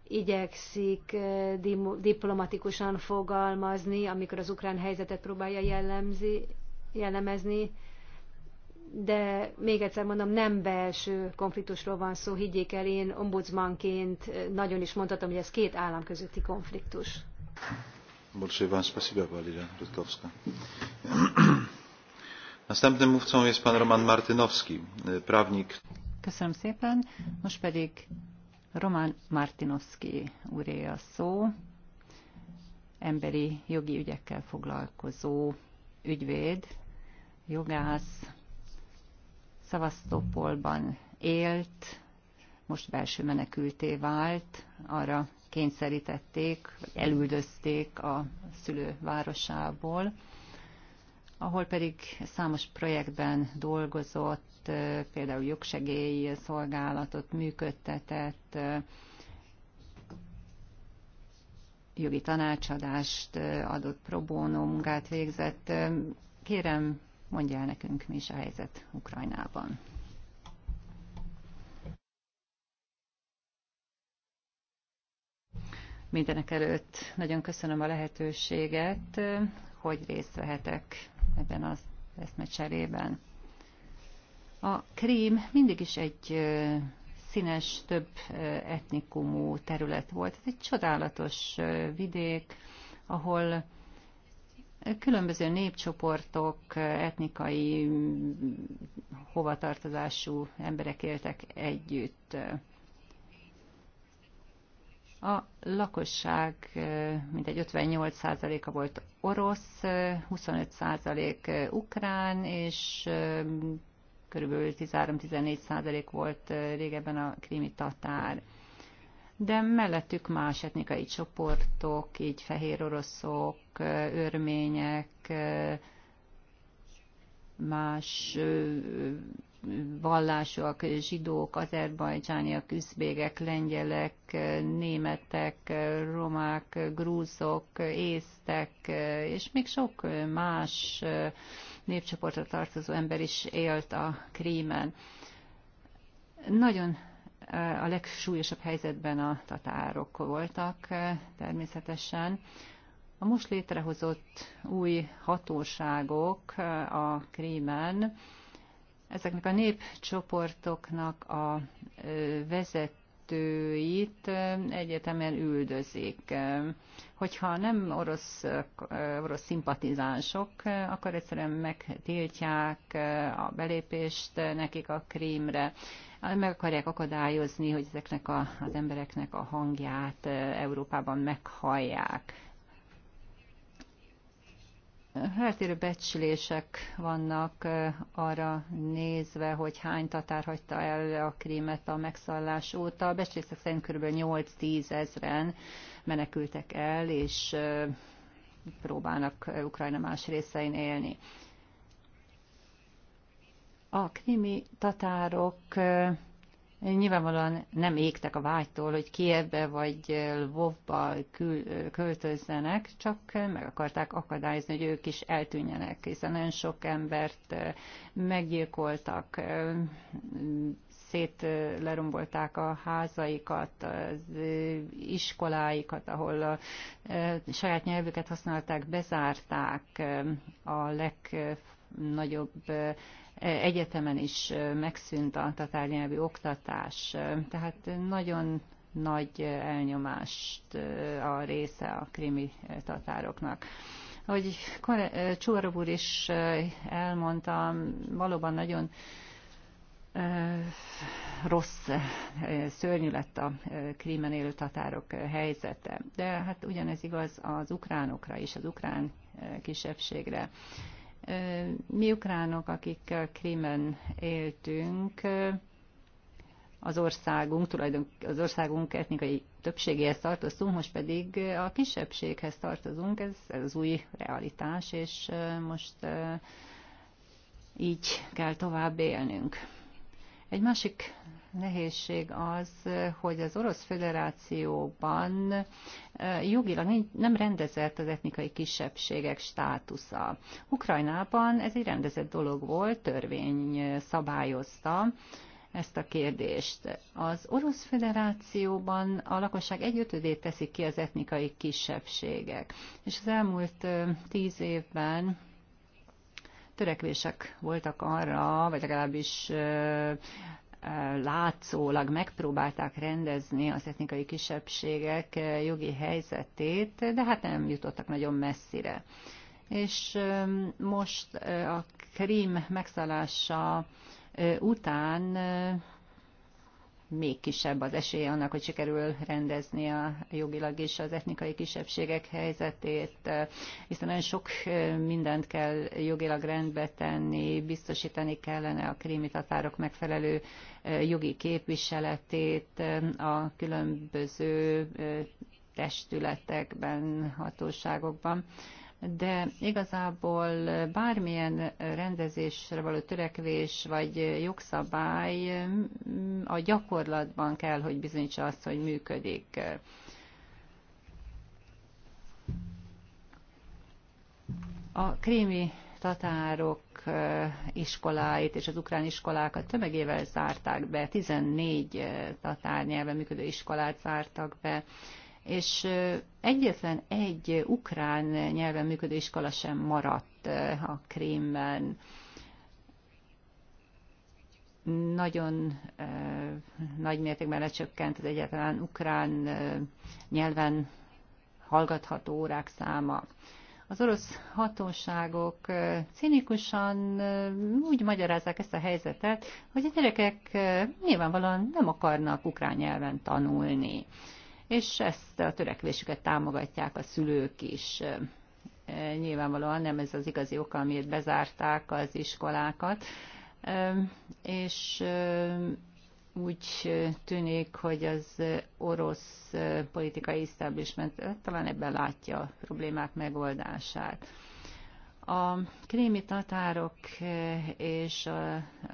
S3: igyekszik eh, diplomatikusan fogalmazni, amikor az ukrán helyzetet próbálja jellemzi, jellemezni, de még egyszer mondom, nem belső konfliktusról van szó, higgyék el, én ombudsmanként nagyon is mondhatom, hogy ez két állam közötti konfliktus.
S5: E,
S2: Köszönöm szépen. Most pedig Roman Martinovski úré a szó, emberi jogi ügyekkel foglalkozó ügyvéd, jogász, Szavasztópolban élt, most belső menekülté vált, arra kényszerítették, vagy elüldözték a szülővárosából, ahol pedig számos projektben dolgozott, például jogsegélyi szolgálatot működtetett, jogi tanácsadást adott, probónó munkát végzett. Kérem, Mondja el nekünk, mi is a helyzet Ukrajnában. Mindenek előtt nagyon köszönöm a lehetőséget, hogy részt vehetek ebben az eszmecserében. A Krím mindig is egy színes, több etnikumú terület volt. Ez egy csodálatos vidék, ahol különböző népcsoportok, etnikai hovatartozású emberek éltek együtt. A lakosság mintegy 58%-a volt orosz, 25% ukrán, és körülbelül 13-14% volt régebben a krimi tatár de mellettük más etnikai csoportok, így fehér oroszok, örmények, más vallásúak, zsidók, azerbajdzsániak, üzbégek, lengyelek, németek, romák, grúzok, észtek, és még sok más népcsoportra tartozó ember is élt a krímen. Nagyon a legsúlyosabb helyzetben a tatárok voltak eh, természetesen. A most létrehozott új hatóságok eh, a Krímen, ezeknek a népcsoportoknak a eh, vezet vezetőit egyetemen üldözik. Hogyha nem orosz, orosz szimpatizánsok, akkor egyszerűen megtiltják a belépést nekik a krímre. Meg akarják akadályozni, hogy ezeknek a, az embereknek a hangját Európában meghallják. Eltérő becslések vannak arra nézve, hogy hány tatár hagyta el a krímet a megszállás óta. A becslések szerint kb. 8-10 ezren menekültek el, és próbálnak Ukrajna más részein élni. A krimi tatárok nyilvánvalóan nem égtek a vágytól, hogy Kievbe vagy Lvovba kül, költözzenek, csak meg akarták akadályozni, hogy ők is eltűnjenek, hiszen nagyon sok embert meggyilkoltak, szét lerombolták a házaikat, az iskoláikat, ahol a saját nyelvüket használták, bezárták a legfontosabb nagyobb egyetemen is megszűnt a tatárnyelvi oktatás, tehát nagyon nagy elnyomást a része a krimi tatároknak. Ahogy Csóarab úr is elmondta, valóban nagyon rossz, szörnyű lett a krímen élő tatárok helyzete. De hát ugyanez igaz az ukránokra is, az ukrán kisebbségre. Mi ukránok, akik Krimen éltünk, az országunk, tulajdon, az országunk etnikai többségéhez tartozunk, most pedig a kisebbséghez tartozunk, ez, ez az új realitás, és most így kell tovább élnünk. Egy másik nehézség az, hogy az Orosz Föderációban jogilag nem rendezett az etnikai kisebbségek státusza. Ukrajnában ez egy rendezett dolog volt, törvény szabályozta, ezt a kérdést. Az Orosz Föderációban a lakosság egyötödét teszik ki az etnikai kisebbségek, és az elmúlt tíz évben törekvések voltak arra, vagy legalábbis látszólag megpróbálták rendezni az etnikai kisebbségek eh, jogi helyzetét, de hát nem jutottak nagyon messzire. És eh, most eh, a krím megszállása után még kisebb az esélye annak, hogy sikerül rendezni a jogilag is az etnikai kisebbségek helyzetét, hiszen nagyon sok mindent kell jogilag rendbe tenni, biztosítani kellene a krími tatárok megfelelő jogi képviseletét a különböző testületekben, hatóságokban de igazából bármilyen rendezésre való törekvés vagy jogszabály a gyakorlatban kell, hogy bizonyítsa azt, hogy működik. A krími tatárok iskoláit és az ukrán iskolákat tömegével zárták be, 14 tatár nyelven működő iskolát zártak be, és egyetlen egy ukrán nyelven működő iskola sem maradt a Krémben. Nagyon nagy mértékben lecsökkent az egyetlen ukrán nyelven hallgatható órák száma. Az orosz hatóságok cinikusan úgy magyarázzák ezt a helyzetet, hogy a gyerekek nyilvánvalóan nem akarnak ukrán nyelven tanulni és ezt a törekvésüket támogatják a szülők is. Nyilvánvalóan nem ez az igazi oka, amiért bezárták az iskolákat, és úgy tűnik, hogy az orosz politikai establishment talán ebben látja a problémák megoldását. A krími tatárok és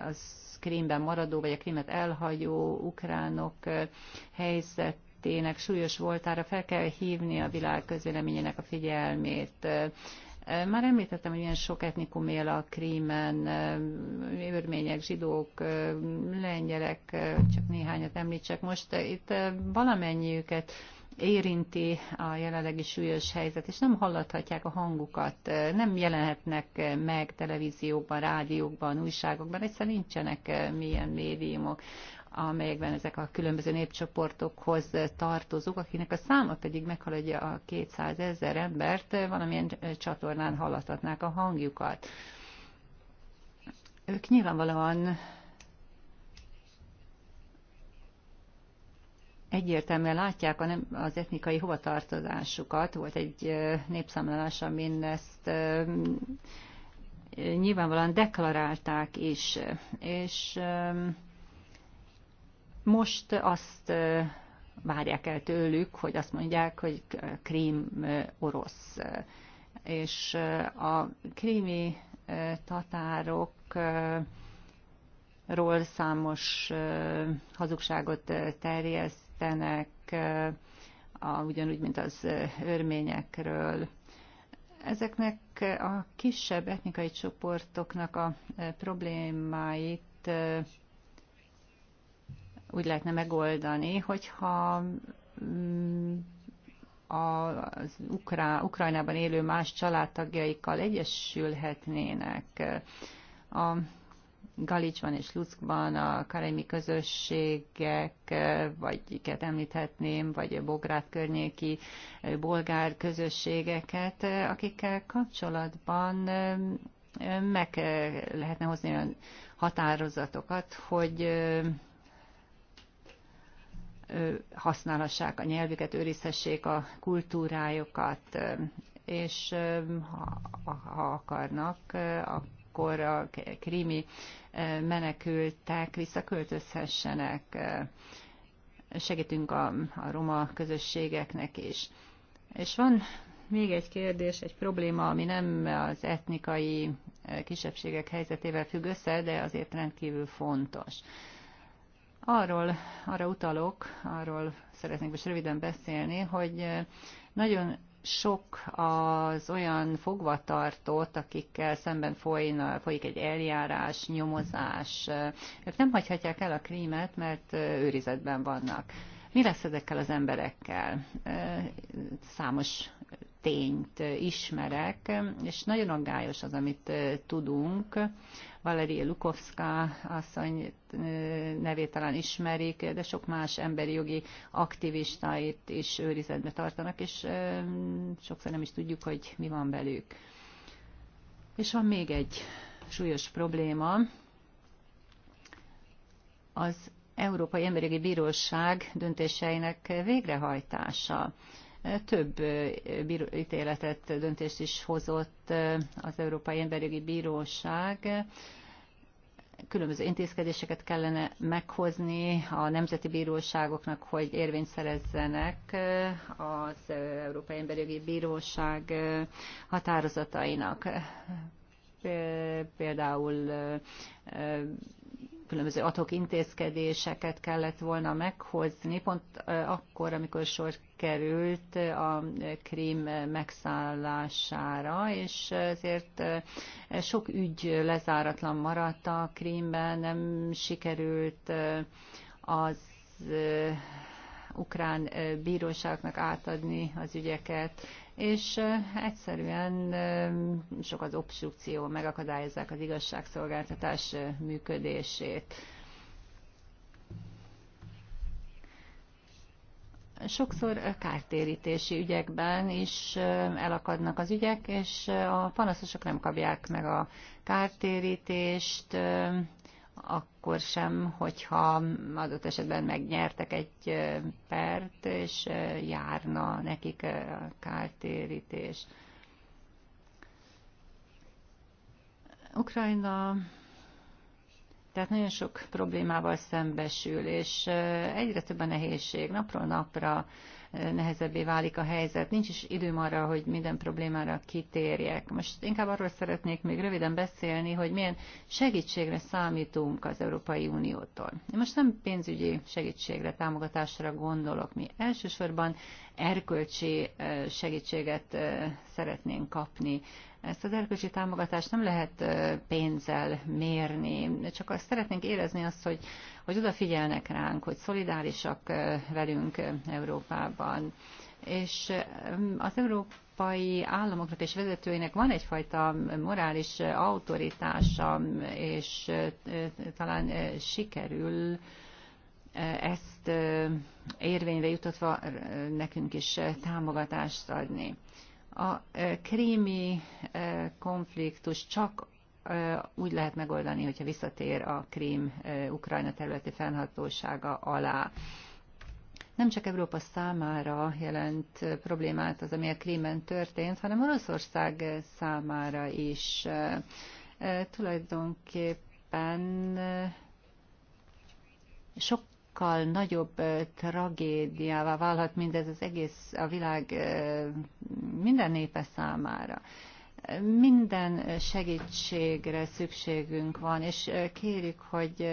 S2: az krímben maradó, vagy a krímet elhagyó ukránok helyzet helyzetének súlyos voltára fel kell hívni a világ közvéleményének a figyelmét. Már említettem, hogy ilyen sok etnikum él a Krímen, örmények, zsidók, lengyelek, csak néhányat említsek most. Itt valamennyiüket érinti a jelenlegi súlyos helyzet, és nem hallathatják a hangukat, nem jelenhetnek meg televíziókban, rádiókban, újságokban, egyszerűen nincsenek milyen médiumok amelyekben ezek a különböző népcsoportokhoz tartozók, akinek a száma pedig meghaladja a 200 ezer embert, valamilyen csatornán hallathatnák a hangjukat. Ők nyilvánvalóan egyértelműen látják a nem, az etnikai hovatartozásukat. Volt egy népszámlálás, amin ezt nyilvánvalóan deklarálták is, és most azt várják el tőlük, hogy azt mondják, hogy krím orosz. És a krími tatárokról számos hazugságot terjesztenek, ugyanúgy, mint az örményekről. Ezeknek a kisebb etnikai csoportoknak a problémáit úgy lehetne megoldani, hogyha mm, az Ukrá, Ukrajnában élő más családtagjaikkal egyesülhetnének. A Galicsban és Luckban a karemi közösségek, vagy kiket említhetném, vagy Bográt környéki bolgár közösségeket, akikkel kapcsolatban mm, meg lehetne hozni olyan határozatokat, hogy használhassák a nyelvüket, őrizhessék a kultúrájukat, és ha, ha akarnak, akkor a krími menekültek visszaköltözhessenek. Segítünk a, a roma közösségeknek is. És van még egy kérdés, egy probléma, ami nem az etnikai kisebbségek helyzetével függ össze, de azért rendkívül fontos. Arról, arra utalok, arról szeretnék most röviden beszélni, hogy eh, nagyon sok az olyan fogvatartót, akikkel szemben folyik egy eljárás, nyomozás. Eh, ők nem hagyhatják el a krímet, mert eh, őrizetben vannak. Mi lesz ezekkel az emberekkel? Számos tényt ismerek, és nagyon aggályos az, amit tudunk. Valeri Lukovská asszony nevét talán ismerik, de sok más emberi jogi aktivistait is őrizetbe tartanak, és sokszor nem is tudjuk, hogy mi van belük. És van még egy súlyos probléma, az Európai Emberi Bíróság döntéseinek végrehajtása több ítéletet, döntést is hozott az Európai Emberjogi Bíróság. Különböző intézkedéseket kellene meghozni a nemzeti bíróságoknak, hogy érvényt szerezzenek az Európai Emberjogi Bíróság határozatainak. Például különböző atok intézkedéseket kellett volna meghozni, pont akkor, amikor sor került a krím megszállására, és ezért sok ügy lezáratlan maradt a krímben, nem sikerült az ukrán bíróságnak átadni az ügyeket, és egyszerűen sok az obstrukció, megakadályozzák az igazságszolgáltatás működését. sokszor kártérítési ügyekben is elakadnak az ügyek, és a panaszosok nem kapják meg a kártérítést, akkor sem, hogyha adott esetben megnyertek egy pert, és járna nekik a kártérítés. Ukrajna tehát nagyon sok problémával szembesül, és egyre több a nehézség napról napra, nehezebbé válik a helyzet. Nincs is időm arra, hogy minden problémára kitérjek. Most inkább arról szeretnék még röviden beszélni, hogy milyen segítségre számítunk az Európai Uniótól. Én most nem pénzügyi segítségre, támogatásra gondolok. Mi elsősorban erkölcsi segítséget szeretnénk kapni. Ezt az erkölcsi támogatást nem lehet pénzzel mérni, csak azt szeretnénk érezni azt, hogy hogy odafigyelnek ránk, hogy szolidárisak velünk Európában. És az európai államoknak és vezetőinek van egyfajta morális autoritása, és talán sikerül ezt érvényre jutatva nekünk is támogatást adni. A krími konfliktus csak úgy lehet megoldani, hogyha visszatér a Krím Ukrajna területi fennhatósága alá. Nem csak Európa számára jelent problémát az, ami a Krímen történt, hanem Oroszország számára is. Tulajdonképpen sok sokkal nagyobb tragédiává válhat mindez az egész a világ minden népe számára. Minden segítségre szükségünk van, és kérjük, hogy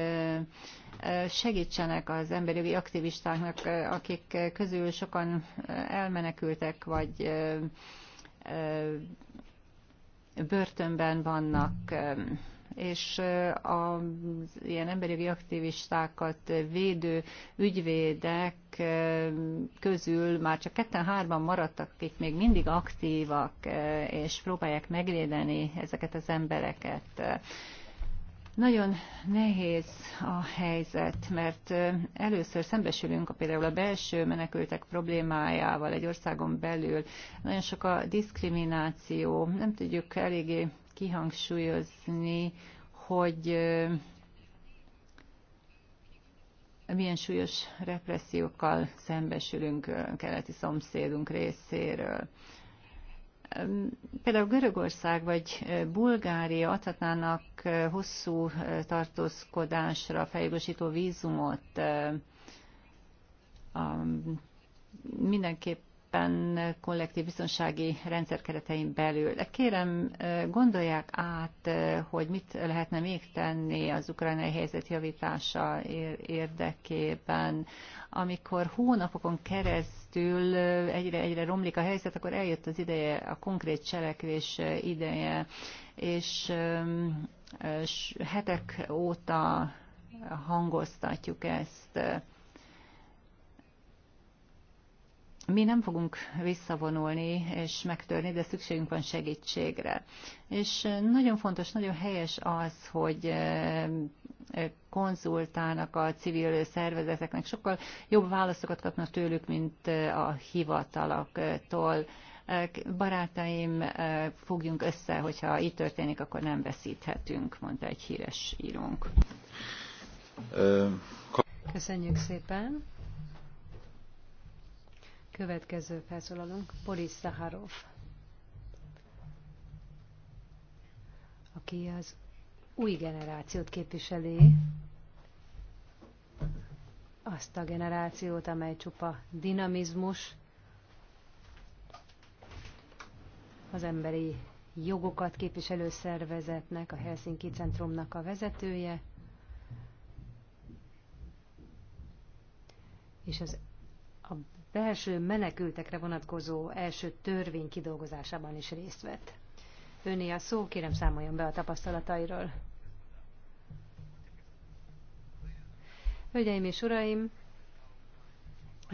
S2: segítsenek az emberi jogi aktivistáknak, akik közül sokan elmenekültek, vagy börtönben vannak és az ilyen emberi aktivistákat védő ügyvédek közül már csak ketten-hárman maradtak, akik még mindig aktívak, és próbálják megvédeni ezeket az embereket. Nagyon nehéz a helyzet, mert először szembesülünk a például a belső menekültek problémájával egy országon belül. Nagyon sok a diszkrimináció, nem tudjuk eléggé kihangsúlyozni, hogy milyen súlyos repressziókkal szembesülünk keleti szomszédunk részéről. Például Görögország vagy Bulgária adhatnának hosszú tartózkodásra fejlősító vízumot. Mindenképp mindenképpen kollektív biztonsági rendszer keretein belül. De kérem, gondolják át, hogy mit lehetne még tenni az ukrajnai helyzet javítása érdekében. Amikor hónapokon keresztül egyre, egyre romlik a helyzet, akkor eljött az ideje, a konkrét cselekvés ideje, és hetek óta hangoztatjuk ezt mi nem fogunk visszavonulni és megtörni, de szükségünk van segítségre. És nagyon fontos, nagyon helyes az, hogy konzultálnak a civil szervezeteknek, sokkal jobb válaszokat kapnak tőlük, mint a hivatalaktól. Barátaim, fogjunk össze, hogyha így történik, akkor nem veszíthetünk, mondta egy híres írónk. Köszönjük szépen!
S3: Következő felszólalunk, Boris Szaharov, aki az új generációt képviseli, azt a generációt, amely csupa dinamizmus, az emberi jogokat képviselő szervezetnek, a Helsinki Centrumnak a vezetője, és az a belső menekültekre vonatkozó első törvény kidolgozásában is részt vett. Öné a szó, kérem számoljon be a tapasztalatairól. Hölgyeim és uraim,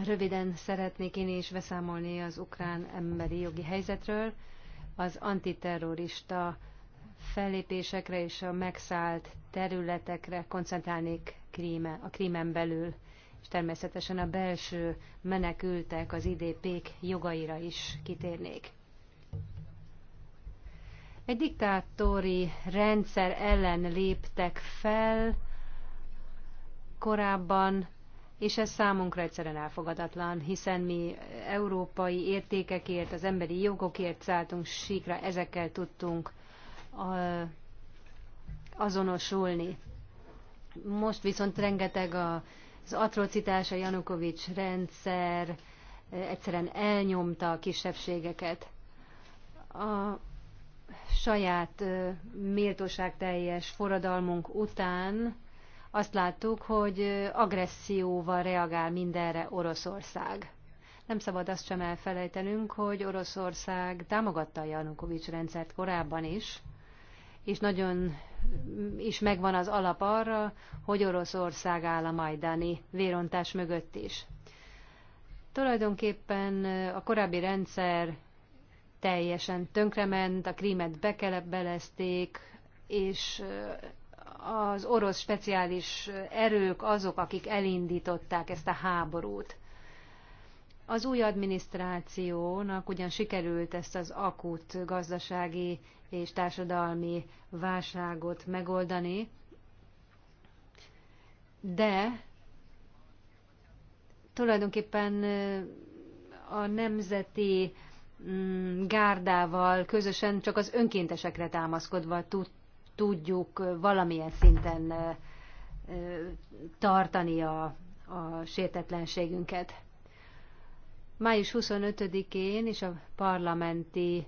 S3: röviden szeretnék én is beszámolni az ukrán emberi jogi helyzetről, az antiterrorista fellépésekre és a megszállt területekre koncentrálnék kríme, a krímen belül és természetesen a belső menekültek, az idp jogaira is kitérnék. Egy diktátori rendszer ellen léptek fel korábban, és ez számunkra egyszerűen elfogadatlan, hiszen mi európai értékekért, az emberi jogokért szálltunk síkra, ezekkel tudtunk azonosulni. Most viszont rengeteg a az atrocitás, a Janukovics rendszer egyszerűen elnyomta a kisebbségeket. A saját teljes forradalmunk után azt láttuk, hogy agresszióval reagál mindenre Oroszország. Nem szabad azt sem elfelejtenünk, hogy Oroszország támogatta a Janukovics rendszert korábban is, és nagyon is megvan az alap arra, hogy Oroszország áll a majdani vérontás mögött is. Tulajdonképpen eh, a korábbi rendszer teljesen tönkrement, a krímet bekelebelezték, és eh, az orosz speciális erők azok, akik elindították ezt a háborút. Az új adminisztrációnak ugyan sikerült ezt az akut gazdasági és társadalmi válságot megoldani, de tulajdonképpen a nemzeti mm, gárdával közösen csak az önkéntesekre támaszkodva tudjuk valamilyen szinten tartani a, a sértetlenségünket. Május 25-én és a parlamenti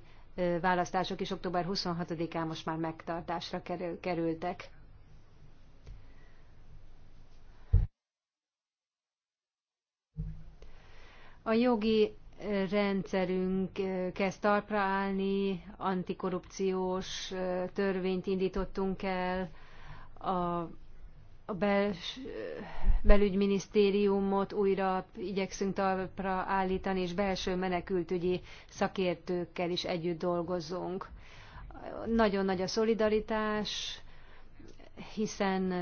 S3: választások is október 26-án most már megtartásra kerültek. A jogi rendszerünk kezd talpra állni, antikorrupciós törvényt indítottunk el, a a bels, belügyminisztériumot újra igyekszünk talpra állítani, és belső menekültügyi szakértőkkel is együtt dolgozunk. Nagyon nagy a szolidaritás, hiszen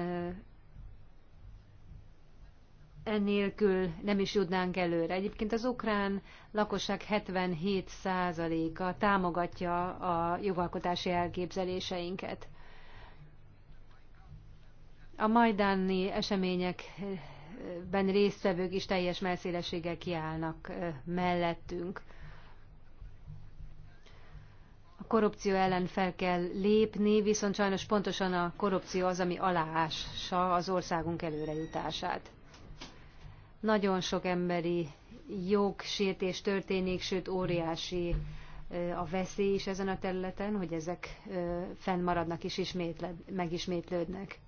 S3: ennélkül nem is jutnánk előre. Egyébként az ukrán lakosság 77%-a támogatja a jogalkotási elképzeléseinket. A majdáni eseményekben résztvevők is teljes melszélességgel kiállnak mellettünk. A korrupció ellen fel kell lépni, viszont sajnos pontosan a korrupció az, ami aláássa az országunk előrejutását. Nagyon sok emberi jogsértés történik, sőt óriási a veszély is ezen a területen, hogy ezek fennmaradnak és ismétled, megismétlődnek.